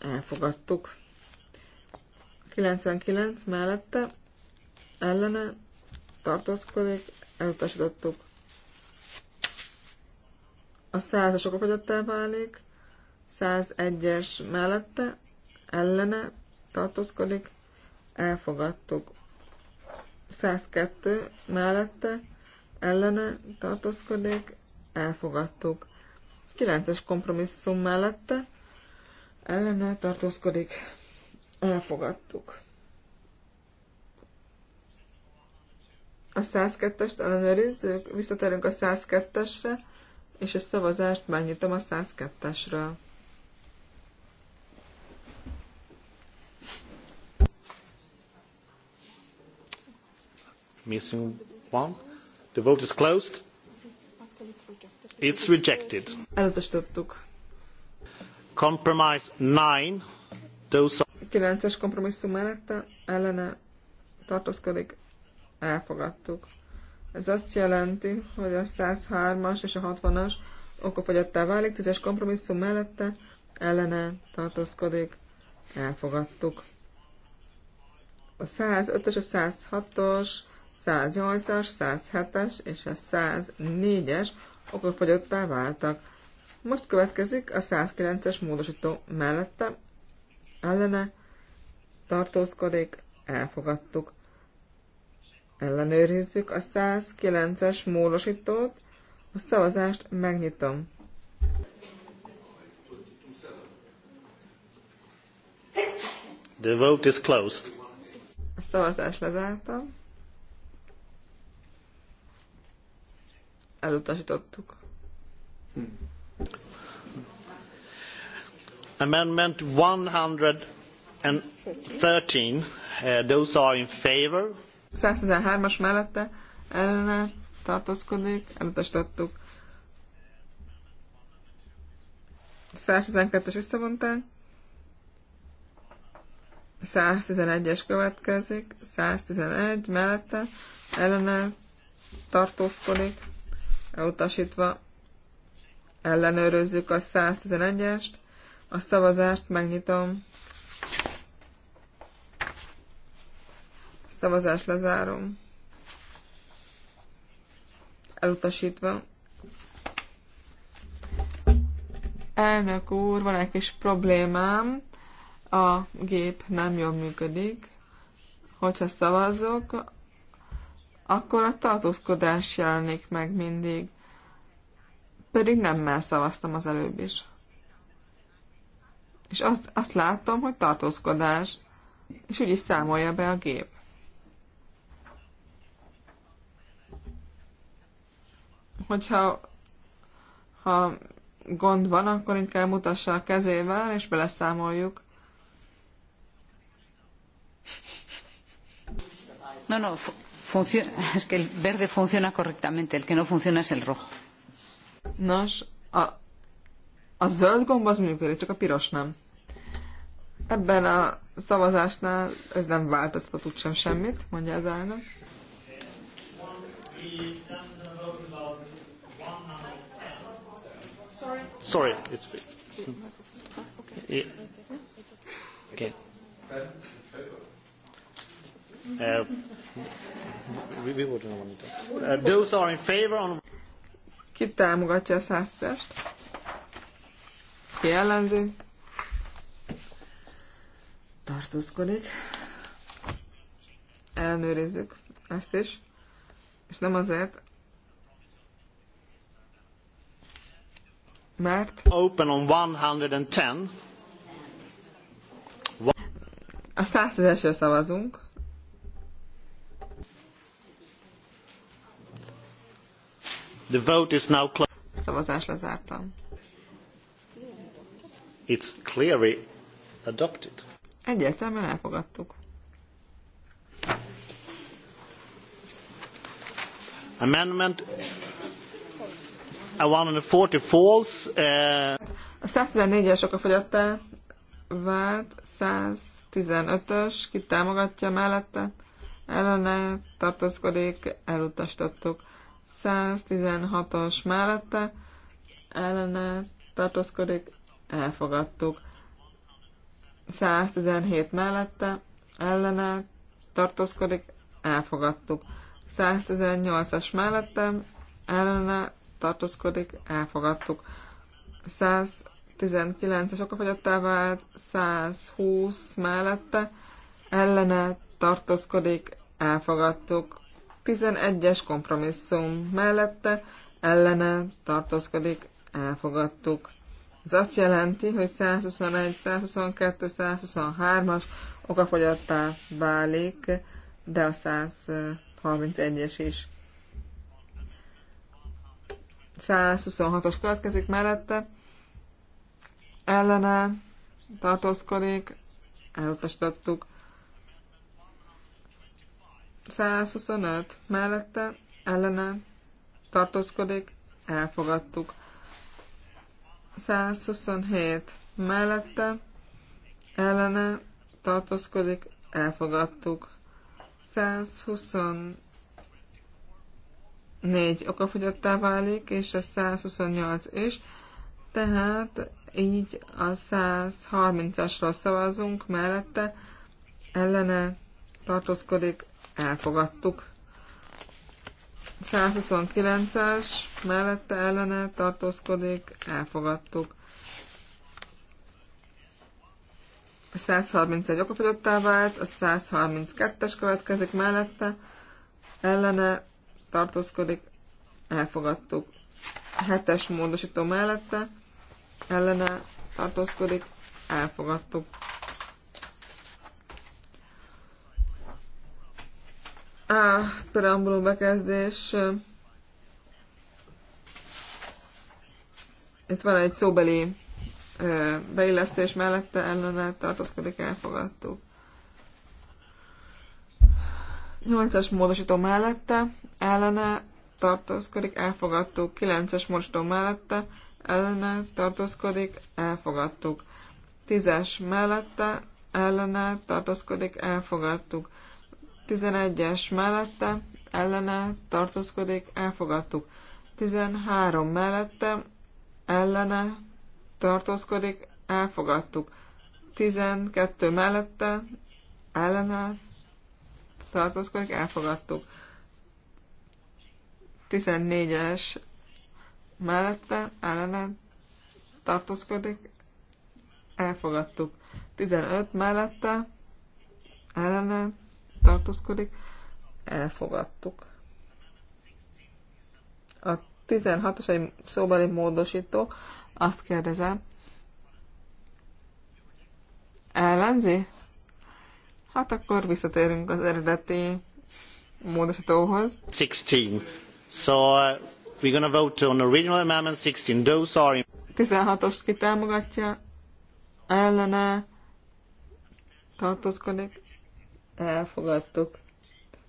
elfogadtuk. 99 mellette, ellene tartózkodik, elutasítottuk. A 100-as okopogyottá válik, 101-es mellette, ellene tartózkodik, elfogadtuk. 102 mellette ellene tartózkodik, elfogadtuk. 9-es kompromisszum mellette ellene tartózkodik, elfogadtuk. A 102-est ellenőrizzük, visszatérünk a 102-esre, és a szavazást megnyitom a 102-esről. missing one. The vote is closed. It's rejected. Elutasítottuk. Compromise 9. Those are... 9-es kompromisszum mellette ellene tartózkodik. Elfogadtuk. Ez azt jelenti, hogy a 103-as és a 60-as okofogyattá válik, 10-es kompromisszum mellette ellene tartózkodik. Elfogadtuk. A 105-ös, a 106-os, 108-as, 107-es és a 104-es okafogyottá váltak. Most következik a 109-es módosító mellette, ellene, tartózkodik, elfogadtuk. Ellenőrizzük a 109-es módosítót, a szavazást megnyitom. The vote is closed. A szavazást lezártam. elutasítottuk. Hmm. Amendment 113, uh, those are in favor. 113-as mellette ellene tartózkodik, elutasítottuk. 112-es visszavonták. 111-es következik, 111 mellette ellene tartózkodik, elutasítva. Ellenőrözzük a 111-est. A szavazást megnyitom. A szavazást lezárom. Elutasítva. Elnök úr, van egy kis problémám. A gép nem jól működik. Hogyha szavazok, akkor a tartózkodás jelenik meg mindig. Pedig nem szavaztam az előbb is. És azt, azt látom, hogy tartózkodás, és úgy is számolja be a gép. Hogyha ha gond van, akkor inkább mutassa a kezével, és beleszámoljuk. No, no, es que el verde funciona correctamente, el que no funciona es el rojo. Nos, a, a zöld gomb az működik, csak a piros nem. Ebben a szavazásnál ez nem változtat úgy sem semmit, mondja az elnök. Sorry, it's okay. okay. Uh, Uh, those are in favor on... Ki támogatja a 110 Ki ellenzi? Tartózkodik. Elnőrizzük ezt is. És nem azért, mert... Open on 110. A 110 szavazunk. The vote is now closed. Szavazás lezártam. It's clearly adopted. Egyértelműen elfogadtuk. Amendment 140 falls. Uh... A 114-es okafogyattá vált 115-ös, ki támogatja mellette, ellene tartózkodik, elutasítottuk. 116-os mellette ellene tartózkodik, elfogadtuk. 117 mellette ellene tartózkodik, elfogadtuk. 118-as mellette ellene tartózkodik, elfogadtuk. 119-es okafogyottá vált, 120 mellette ellene tartózkodik, elfogadtuk. 11-es kompromisszum mellette ellene tartózkodik, elfogadtuk. Ez azt jelenti, hogy 121, 122, 123-as okafogyattá válik, de a 131-es is. 126-os következik mellette, ellene tartózkodik, elutasítottuk. 125 mellette ellene tartózkodik, elfogadtuk. 127 mellette ellene tartózkodik, elfogadtuk. 124 okafogyottá válik, és a 128 is, tehát így a 130-asról szavazunk, mellette ellene tartózkodik, elfogadtuk. 129-es mellette ellene tartózkodik, elfogadtuk. 131 okafogyottá vált, a 132-es következik mellette, ellene tartózkodik, elfogadtuk. 7-es módosító mellette, ellene tartózkodik, elfogadtuk. A preambuló bekezdés. Itt van egy szóbeli beillesztés mellette ellene tartózkodik, elfogadtuk. Nyolcas módosító mellette ellene tartózkodik, elfogadtuk. Kilences módosító mellette ellene tartózkodik, elfogadtuk. Tízes mellette ellene tartózkodik, elfogadtuk. 11-es mellette ellene tartózkodik, elfogadtuk. 13 mellette ellene tartózkodik, elfogadtuk. 12 mellette ellene tartózkodik, elfogadtuk. 14-es mellette ellene tartózkodik, elfogadtuk. 15 mellette ellene tartózkodik, elfogadtuk. A 16-os egy szóbeli módosító, azt kérdezem, ellenzi? Hát akkor visszatérünk az eredeti módosítóhoz. 16. So uh, 16. Those 16-ost ki támogatja, ellene tartózkodik, elfogadtuk.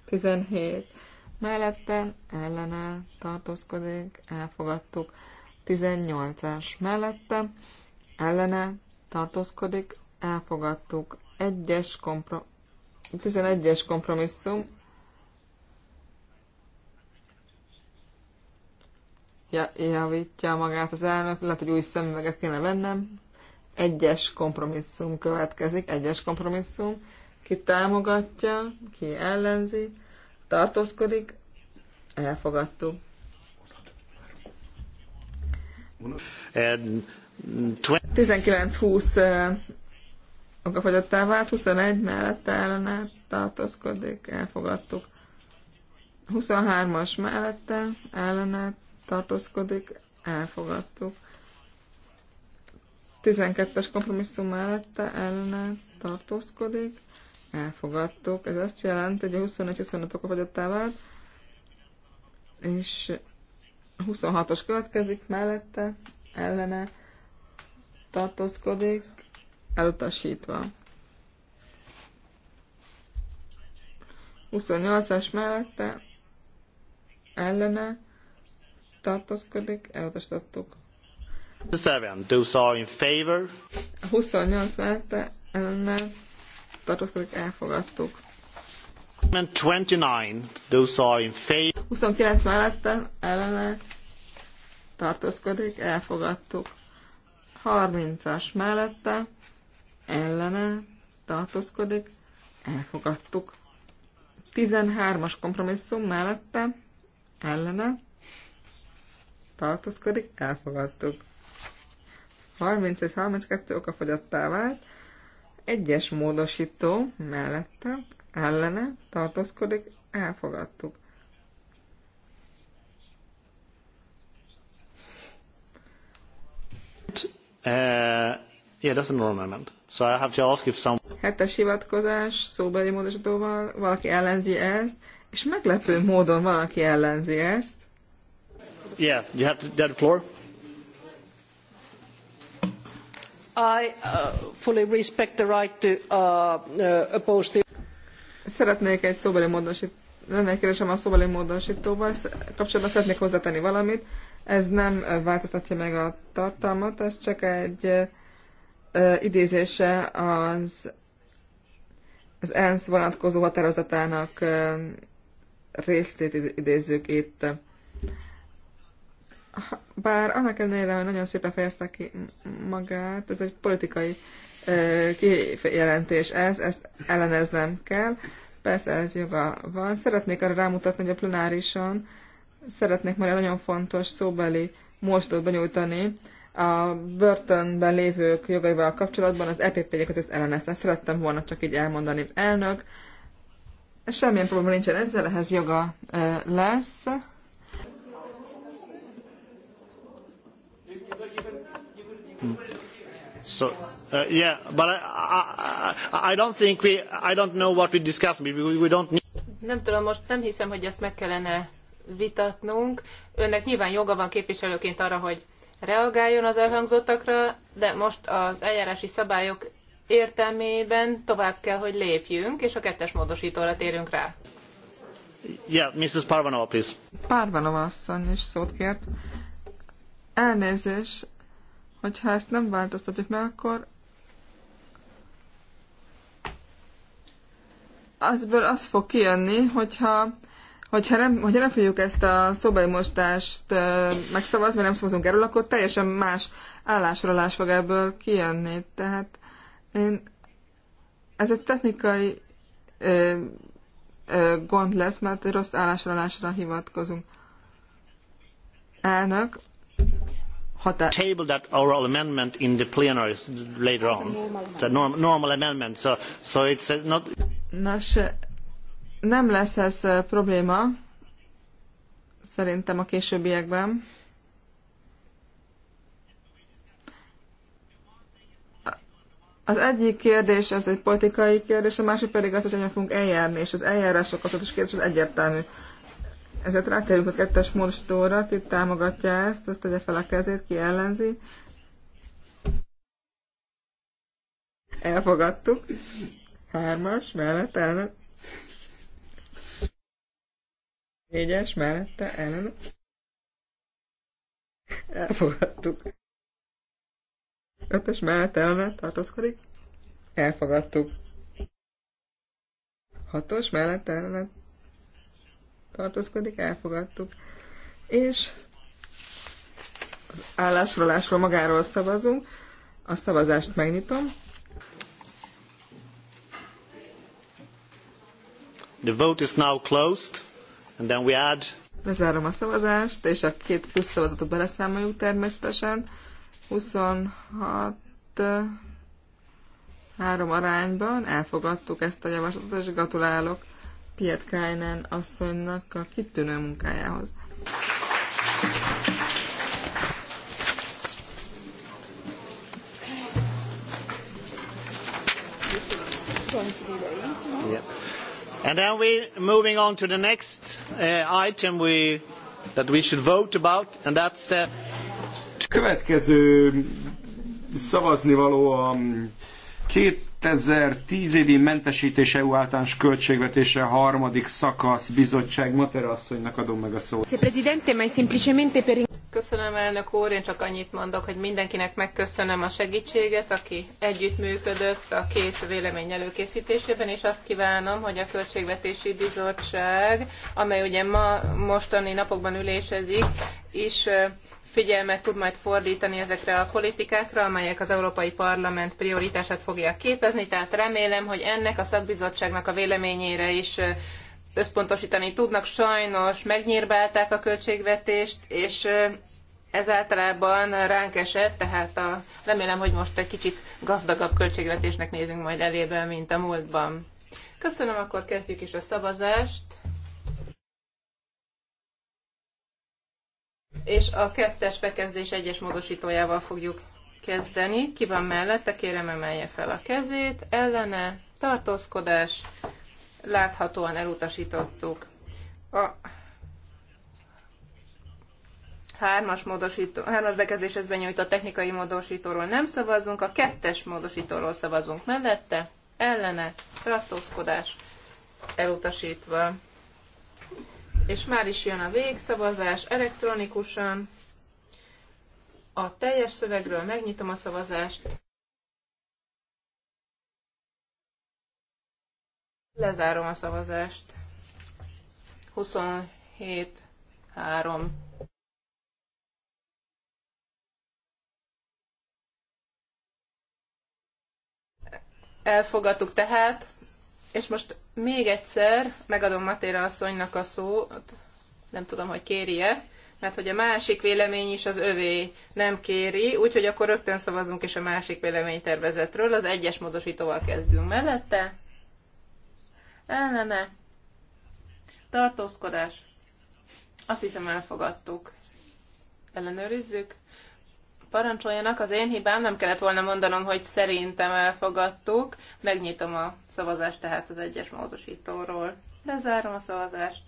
17. Mellette ellene tartózkodik, elfogadtuk. 18-as. Mellette ellene tartózkodik, elfogadtuk. 1-es kompro 11-es kompromisszum. Ja, javítja magát az elnök, lehet, hogy új szemüveget kéne vennem. Egyes kompromisszum következik, egyes kompromisszum ki támogatja, ki ellenzi, tartózkodik, elfogadtuk. And 19-20 eh, okafogyottá vált, 21 mellette ellene tartózkodik, elfogadtuk. 23-as mellette ellene tartózkodik, elfogadtuk. 12-es kompromisszum mellette ellene tartózkodik, elfogadtuk. Ez azt jelenti, hogy a 21-25 okafogyottá vált, és 26-os következik mellette, ellene tartózkodik, elutasítva. 28-as mellette, ellene tartózkodik, elutasítottuk. 7, those are in favor. 28 mellette, ellene tartózkodik, elfogadtuk. 29, those ellene tartózkodik, elfogadtuk. 30-as mellette ellene tartózkodik, elfogadtuk. 13-as kompromisszum mellette ellene tartózkodik, elfogadtuk. 31-32 fogyattá vált, egyes módosító mellette, ellene tartózkodik, elfogadtuk. Uh, yeah, that's a normal amendment. So I have to ask if some... Hetes hivatkozás szóbeli módosítóval, valaki ellenzi ezt, és meglepő módon valaki ellenzi ezt. Yeah, you have to, that floor. I uh, fully respect the right to uh, uh, oppose the... Szeretnék egy szóbeli módosít... Lenne egy kérdésem a szóbeli módosítóval kapcsolatban, szeretnék hozzátenni valamit. Ez nem változtatja meg a tartalmat, ez csak egy idézése az, az ENSZ vonatkozó határozatának részét idézzük itt bár annak ellenére, hogy nagyon szépen fejezte ki magát, ez egy politikai kijelentés ez, ezt elleneznem kell. Persze ez joga van. Szeretnék arra rámutatni, hogy a plenárison szeretnék majd egy nagyon fontos szóbeli mostot benyújtani a börtönben lévők jogaival kapcsolatban az epp eket ezt ellenezte. Szerettem volna csak így elmondani. Elnök, semmilyen probléma nincsen ezzel, ehhez joga lesz. So, uh, yeah, but I, I, I don't think we, I don't know what we discussed. We, we don't need... Nem tudom, most nem hiszem, hogy ezt meg kellene vitatnunk. Önnek nyilván joga van képviselőként arra, hogy reagáljon az elhangzottakra, de most az eljárási szabályok értelmében tovább kell, hogy lépjünk, és a kettes módosítóra térünk rá. Yeah, Mrs. Parvanova, please. Parvanova asszony is szót kért. Elnézés, Hogyha ezt nem változtatjuk meg, akkor azből az fog kijönni, hogyha, hogyha, nem, hogyha nem fogjuk ezt a szobai mostást megszavazni, mert nem szavazunk erről, akkor teljesen más állásrólás fog ebből kijönni. Tehát én, ez egy technikai ö, ö, gond lesz, mert rossz állásrólásra hivatkozunk. Elnök, Table that oral amendment in the plenary later on. It's a normal, normal amendment, so, so it's uh, not... Nos, nem lesz ez probléma, szerintem a későbbiekben. Az egyik kérdés, az egy politikai kérdés, a másik pedig az, hogy hogyan fogunk eljárni, és az eljárásokat is kérdés az egyértelmű. Ezért rákerünk a kettes módosítóra, ki támogatja ezt, azt tegye fel a kezét, ki ellenzi. Elfogadtuk. Hármas, mellett, ellen. Négyes, mellette, ellen. Elfogadtuk. Ötös, mellett, ellen, tartózkodik. Elfogadtuk. Hatos, mellett, ellen, tartózkodik, elfogadtuk. És az állásrólásról magáról szavazunk. A szavazást megnyitom. The vote is now closed, and then we add... Lezárom a szavazást, és a két plusz szavazatot beleszámoljuk természetesen. 26 három arányban elfogadtuk ezt a javaslatot, és gratulálok Pietkájnen asszonynak a kitűnő munkájához. And then we moving on to the next uh, item we, that we should vote about, and that's the... Következő szavazni való a um, két 2010 évi mentesítés EU általános költségvetése harmadik szakasz bizottság. Matera asszonynak adom meg a szót. Köszönöm elnök úr, én csak annyit mondok, hogy mindenkinek megköszönöm a segítséget, aki együttműködött a két vélemény előkészítésében, és azt kívánom, hogy a Költségvetési Bizottság, amely ugye ma mostani napokban ülésezik, is figyelmet tud majd fordítani ezekre a politikákra, amelyek az Európai Parlament prioritását fogják képezni, tehát remélem, hogy ennek a szakbizottságnak a véleményére is összpontosítani tudnak. Sajnos megnyírbálták a költségvetést, és ez általában ránk esett, tehát a, remélem, hogy most egy kicsit gazdagabb költségvetésnek nézünk majd elébe, mint a múltban. Köszönöm, akkor kezdjük is a szavazást. és a kettes bekezdés egyes módosítójával fogjuk kezdeni. Ki van mellette, kérem emelje fel a kezét, ellene, tartózkodás, láthatóan elutasítottuk. A hármas, módosító, hármas bekezdéshez benyújtott technikai módosítóról nem szavazunk, a kettes módosítóról szavazunk mellette, ellene, tartózkodás, elutasítva és már is jön a végszavazás elektronikusan. A teljes szövegről megnyitom a szavazást. Lezárom a szavazást. 27 3 Elfogadtuk tehát, és most még egyszer megadom Matéra asszonynak a szót, nem tudom, hogy kéri-e, mert hogy a másik vélemény is az övé nem kéri, úgyhogy akkor rögtön szavazunk is a másik véleménytervezetről, az egyes módosítóval kezdünk mellette. Ellene. Tartózkodás. Azt hiszem elfogadtuk. Ellenőrizzük. Parancsoljanak, az én hibám, nem kellett volna mondanom, hogy szerintem elfogadtuk. Megnyitom a szavazást tehát az egyes módosítóról. Lezárom a szavazást.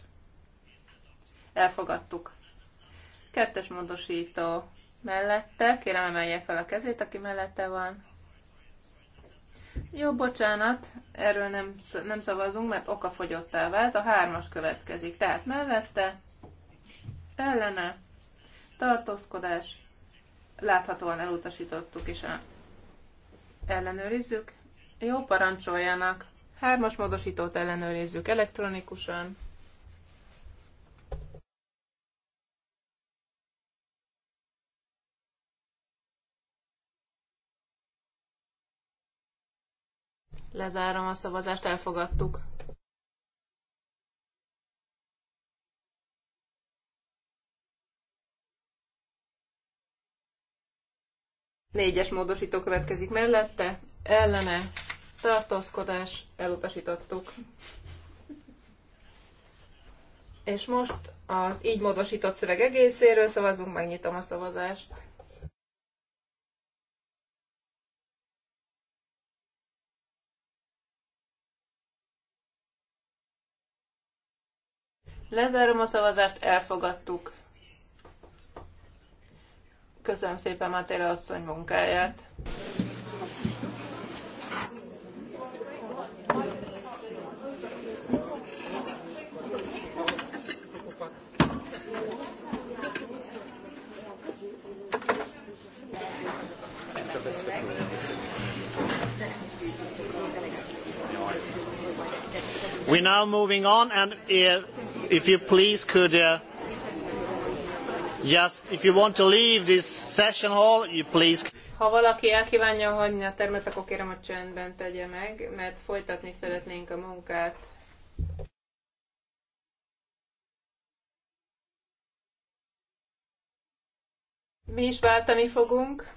Elfogadtuk. Kettes módosító mellette. Kérem, emelje fel a kezét, aki mellette van. Jó, bocsánat, erről nem, nem szavazunk, mert oka fogyottá vált. A hármas következik. Tehát mellette, ellene, tartózkodás, láthatóan elutasítottuk, és ellenőrizzük. Jó, parancsoljanak. Hármas módosítót ellenőrizzük elektronikusan. Lezárom a szavazást, elfogadtuk. Négyes módosító következik mellette, ellene, tartózkodás, elutasítottuk. És most az így módosított szöveg egészéről szavazunk, megnyitom a szavazást. Lezárom a szavazást, elfogadtuk. Köszönöm szépen Matéla asszony munkáját. We're now moving on and if you please could uh, Just if you want to leave this session hall, you please... Ha valaki elkívánja hagyni a termet, akkor kérem, hogy csendben tegye meg, mert folytatni szeretnénk a munkát. Mi is váltani fogunk.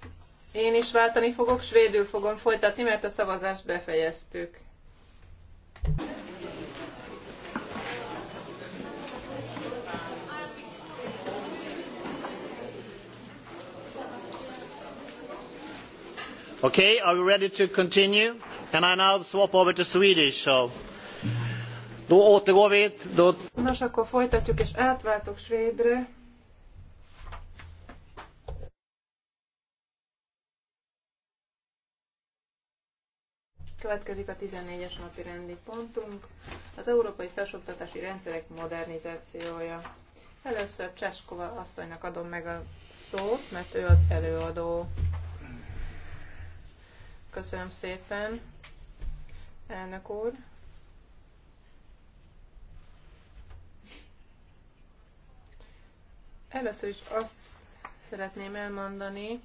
Én is váltani fogok, svédül fogom folytatni, mert a szavazást befejeztük. Okay, are we ready to continue? And I now swap over to Swedish, so... Då återgår vi... Då... Nos, akkor folytatjuk, és átváltok svédre. Következik a 14-es napi rendi pontunk, az európai felsőoktatási rendszerek modernizációja. Először Cseskova asszonynak adom meg a szót, mert ő az előadó. Köszönöm szépen, elnök úr. Először is azt szeretném elmondani,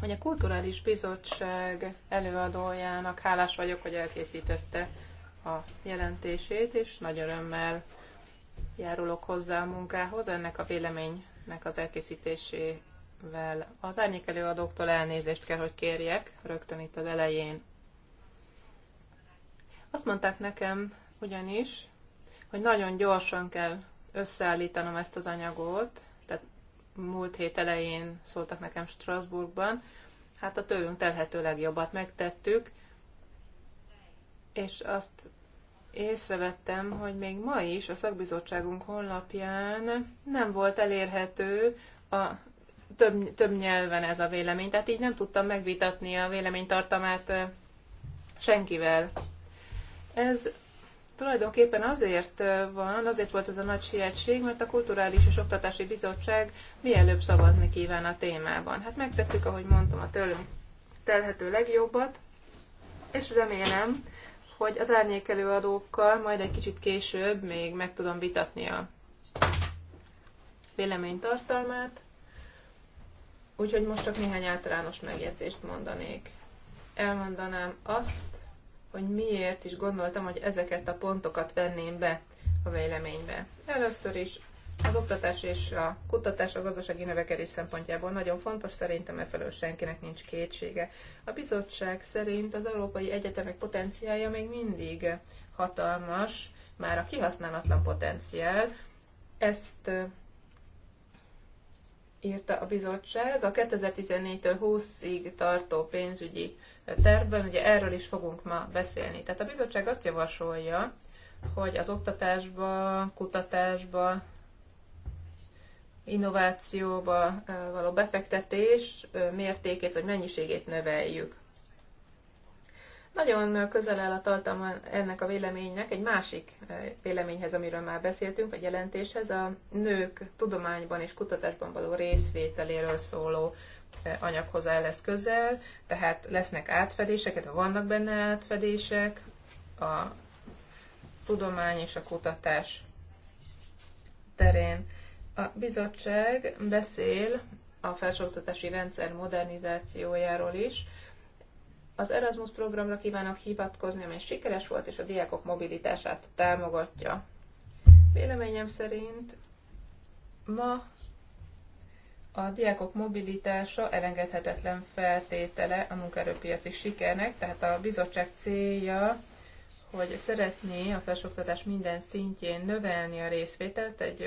hogy a Kulturális Bizottság előadójának hálás vagyok, hogy elkészítette a jelentését, és nagy örömmel járulok hozzá a munkához, ennek a véleménynek az elkészítésé, vel. Az előadóktól elnézést kell, hogy kérjek, rögtön itt az elején. Azt mondták nekem ugyanis, hogy nagyon gyorsan kell összeállítanom ezt az anyagot, tehát múlt hét elején szóltak nekem Strasbourgban, hát a tőlünk telhető legjobbat megtettük, és azt észrevettem, hogy még ma is a szakbizottságunk honlapján nem volt elérhető a több, több nyelven ez a vélemény, tehát így nem tudtam megvitatni a véleménytartamát senkivel. Ez tulajdonképpen azért van, azért volt ez a nagy sietség, mert a Kulturális és Oktatási Bizottság mielőbb szavazni kíván a témában. Hát megtettük, ahogy mondtam, a tőlünk telhető legjobbat, és remélem, hogy az árnyékelőadókkal majd egy kicsit később még meg tudom vitatni a vélemény tartalmát, Úgyhogy most csak néhány általános megjegyzést mondanék. Elmondanám azt, hogy miért is gondoltam, hogy ezeket a pontokat venném be a véleménybe. Először is az oktatás és a kutatás a gazdasági növekedés szempontjából nagyon fontos, szerintem e felől senkinek nincs kétsége. A bizottság szerint az európai egyetemek potenciája még mindig hatalmas, már a kihasználatlan potenciál. Ezt írta a bizottság, a 2014-től 20-ig tartó pénzügyi tervben, ugye erről is fogunk ma beszélni. Tehát a bizottság azt javasolja, hogy az oktatásba, kutatásba, innovációba való befektetés mértékét vagy mennyiségét növeljük. Nagyon közel áll a tartalma ennek a véleménynek egy másik eh, véleményhez, amiről már beszéltünk, vagy jelentéshez, a nők tudományban és kutatásban való részvételéről szóló eh, anyaghoz el lesz közel, tehát lesznek átfedések, tehát vannak benne átfedések, a tudomány és a kutatás terén. A bizottság beszél a felsőoktatási rendszer modernizációjáról is, az Erasmus programra kívánok hivatkozni, amely sikeres volt, és a diákok mobilitását támogatja. Véleményem szerint ma a diákok mobilitása elengedhetetlen feltétele a munkaerőpiaci sikernek, tehát a bizottság célja, hogy szeretné a felsőoktatás minden szintjén növelni a részvételt, egy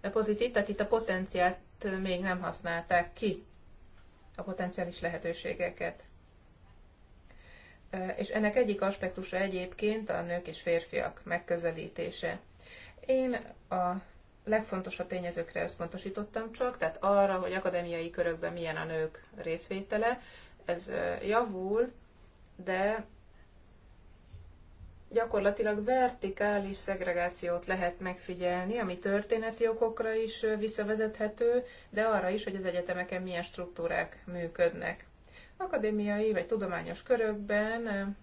e pozitív, tehát itt a potenciált még nem használták ki a potenciális lehetőségeket. És ennek egyik aspektusa egyébként a nők és férfiak megközelítése. Én a legfontosabb tényezőkre összpontosítottam csak, tehát arra, hogy akadémiai körökben milyen a nők részvétele. Ez javul, de gyakorlatilag vertikális szegregációt lehet megfigyelni, ami történeti okokra is visszavezethető, de arra is, hogy az egyetemeken milyen struktúrák működnek. Akadémiai vagy tudományos körökben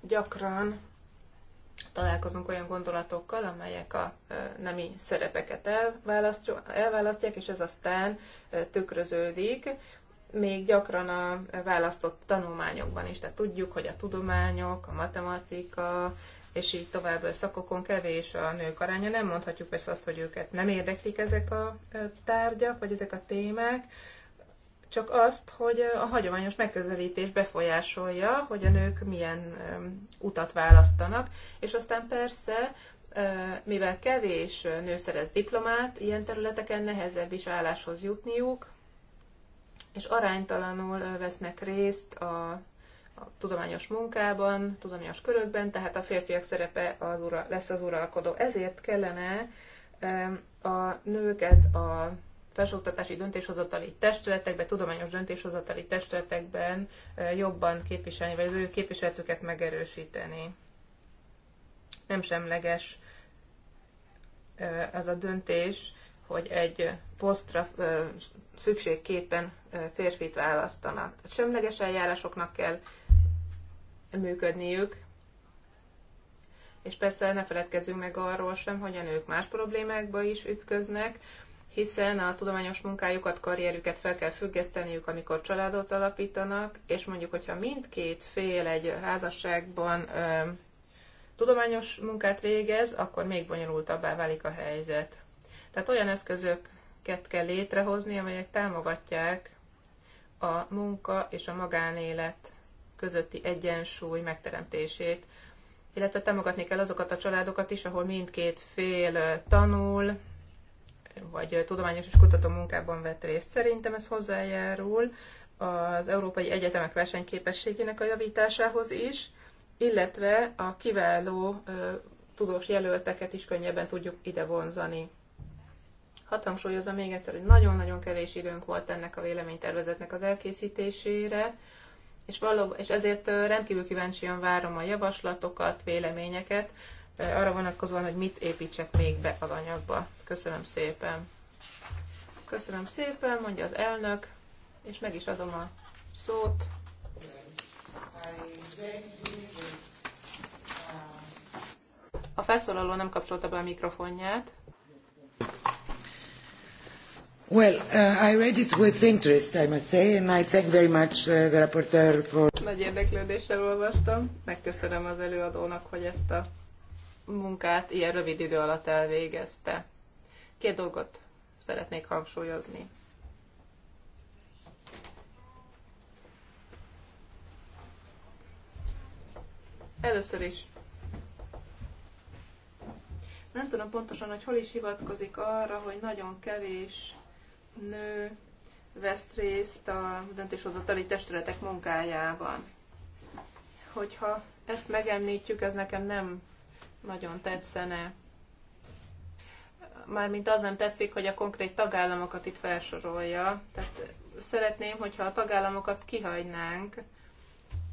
gyakran találkozunk olyan gondolatokkal, amelyek a nemi szerepeket elválasztják, és ez aztán tükröződik még gyakran a választott tanulmányokban is. Tehát tudjuk, hogy a tudományok, a matematika, és így tovább szakokon kevés a nők aránya. Nem mondhatjuk persze azt, hogy őket nem érdeklik ezek a tárgyak, vagy ezek a témák, csak azt, hogy a hagyományos megközelítés befolyásolja, hogy a nők milyen utat választanak, és aztán persze, mivel kevés nő szerez diplomát, ilyen területeken nehezebb is álláshoz jutniuk, és aránytalanul vesznek részt a, a tudományos munkában, tudományos körökben, tehát a férfiak szerepe az ura, lesz az uralkodó. Ezért kellene a nőket a felsőoktatási döntéshozatali testületekben, tudományos döntéshozatali testületekben jobban képviselni, vagy az ő képviseletüket megerősíteni. Nem semleges az a döntés, hogy egy posztra szükségképpen férfit választanak. Semleges eljárásoknak kell működniük, és persze ne feledkezzünk meg arról sem, hogy a nők más problémákba is ütköznek, hiszen a tudományos munkájukat, karrierüket fel kell függeszteniük, amikor családot alapítanak, és mondjuk, hogyha mindkét fél egy házasságban ö, tudományos munkát végez, akkor még bonyolultabbá válik a helyzet. Tehát olyan eszközöket kell létrehozni, amelyek támogatják a munka és a magánélet közötti egyensúly megteremtését, illetve támogatni kell azokat a családokat is, ahol mindkét fél tanul, vagy tudományos és kutató munkában vett részt. Szerintem ez hozzájárul az európai egyetemek versenyképességének a javításához is, illetve a kiváló tudós jelölteket is könnyebben tudjuk ide vonzani. Hadd hangsúlyozom még egyszer, hogy nagyon-nagyon kevés időnk volt ennek a véleménytervezetnek az elkészítésére, és, való, és ezért rendkívül kíváncsian várom a javaslatokat, véleményeket, arra vonatkozóan, hogy mit építsek még be az anyagba. Köszönöm szépen. Köszönöm szépen, mondja az elnök, és meg is adom a szót. A felszólaló nem kapcsolta be a mikrofonját. Well, uh, I read it with interest, I must say, and I thank very much uh, the rapporteur for... Nagy érdeklődéssel olvastam. Megköszönöm az előadónak, hogy ezt a munkát ilyen rövid idő alatt elvégezte. Két dolgot szeretnék hangsúlyozni. Először is nem tudom pontosan, hogy hol is hivatkozik arra, hogy nagyon kevés nő vesz részt a döntéshozatali testületek munkájában. Hogyha ezt megemlítjük, ez nekem nem nagyon tetszene. Mármint az nem tetszik, hogy a konkrét tagállamokat itt felsorolja. Tehát szeretném, hogyha a tagállamokat kihagynánk,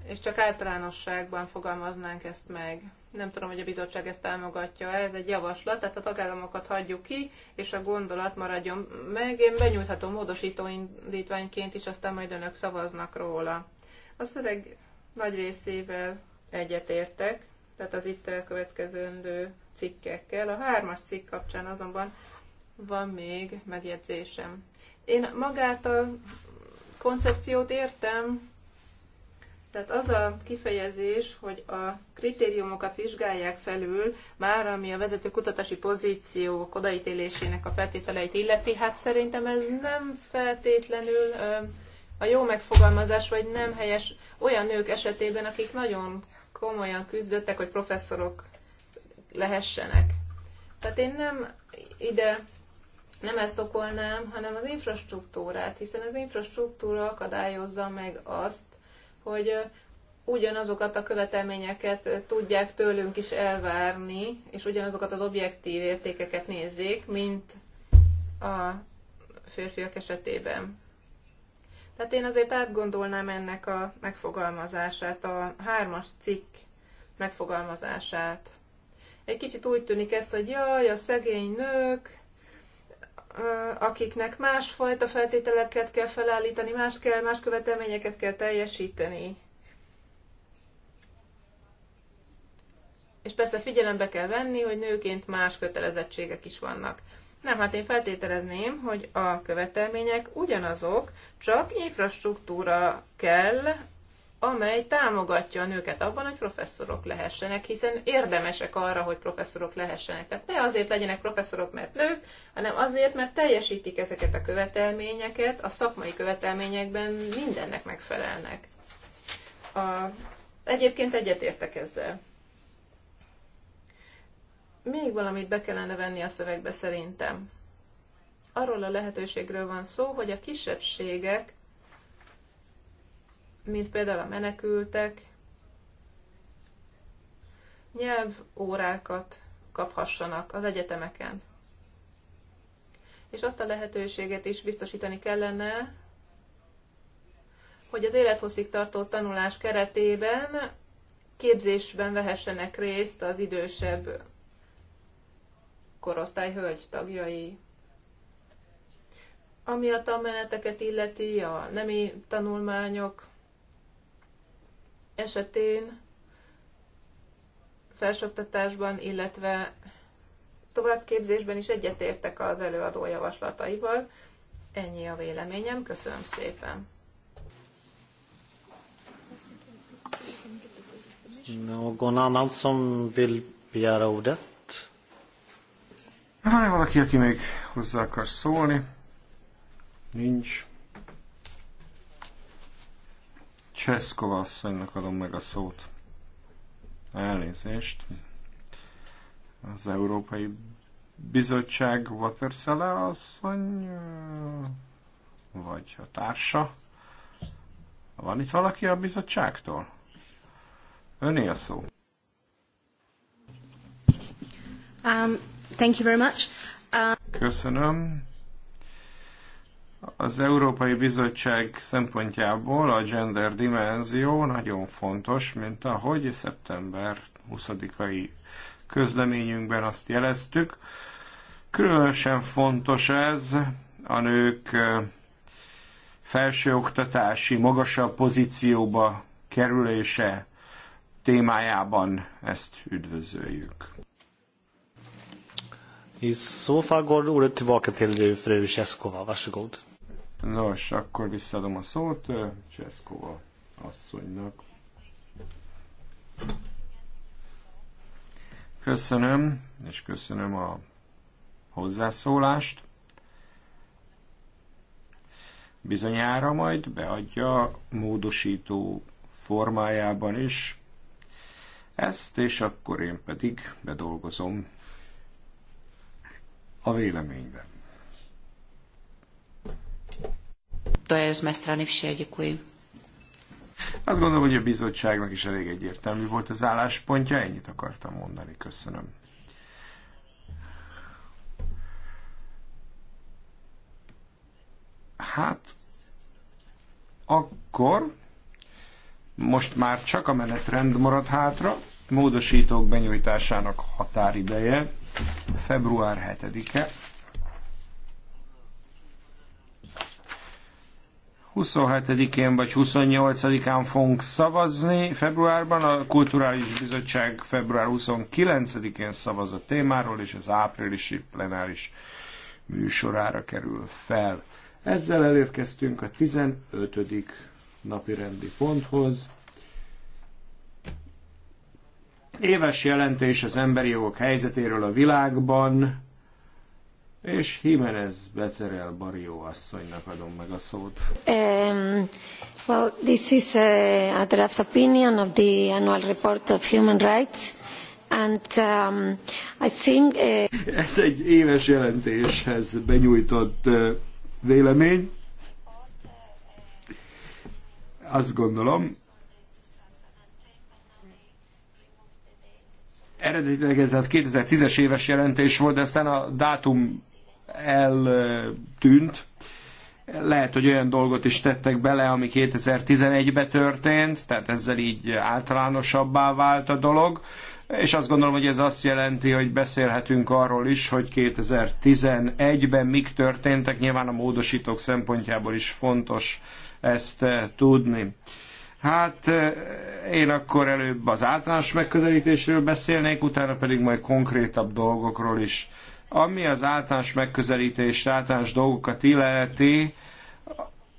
és csak általánosságban fogalmaznánk ezt meg nem tudom, hogy a bizottság ezt támogatja ez egy javaslat, tehát a tagállamokat hagyjuk ki, és a gondolat maradjon meg. Én benyújthatom módosítóindítványként is, aztán majd önök szavaznak róla. A szöveg nagy részével egyetértek, tehát az itt elkövetkezendő cikkekkel. A hármas cikk kapcsán azonban van még megjegyzésem. Én magát a koncepciót értem, tehát az a kifejezés, hogy a kritériumokat vizsgálják felül, már ami a vezető kutatási pozíciók odaítélésének a feltételeit illeti, hát szerintem ez nem feltétlenül a jó megfogalmazás, vagy nem helyes olyan nők esetében, akik nagyon komolyan küzdöttek, hogy professzorok lehessenek. Tehát én nem ide nem ezt okolnám, hanem az infrastruktúrát, hiszen az infrastruktúra akadályozza meg azt, hogy ugyanazokat a követelményeket tudják tőlünk is elvárni, és ugyanazokat az objektív értékeket nézzék, mint a férfiak esetében. Tehát én azért átgondolnám ennek a megfogalmazását, a hármas cikk megfogalmazását. Egy kicsit úgy tűnik ez, hogy jaj, a szegény nők, akiknek másfajta feltételeket kell felállítani, más kell, más követelményeket kell teljesíteni. És persze figyelembe kell venni, hogy nőként más kötelezettségek is vannak. Nem, hát én feltételezném, hogy a követelmények ugyanazok, csak infrastruktúra kell amely támogatja a nőket abban, hogy professzorok lehessenek, hiszen érdemesek arra, hogy professzorok lehessenek. Tehát ne azért legyenek professzorok, mert nők, hanem azért, mert teljesítik ezeket a követelményeket, a szakmai követelményekben mindennek megfelelnek. A... Egyébként egyetértek ezzel. Még valamit be kellene venni a szövegbe szerintem. Arról a lehetőségről van szó, hogy a kisebbségek mint például a menekültek, nyelvórákat kaphassanak az egyetemeken. És azt a lehetőséget is biztosítani kellene, hogy az élethosszig tartó tanulás keretében képzésben vehessenek részt az idősebb korosztály hölgy tagjai. Ami a tanmeneteket illeti, a nemi tanulmányok esetén felsőoktatásban, illetve továbbképzésben is egyetértek az előadó javaslataival. Ennyi a véleményem, köszönöm szépen. Någon annan som vill begära ordet? van valaki, aki még hozzá akar szólni? Nincs. Cseszkova asszonynak adom meg a szót. Elnézést. Az Európai Bizottság Waterszele asszony, vagy a társa. Van itt valaki a bizottságtól? Öné a szó. Um, thank you very much. Uh... Köszönöm. Az Európai Bizottság szempontjából a gender dimenzió nagyon fontos, mint ahogy szeptember 20-ai közleményünkben azt jeleztük. Különösen fontos ez a nők felsőoktatási, magasabb pozícióba kerülése témájában ezt üdvözöljük. I så fall går ordet tillbaka till fru Cheskova. Varsågod. Nos, akkor visszaadom a szót Cseszkova asszonynak. Köszönöm, és köszönöm a hozzászólást. Bizonyára majd beadja módosító formájában is ezt, és akkor én pedig bedolgozom a véleményben. to je z mé strany vše. Děkuji. Azt gondolom, hogy a bizottságnak is elég egyértelmű volt az álláspontja, ennyit akartam mondani. Köszönöm. Hát, akkor most már csak a menetrend marad hátra. Módosítók benyújtásának határideje február 7-e. 27-én vagy 28-án fogunk szavazni februárban, a Kulturális Bizottság február 29-én szavaz a témáról, és az áprilisi plenáris műsorára kerül fel. Ezzel elérkeztünk a 15. napi rendi ponthoz. Éves jelentés az emberi jogok helyzetéről a világban. És Jimenez Becerel Barrio asszonynak adom meg a szót. Um, well, this is a, a draft opinion of the annual report of human rights. And um, I think... Uh... Ez egy éves jelentéshez benyújtott uh, vélemény. Azt gondolom, eredetileg ez a 2010-es éves jelentés volt, de aztán a dátum eltűnt. Lehet, hogy olyan dolgot is tettek bele, ami 2011-ben történt, tehát ezzel így általánosabbá vált a dolog. És azt gondolom, hogy ez azt jelenti, hogy beszélhetünk arról is, hogy 2011-ben mik történtek. Nyilván a módosítók szempontjából is fontos ezt eh, tudni. Hát eh, én akkor előbb az általános megközelítésről beszélnék, utána pedig majd konkrétabb dolgokról is. Ami az általános megközelítés általános dolgokat illeti,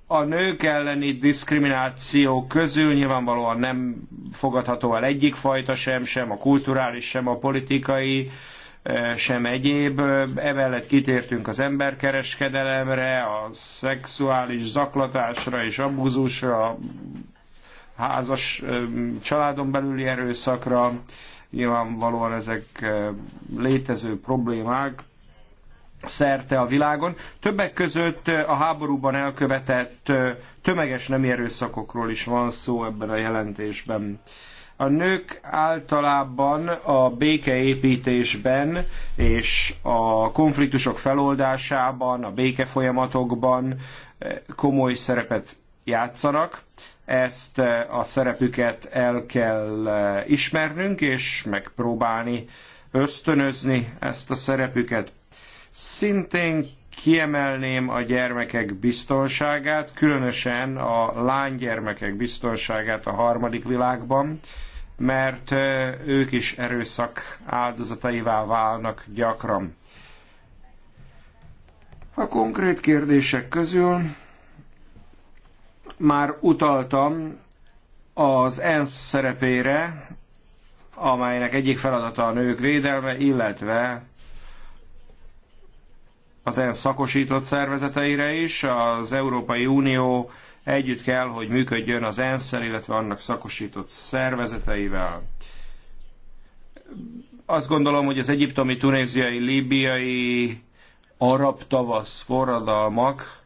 a nők elleni diszkrimináció közül nyilvánvalóan nem fogadható el egyik fajta sem, sem a kulturális, sem a politikai, eh, sem egyéb. Emellett kitértünk az emberkereskedelemre, a szexuális zaklatásra és abúzusra, házas eh, családon belüli erőszakra, Nyilvánvalóan ezek eh, létező problémák szerte a világon. Többek között eh, a háborúban elkövetett eh, tömeges nemi erőszakokról is van szó ebben a jelentésben. A nők általában a békeépítésben és a konfliktusok feloldásában, a békefolyamatokban komoly szerepet játszanak ezt eh, a szerepüket el kell eh, ismernünk, és megpróbálni ösztönözni ezt a szerepüket. Szintén kiemelném a gyermekek biztonságát, különösen a lánygyermekek biztonságát a harmadik világban, mert eh, ők is erőszak áldozataivá válnak gyakran. A konkrét kérdések közül már utaltam az ENSZ szerepére, amelynek egyik feladata a nők védelme, illetve az ENSZ szakosított szervezeteire is. Az Európai Unió együtt kell, hogy működjön az ensz illetve annak szakosított szervezeteivel. Azt gondolom, hogy az egyiptomi, tunéziai, líbiai arab tavasz forradalmak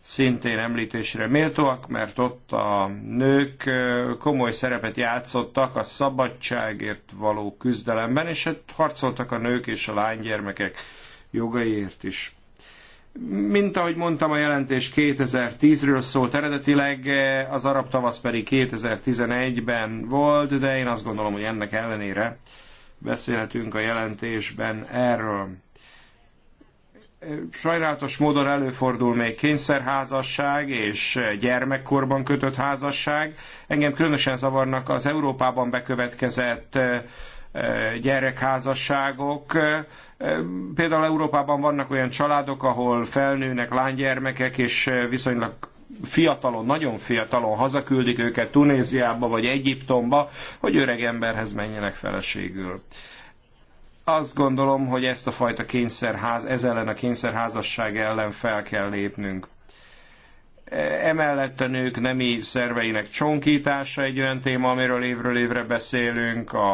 szintén említésre méltóak, mert ott a nők komoly szerepet játszottak a szabadságért való küzdelemben, és hát harcoltak a nők és a lánygyermekek jogaiért is. Mint ahogy mondtam, a jelentés 2010-ről szólt eredetileg, az arab tavasz pedig 2011-ben volt, de én azt gondolom, hogy ennek ellenére beszélhetünk a jelentésben erről sajnálatos módon előfordul még kényszerházasság és gyermekkorban kötött házasság. Engem különösen zavarnak az Európában bekövetkezett gyerekházasságok. Például Európában vannak olyan családok, ahol felnőnek lánygyermekek, és viszonylag fiatalon, nagyon fiatalon hazaküldik őket Tunéziába vagy Egyiptomba, hogy öreg emberhez menjenek feleségül azt gondolom, hogy ezt a fajta kényszerház, ez ellen a kényszerházasság ellen fel kell lépnünk. E, emellett a nők nemi szerveinek csonkítása egy olyan téma, amiről évről évre beszélünk, a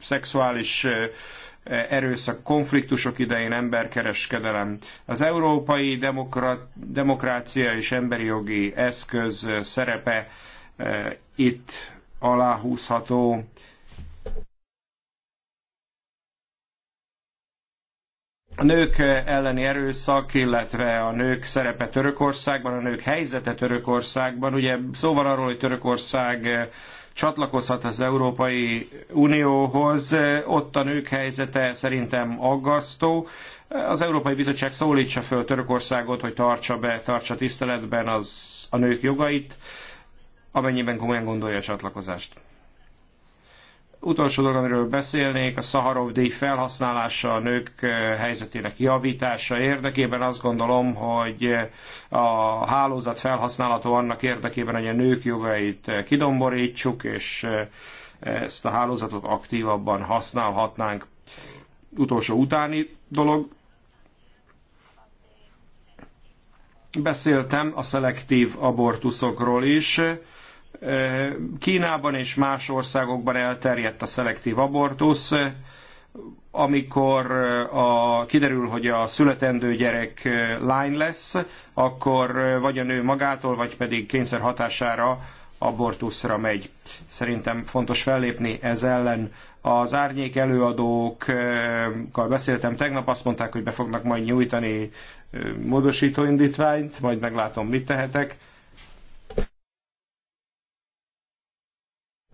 szexuális e, erőszak konfliktusok idején emberkereskedelem. Az európai demokra, demokrácia és emberi jogi eszköz e, szerepe itt aláhúzható a nők eh, elleni erőszak, illetve a nők szerepe Törökországban, a nők helyzete Törökországban. Ugye szó van arról, hogy Törökország eh, csatlakozhat az Európai Unióhoz, eh, ott a nők helyzete szerintem aggasztó. Az Európai Bizottság szólítsa föl Törökországot, hogy tartsa be, tartsa tiszteletben az, a nők jogait, amennyiben komolyan gondolja a csatlakozást. Utolsó dolog, amiről beszélnék, a Szaharov díj felhasználása a nők eh, helyzetének javítása érdekében. Azt gondolom, hogy eh, a hálózat felhasználható annak érdekében, hogy a nők jogait eh, kidomborítsuk, és ezt a hálózatot aktívabban használhatnánk. Utolsó utáni dolog, beszéltem a szelektív abortuszokról is. Kínában és más országokban elterjedt a szelektív abortusz, amikor a, kiderül, hogy a születendő gyerek lány lesz, akkor vagy a nő magától, vagy pedig kényszer hatására abortuszra megy. Szerintem fontos fellépni ez ellen. Az árnyék előadókkal beszéltem tegnap, azt mondták, hogy be fognak majd nyújtani módosító indítványt, majd meglátom, mit tehetek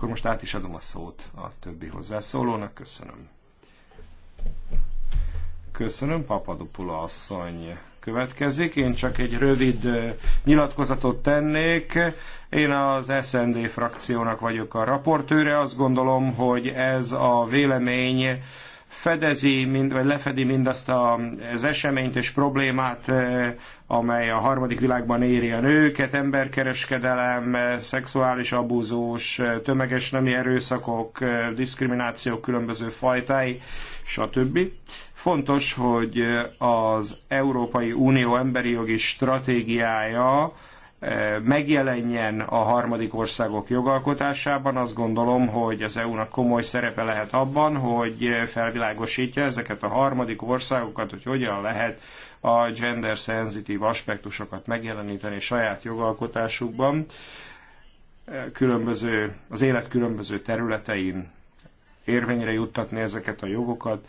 Akkor most át is adom a szót a többi hozzászólónak. Köszönöm. Köszönöm, Papadopula asszony következik. Én csak egy rövid nyilatkozatot tennék. Én az SND frakciónak vagyok a raportőre. Azt gondolom, hogy ez a vélemény fedezi, mind, vagy lefedi mindazt a, az eseményt és problémát, eh, amely a harmadik világban éri a nőket, emberkereskedelem, eh, szexuális abúzós, eh, tömeges nemi erőszakok, diszkriminációk különböző fajtái, stb. Fontos, hogy az Európai Unió emberi jogi stratégiája megjelenjen a harmadik országok jogalkotásában. Azt gondolom, hogy az EU-nak komoly szerepe lehet abban, hogy felvilágosítja ezeket a harmadik országokat, hogy hogyan lehet a gender szenzitív aspektusokat megjeleníteni saját jogalkotásukban, különböző, az élet különböző területein érvényre juttatni ezeket a jogokat.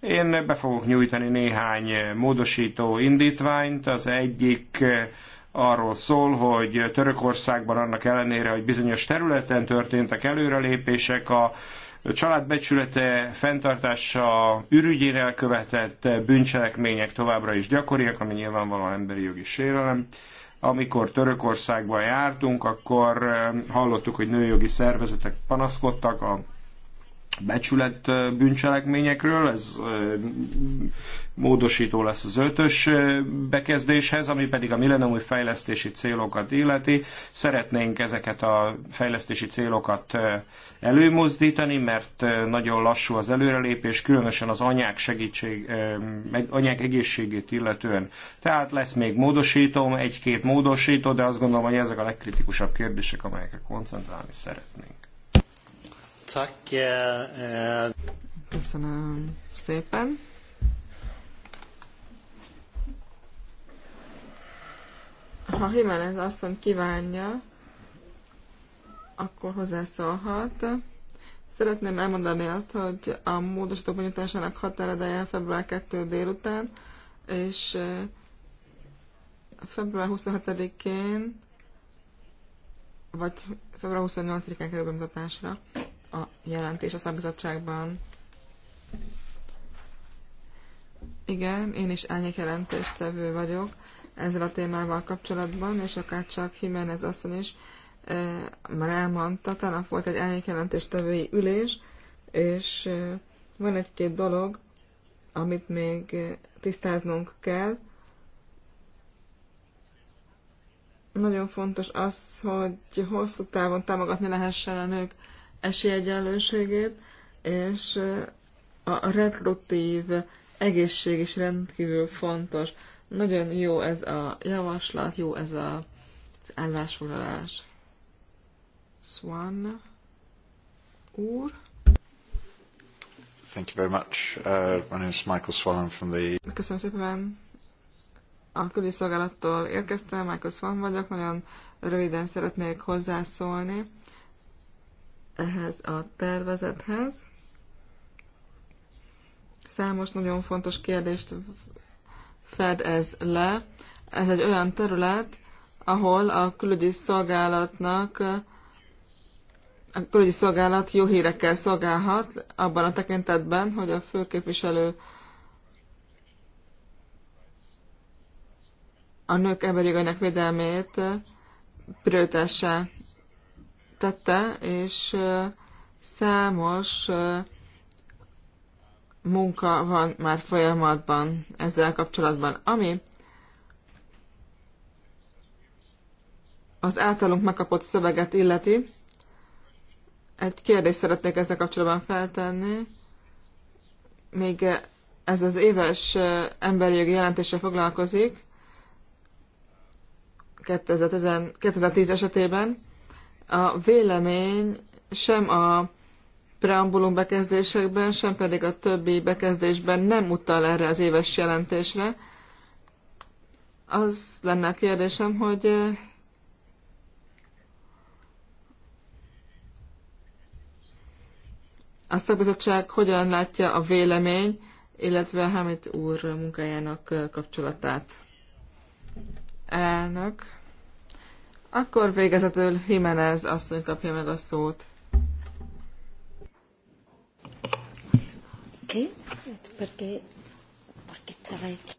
Én be fogok nyújtani néhány módosító indítványt. Az egyik arról szól, hogy Törökországban annak ellenére, hogy bizonyos területen történtek előrelépések, a becsülete fenntartása ürügyén elkövetett bűncselekmények továbbra is gyakoriak, ami nyilvánvalóan emberi jogi sérelem. Amikor Törökországban jártunk, akkor eh, hallottuk, hogy nőjogi szervezetek panaszkodtak a becsület bűncselekményekről, ez módosító lesz az ötös bekezdéshez, ami pedig a millenniumi fejlesztési célokat illeti. Szeretnénk ezeket a fejlesztési célokat előmozdítani, mert nagyon lassú az előrelépés, különösen az anyák segítség, anyák egészségét illetően. Tehát lesz még módosító, egy-két módosító, de azt gondolom, hogy ezek a legkritikusabb kérdések, amelyekre koncentrálni szeretnénk. Eh, eh. Köszönöm szépen. Ha ez asszony kívánja, akkor hozzászólhat. Szeretném elmondani azt, hogy a módosító bonyolításának határideje február 2 délután, és eh, február 27-én, vagy február 28-án kerül bemutatásra a jelentés a szakbizottságban. Igen, én is elnyek jelentéstevő vagyok ezzel a témával kapcsolatban, és akár csak Jiménez asszony is e, már elmondta, tegnap volt egy elnyek jelentéstevői ülés, és e, van egy-két dolog, amit még tisztáznunk kell. Nagyon fontos az, hogy hosszú távon támogatni lehessen a nők esélyegyenlőségét, és eh, a reproduktív egészség is rendkívül fontos. Nagyon jó ez a javaslat, jó ez a, az állásfoglalás. Swan úr. Thank you very much. Uh, my name is Michael Swan from the... Köszönöm szépen. A külszolgálattól érkeztem, Michael Swan vagyok. Nagyon röviden szeretnék hozzászólni ehhez a tervezethez. Számos nagyon fontos kérdést fed ez le. Ez egy olyan terület, ahol a külügyi szolgálatnak a külügyi szolgálat jó hírekkel szolgálhat abban a tekintetben, hogy a főképviselő a nők emberi védelmét prioritással tette, és számos munka van már folyamatban ezzel kapcsolatban, ami az általunk megkapott szöveget illeti. Egy kérdést szeretnék ezzel kapcsolatban feltenni. Még ez az éves emberi jogi jelentése foglalkozik 2010 esetében. A vélemény sem a preambulum bekezdésekben, sem pedig a többi bekezdésben nem utal erre az éves jelentésre. Az lenne a kérdésem, hogy eh, a szakbizottság hogyan látja a vélemény, illetve Hamid úr munkájának eh, kapcsolatát. Elnök. Akkor végezetül Jimenez asszony kapja meg a szót. Okay. Porque, porque estaba aquí.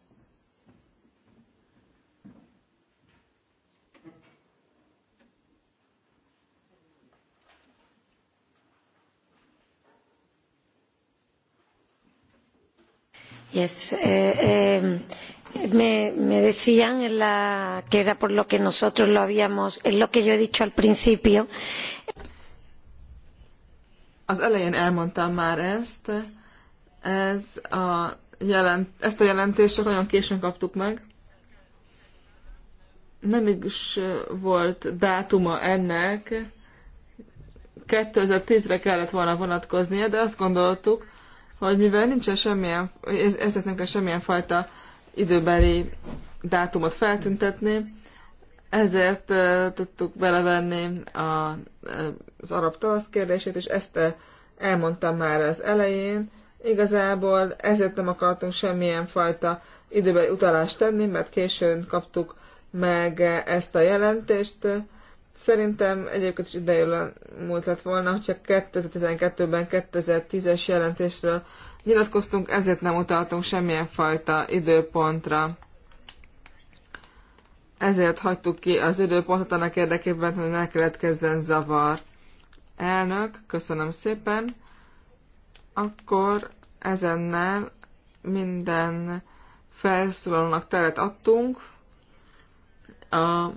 Yes. eh, eh, Me, me decían en la, que era por lo que nosotros lo habíamos, es lo que yo he dicho al principio. Az elején elmondtam már ezt, ez a jelent, ezt a jelentést csak nagyon későn kaptuk meg. Nem is volt dátuma ennek, 2010-re kellett volna vonatkoznia, de azt gondoltuk, hogy mivel nincsen semmilyen, ezért nem kell semmilyen fajta uh, időbeli dátumot feltüntetni, ezért tudtuk belevenni a, az arab tavasz kérdését, és ezt elmondtam már az elején. Igazából ezért nem akartunk semmilyen fajta időbeli utalást tenni, mert későn kaptuk meg ezt a jelentést. Szerintem egyébként is idejön múlt lett volna, hogyha 2012-ben 2010-es jelentésről nyilatkoztunk, ezért nem utaltunk semmilyen fajta időpontra. Ezért hagytuk ki az időpontot annak érdekében, hogy ne keletkezzen zavar. Elnök, köszönöm szépen. Akkor ezennel minden felszólalónak teret adtunk. A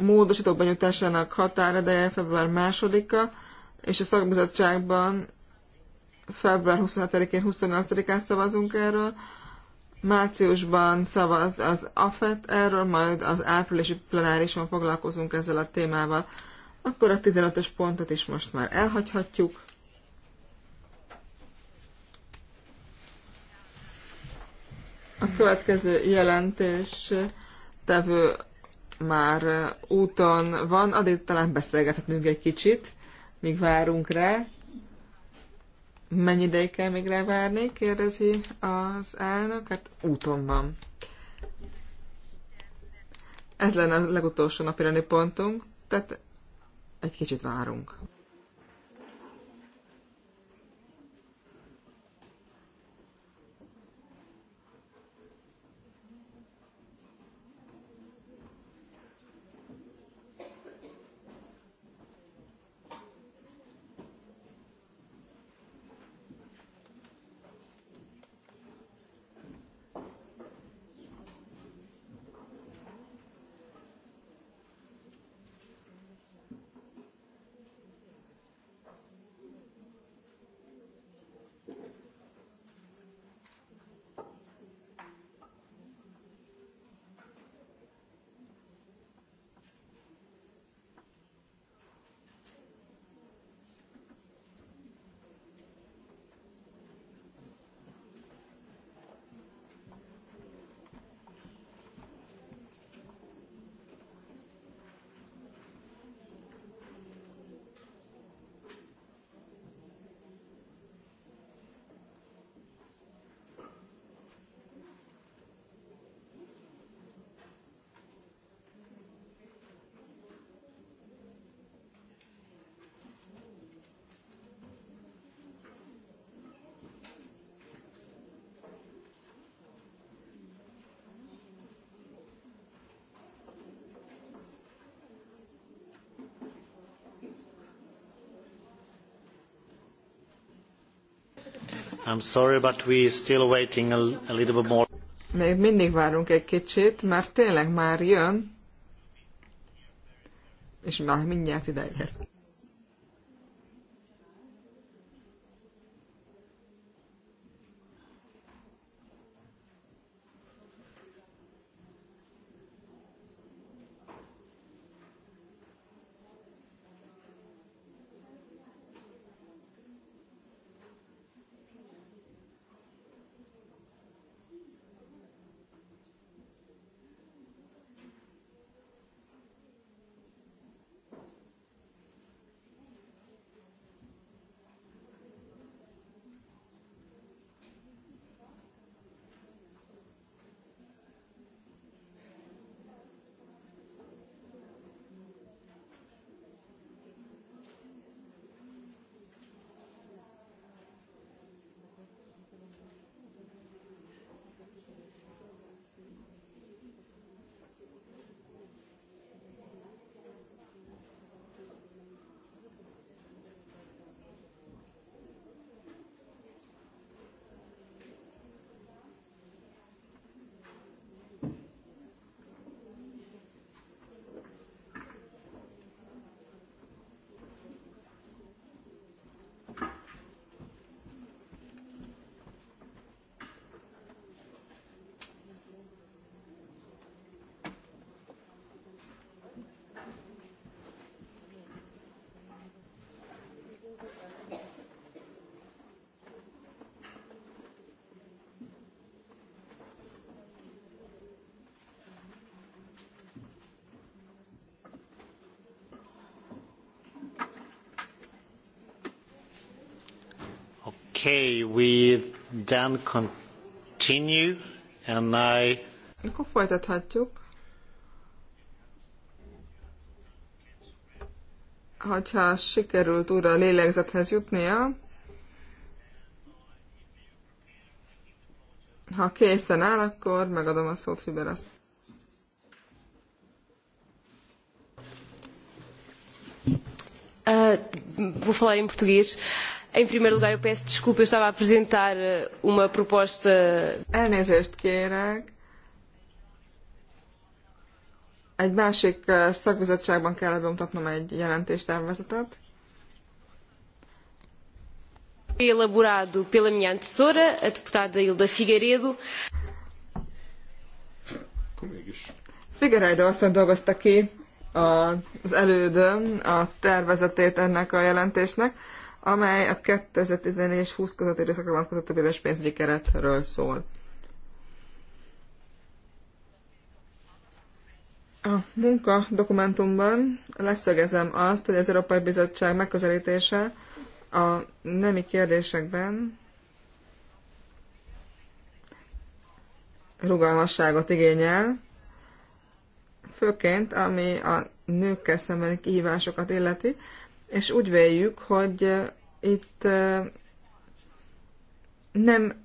módosítók benyújtásának határideje február másodika, és a szakbizottságban február 25-én, 28-án szavazunk erről, márciusban szavaz az AFET erről, majd az áprilisi plenárison foglalkozunk ezzel a témával. Akkor a 15-ös pontot is most már elhagyhatjuk. A következő jelentés tevő már úton van, addig talán beszélgethetünk egy kicsit, míg várunk rá. Mennyi ideig kell még rávárni? kérdezi az elnök. Hát úton van. Ez lenne a legutolsó napi pontunk, tehát egy kicsit várunk. I'm sorry, but we still waiting a, a little bit more. Még mindig várunk egy kicsit, mert tényleg már jön, és már mindjárt ideér. Okay, we then continue, and I... Akkor folytathatjuk. Hogyha sikerült újra a lélegzethez jutnia, ha készen áll, akkor megadom a szót Fiberaszt. Uh, vou falar em português. Uh, Em primeiro lugar, eu peço desculpa, eu estava a apresentar eh, uma proposta. Elnézést kérek. Egy másik eh, szakbizottságban kell bemutatnom egy jelentéstervezetet. Elaborado pela minha antecessora, a deputada Hilda Figueiredo. Figueiredo aztán dolgozta ki az elődöm a tervezetét ennek a jelentésnek amely a 2014 és 20 közötti időszakra vonatkozó több éves pénzügyi keretről szól. A munka dokumentumban leszögezem azt, hogy az Európai Bizottság megközelítése a nemi kérdésekben rugalmasságot igényel, főként ami a nőkkel szembeni kihívásokat illeti, és úgy véljük, hogy itt nem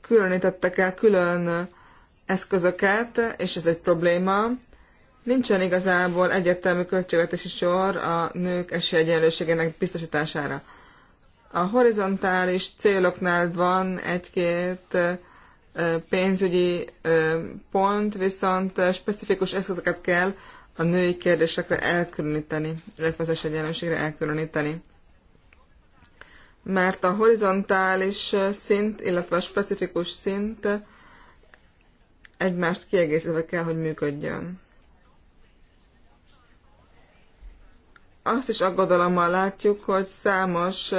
különítettek el külön eszközöket, és ez egy probléma. Nincsen igazából egyértelmű költségvetési sor a nők esélyegyenlőségének biztosítására. A horizontális céloknál van egy-két pénzügyi pont, viszont specifikus eszközöket kell a női kérdésekre elkülöníteni, illetve az esélyegyenlőségre elkülöníteni mert a horizontális szint, illetve a specifikus szint egymást kiegészítve kell, hogy működjön. Azt is aggodalommal látjuk, hogy számos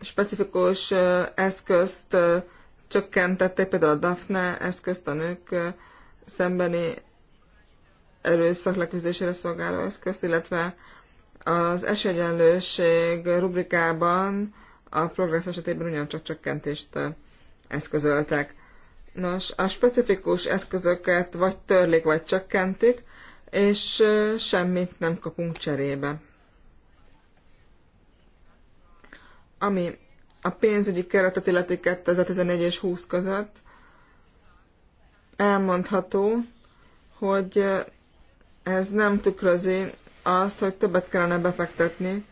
specifikus eszközt csökkentették, például a Daphne eszközt a nők szembeni erőszak leküzdésére szolgáló eszközt, illetve az esélyegyenlőség rubrikában a progress esetében ugyancsak csökkentést eszközöltek. Nos, a specifikus eszközöket vagy törlik, vagy csökkentik, és semmit nem kapunk cserébe. Ami a pénzügyi keretet illeti 2014 és 20 között elmondható, hogy ez nem tükrözi azt, hogy többet kellene befektetni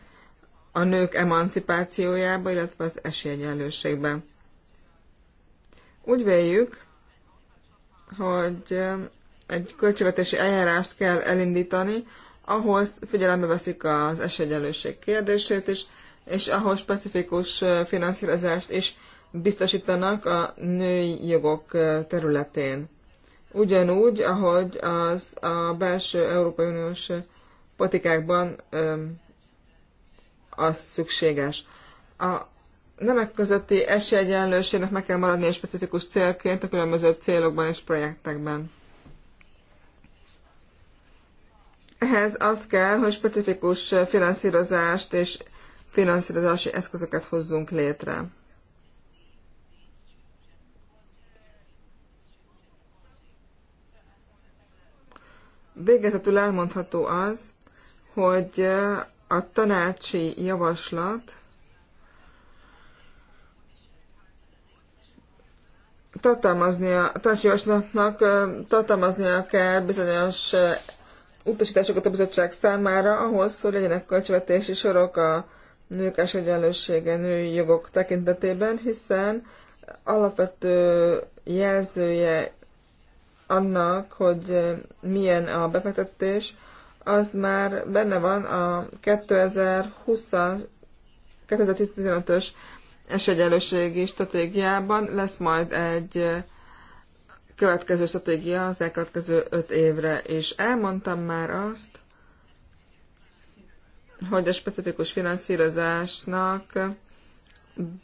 a nők emancipációjába, illetve az esélyegyenlőségbe. Úgy véljük, hogy egy költségvetési eljárást kell elindítani, ahol figyelembe veszik az esélyegyenlőség kérdését is, és ahol specifikus finanszírozást is biztosítanak a női jogok területén. Ugyanúgy, ahogy az a belső Európai Uniós Patikákban az szükséges. A nemek közötti esélyegyenlőségnek meg kell maradni egy specifikus célként a különböző célokban és projektekben. Ehhez az kell, hogy specifikus finanszírozást és finanszírozási eszközöket hozzunk létre. Végezetül elmondható az, hogy a tanácsi javaslat tartalmaznia, a tanácsi javaslatnak tartalmaznia kell bizonyos utasításokat a bizottság számára ahhoz, hogy legyenek költségvetési sorok a nők egyenlősége, női jogok tekintetében, hiszen alapvető jelzője annak, hogy milyen a befektetés, az már benne van a 2020-2015-ös esélyegyenlőségi stratégiában. Lesz majd egy következő stratégia az elkövetkező öt évre, és elmondtam már azt, hogy a specifikus finanszírozásnak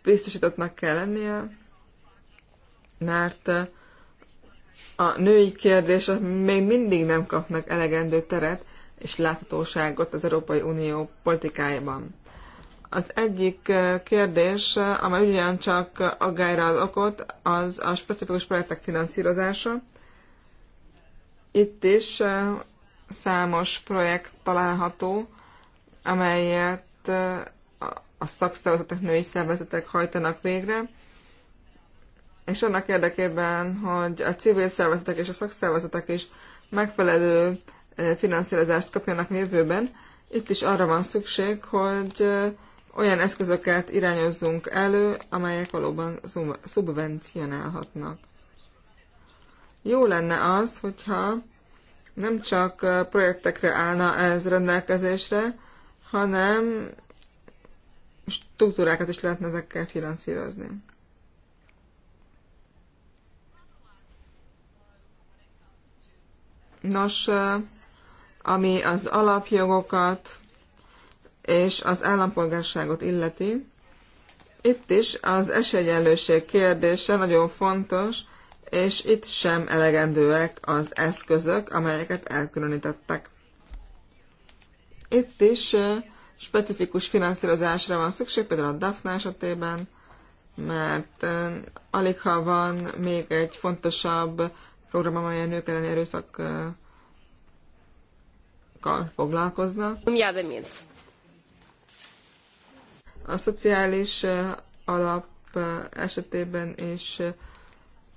biztosítottnak kell lennie, mert a női kérdések még mindig nem kapnak elegendő teret és láthatóságot az Európai Unió politikájában. Az egyik kérdés, amely ugyancsak aggályra ad okot, az a specifikus projektek finanszírozása. Itt is számos projekt található, amelyet a szakszervezetek, női szervezetek hajtanak végre, és annak érdekében, hogy a civil szervezetek és a szakszervezetek is megfelelő finanszírozást kapjanak a jövőben. Itt is arra van szükség, hogy olyan eszközöket irányozzunk elő, amelyek valóban szubvencionálhatnak. Jó lenne az, hogyha nem csak projektekre állna ez rendelkezésre, hanem struktúrákat is lehetne ezekkel finanszírozni. Nos, ami az alapjogokat és az állampolgárságot illeti. Itt is az esélyegyenlőség kérdése nagyon fontos, és itt sem elegendőek az eszközök, amelyeket elkülönítettek. Itt is specifikus finanszírozásra van szükség, például a DAFNA esetében, mert alig ha van még egy fontosabb program, amely a nők elleni erőszak problémákkal foglalkoznak. A szociális alap esetében is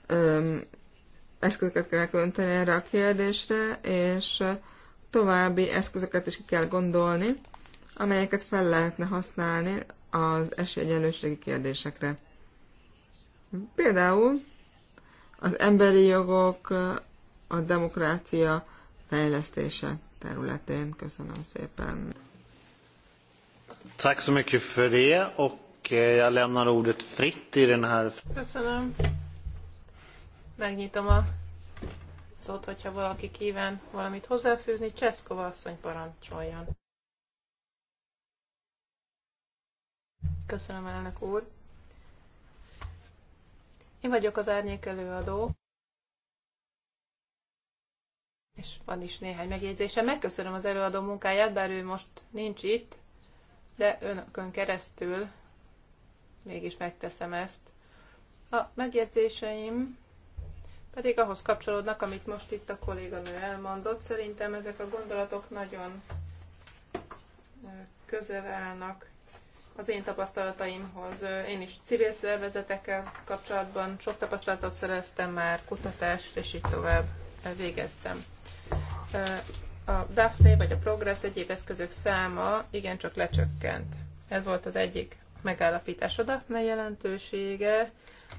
öm, eszközöket kell önteni erre a kérdésre, és további eszközöket is ki kell gondolni, amelyeket fel lehetne használni az esélyegyenlőségi kérdésekre. Például az emberi jogok, a demokrácia fejlesztése területén. Köszönöm szépen. Tack så mycket för det och eh, jag lämnar ordet fritt i den här... Köszönöm. Megnyitom a szót, hogyha valaki kíván valamit hozzáfűzni. Cseszkova asszony parancsoljon. Köszönöm, elnök úr. Én vagyok az árnyék előadó és van is néhány megjegyzése. Megköszönöm az előadó munkáját, bár ő most nincs itt, de önökön keresztül mégis megteszem ezt. A megjegyzéseim pedig ahhoz kapcsolódnak, amit most itt a kolléganő elmondott. Szerintem ezek a gondolatok nagyon közel állnak az én tapasztalataimhoz. Én is civil szervezetekkel kapcsolatban sok tapasztalatot szereztem már, kutatást és így tovább végeztem a Daphne vagy a Progress egyéb eszközök száma igencsak lecsökkent. Ez volt az egyik megállapítás. A Daphne jelentősége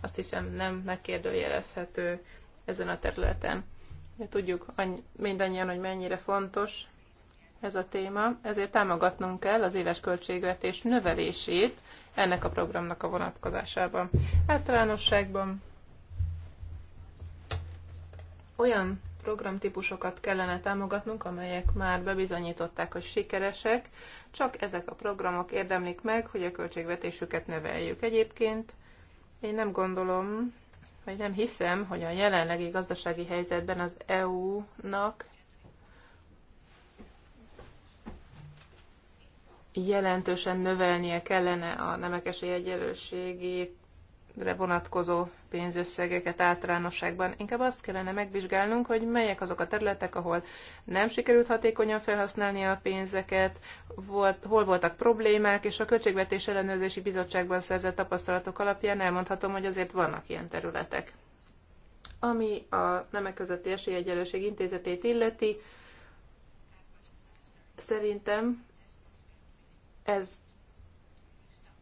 azt hiszem nem megkérdőjelezhető ezen a területen. De tudjuk mindannyian, hogy mennyire fontos ez a téma, ezért támogatnunk kell az éves költségvetés növelését ennek a programnak a vonatkozásában. Általánosságban olyan programtípusokat kellene támogatnunk, amelyek már bebizonyították, hogy sikeresek, csak ezek a programok érdemlik meg, hogy a költségvetésüket növeljük. Egyébként én nem gondolom, vagy nem hiszem, hogy a jelenlegi gazdasági helyzetben az EU-nak jelentősen növelnie kellene a nemekesi egyenlőségét vonatkozó pénzösszegeket általánosságban. Inkább azt kellene megvizsgálnunk, hogy melyek azok a területek, ahol nem sikerült hatékonyan felhasználni a pénzeket, volt, hol voltak problémák, és a Költségvetés Ellenőrzési Bizottságban szerzett tapasztalatok alapján elmondhatom, hogy azért vannak ilyen területek. Ami a Nemek közötti esélyegyelőség Intézetét illeti, szerintem ez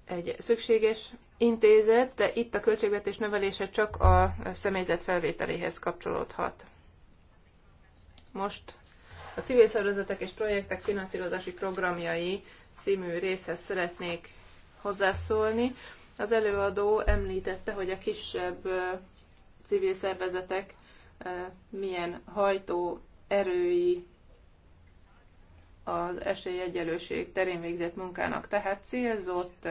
egy szükséges intézet, de itt a költségvetés növelése csak a személyzet felvételéhez kapcsolódhat. Most a civil szervezetek és projektek finanszírozási programjai című részhez szeretnék hozzászólni. Az előadó említette, hogy a kisebb civil szervezetek milyen hajtó erői az esélyegyelőség terén végzett munkának. Tehát célzott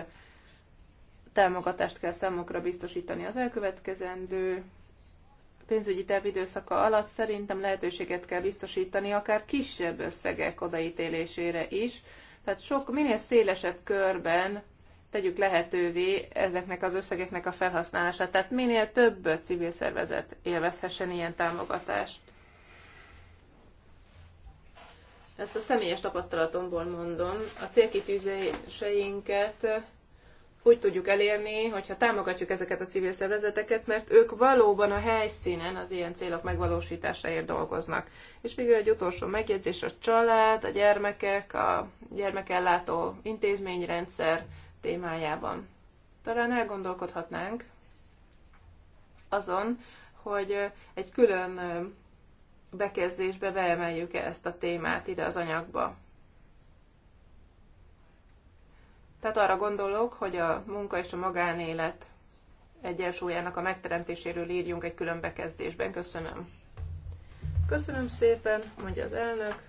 támogatást kell számokra biztosítani az elkövetkezendő pénzügyi tervidőszaka alatt szerintem lehetőséget kell biztosítani akár kisebb összegek odaítélésére is, tehát sok, minél szélesebb körben tegyük lehetővé ezeknek az összegeknek a felhasználását, tehát minél több civil szervezet élvezhessen ilyen támogatást. Ezt a személyes tapasztalatomból mondom. A célkitűzéseinket úgy tudjuk elérni, hogyha támogatjuk ezeket a civil szervezeteket, mert ők valóban a helyszínen az ilyen célok megvalósításáért dolgoznak. És végül egy utolsó megjegyzés, a család, a gyermekek, a gyermekellátó intézményrendszer témájában. Talán elgondolkodhatnánk azon, hogy egy külön bekezdésbe beemeljük -e ezt a témát ide az anyagba. Tehát arra gondolok, hogy a munka és a magánélet egyensúlyának a megteremtéséről írjunk egy külön bekezdésben. Köszönöm. Köszönöm szépen, mondja az elnök.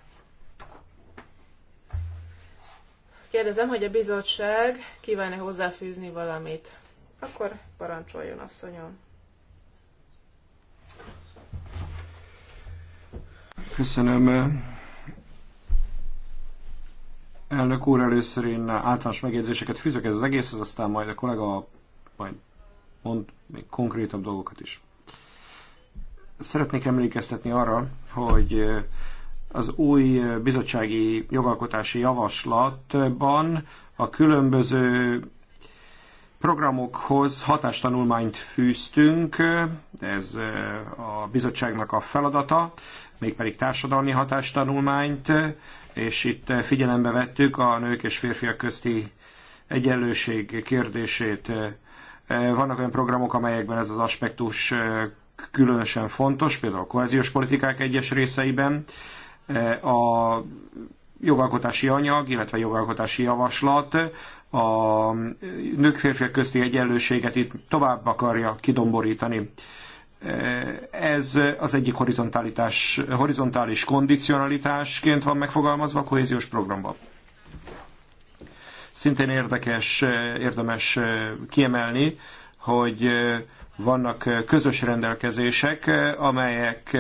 Kérdezem, hogy a bizottság kíván-e hozzáfűzni valamit. Akkor parancsoljon, asszonyom. Köszönöm Elnök úr, először én általános megjegyzéseket fűzök ez az egészhez, aztán majd a kollega majd mond még konkrétabb dolgokat is. Szeretnék emlékeztetni arra, hogy az új bizottsági jogalkotási javaslatban a különböző programokhoz hatástanulmányt fűztünk, ez a bizottságnak a feladata, mégpedig társadalmi hatástanulmányt, és itt figyelembe vettük a nők és férfiak közti egyenlőség kérdését. Vannak olyan programok, amelyekben ez az aspektus különösen fontos, például a kohéziós politikák egyes részeiben. A jogalkotási anyag, illetve jogalkotási javaslat a nők férfiak közti egyenlőséget itt tovább akarja kidomborítani. Ez az egyik horizontálitás, horizontális kondicionalitásként van megfogalmazva a kohéziós programban. Szintén érdekes, érdemes kiemelni, hogy vannak közös rendelkezések, amelyek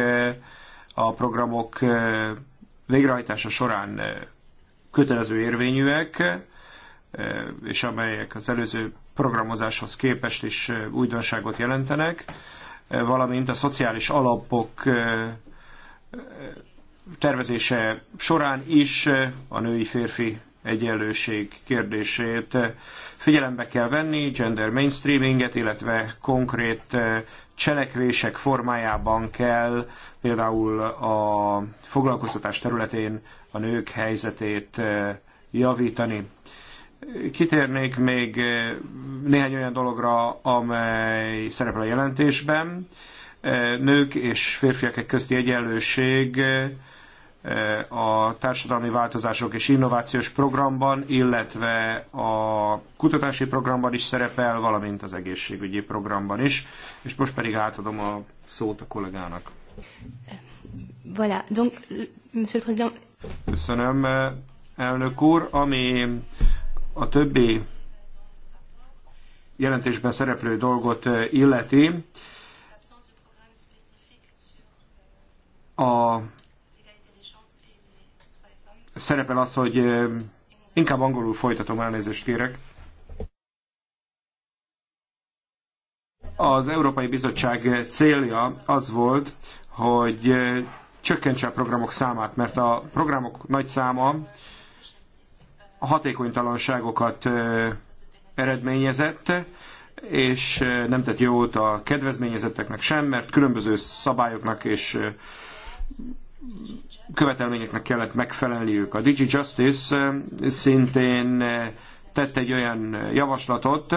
a programok végrehajtása során kötelező érvényűek, és amelyek az előző programozáshoz képest is újdonságot jelentenek, valamint a szociális alapok tervezése során is a női-férfi egyenlőség kérdését figyelembe kell venni, gender mainstreaminget, illetve konkrét cselekvések formájában kell például a foglalkoztatás területén a nők helyzetét eh, javítani. Kitérnék még eh, néhány olyan dologra, amely szerepel a jelentésben. Eh, nők és férfiak közti egyenlőség a társadalmi változások és innovációs programban, illetve a kutatási programban is szerepel, valamint az egészségügyi programban is. És most pedig átadom a szót a kollégának. Voilà, donc, monsieur le président. Köszönöm, elnök úr. Ami a többi jelentésben szereplő dolgot illeti, a szerepel az, hogy inkább angolul folytatom, elnézést kérek. Az Európai Bizottság célja az volt, hogy csökkentse a programok számát, mert a programok nagy száma hatékonytalanságokat eredményezett, és nem tett jót a kedvezményezetteknek sem, mert különböző szabályoknak és követelményeknek kellett megfelelniük. A Digi Justice eh, szintén eh, tett egy olyan javaslatot,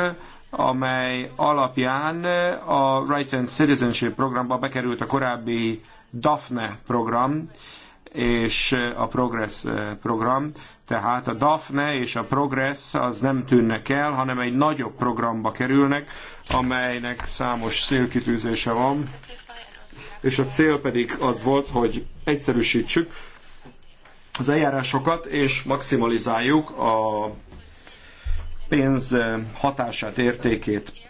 amely alapján eh, a Rights and Citizenship programba bekerült a korábbi DAFNE program és a Progress program. Tehát a DAFNE és a Progress az nem tűnnek el, hanem egy nagyobb programba kerülnek, amelynek számos szélkitűzése van és a cél pedig az volt, hogy egyszerűsítsük az eljárásokat, és maximalizáljuk a pénz eh, hatását, értékét.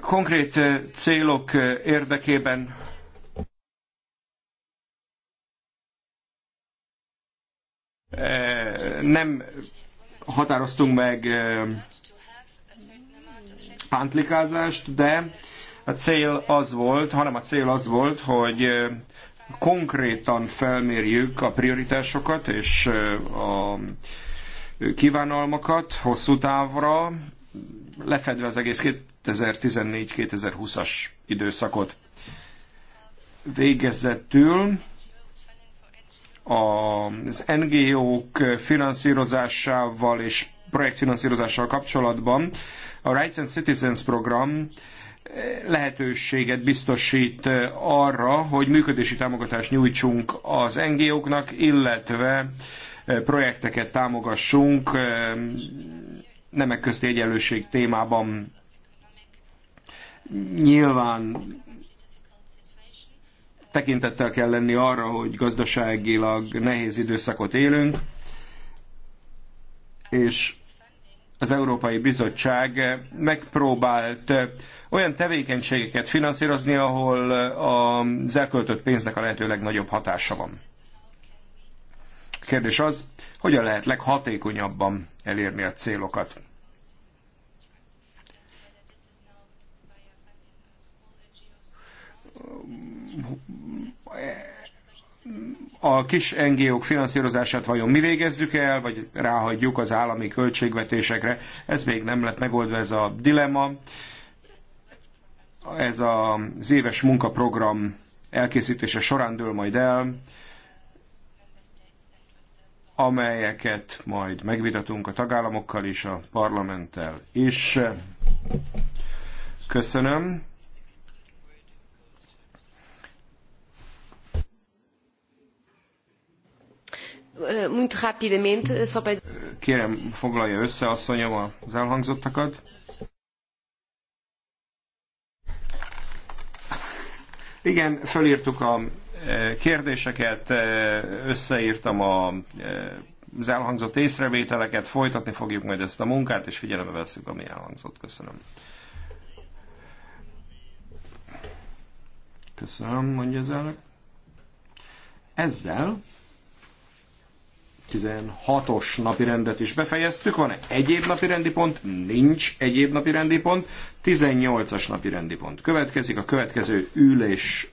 Konkrét eh, célok eh, érdekében nem határoztunk meg pántlikázást, de a cél az volt, hanem a cél az volt, hogy konkrétan felmérjük a prioritásokat és a kívánalmakat hosszú távra, lefedve az egész 2014-2020-as időszakot. Végezetül az NGO-k finanszírozásával és projektfinanszírozással kapcsolatban a Rights and Citizens program eh, lehetőséget biztosít eh, arra, hogy működési támogatást nyújtsunk az NGO-knak, illetve eh, projekteket támogassunk nemek közti egyenlőség témában. Nyilván tekintettel kell lenni arra, hogy gazdaságilag nehéz időszakot élünk, és az Európai Bizottság megpróbált olyan tevékenységeket finanszírozni, ahol az elköltött pénznek a lehető legnagyobb hatása van. A kérdés az, hogyan lehet leghatékonyabban elérni a célokat. Um, a kis NGO-k finanszírozását vajon mi végezzük el, vagy ráhagyjuk az állami költségvetésekre. Ez még nem lett megoldva, ez a dilemma. Ez az éves munkaprogram elkészítése során dől majd el, amelyeket majd megvitatunk a tagállamokkal is, a parlamenttel is. Köszönöm. muito rapidamente, só para... Kérem, foglalja össze, asszonyom, az elhangzottakat. Igen, fölírtuk a e, kérdéseket, e, összeírtam a, e, az elhangzott észrevételeket, folytatni fogjuk majd ezt a munkát, és figyelembe veszük, ami elhangzott. Köszönöm. Köszönöm, mondja az elnök. Ezzel 16-os napi rendet is befejeztük. Van-e egyéb napi rendi pont? Nincs egyéb napi rendi pont. 18-as napi rendi pont következik. A következő ülés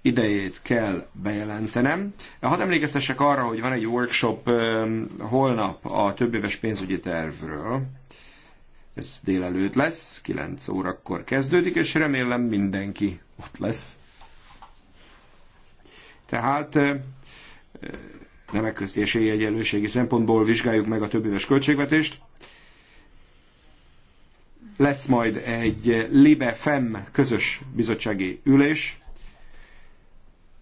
idejét kell bejelentenem. Hadd emlékeztessek arra, hogy van egy workshop holnap a többéves pénzügyi tervről. Ez délelőtt lesz, 9 órakor kezdődik, és remélem mindenki ott lesz. Tehát nemek közti esélyegyenlőségi szempontból vizsgáljuk meg a többéves költségvetést. Lesz majd egy Libe-FEM közös bizottsági ülés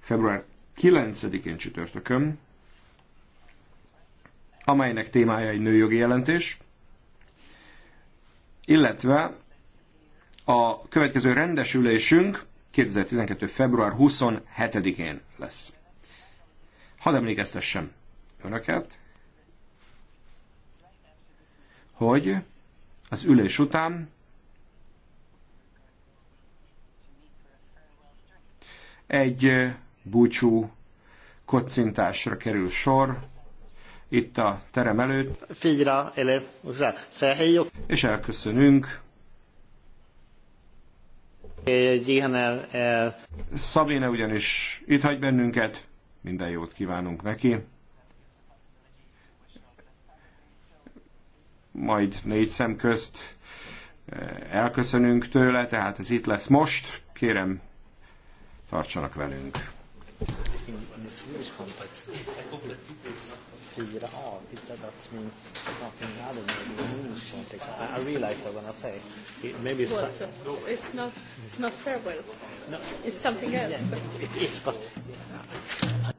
február 9-én csütörtökön, amelynek témája egy nőjogi jelentés, illetve a következő rendes ülésünk 2012. február 27-én lesz. Hadd emlékeztessem önöket, hogy az ülés után egy búcsú kocintásra kerül sor, itt a terem előtt. Figyra, ele, És elköszönünk. Szabéne ugyanis itt hagy bennünket, minden jót kívánunk neki. Majd négy szem közt eh, elköszönünk tőle, tehát ez itt lesz most. Kérem, tartsanak velünk. av, hade med i min I, realize what I'm I say it, maybe it's... Well, it's not, it's not farewell. No. It's something else. but...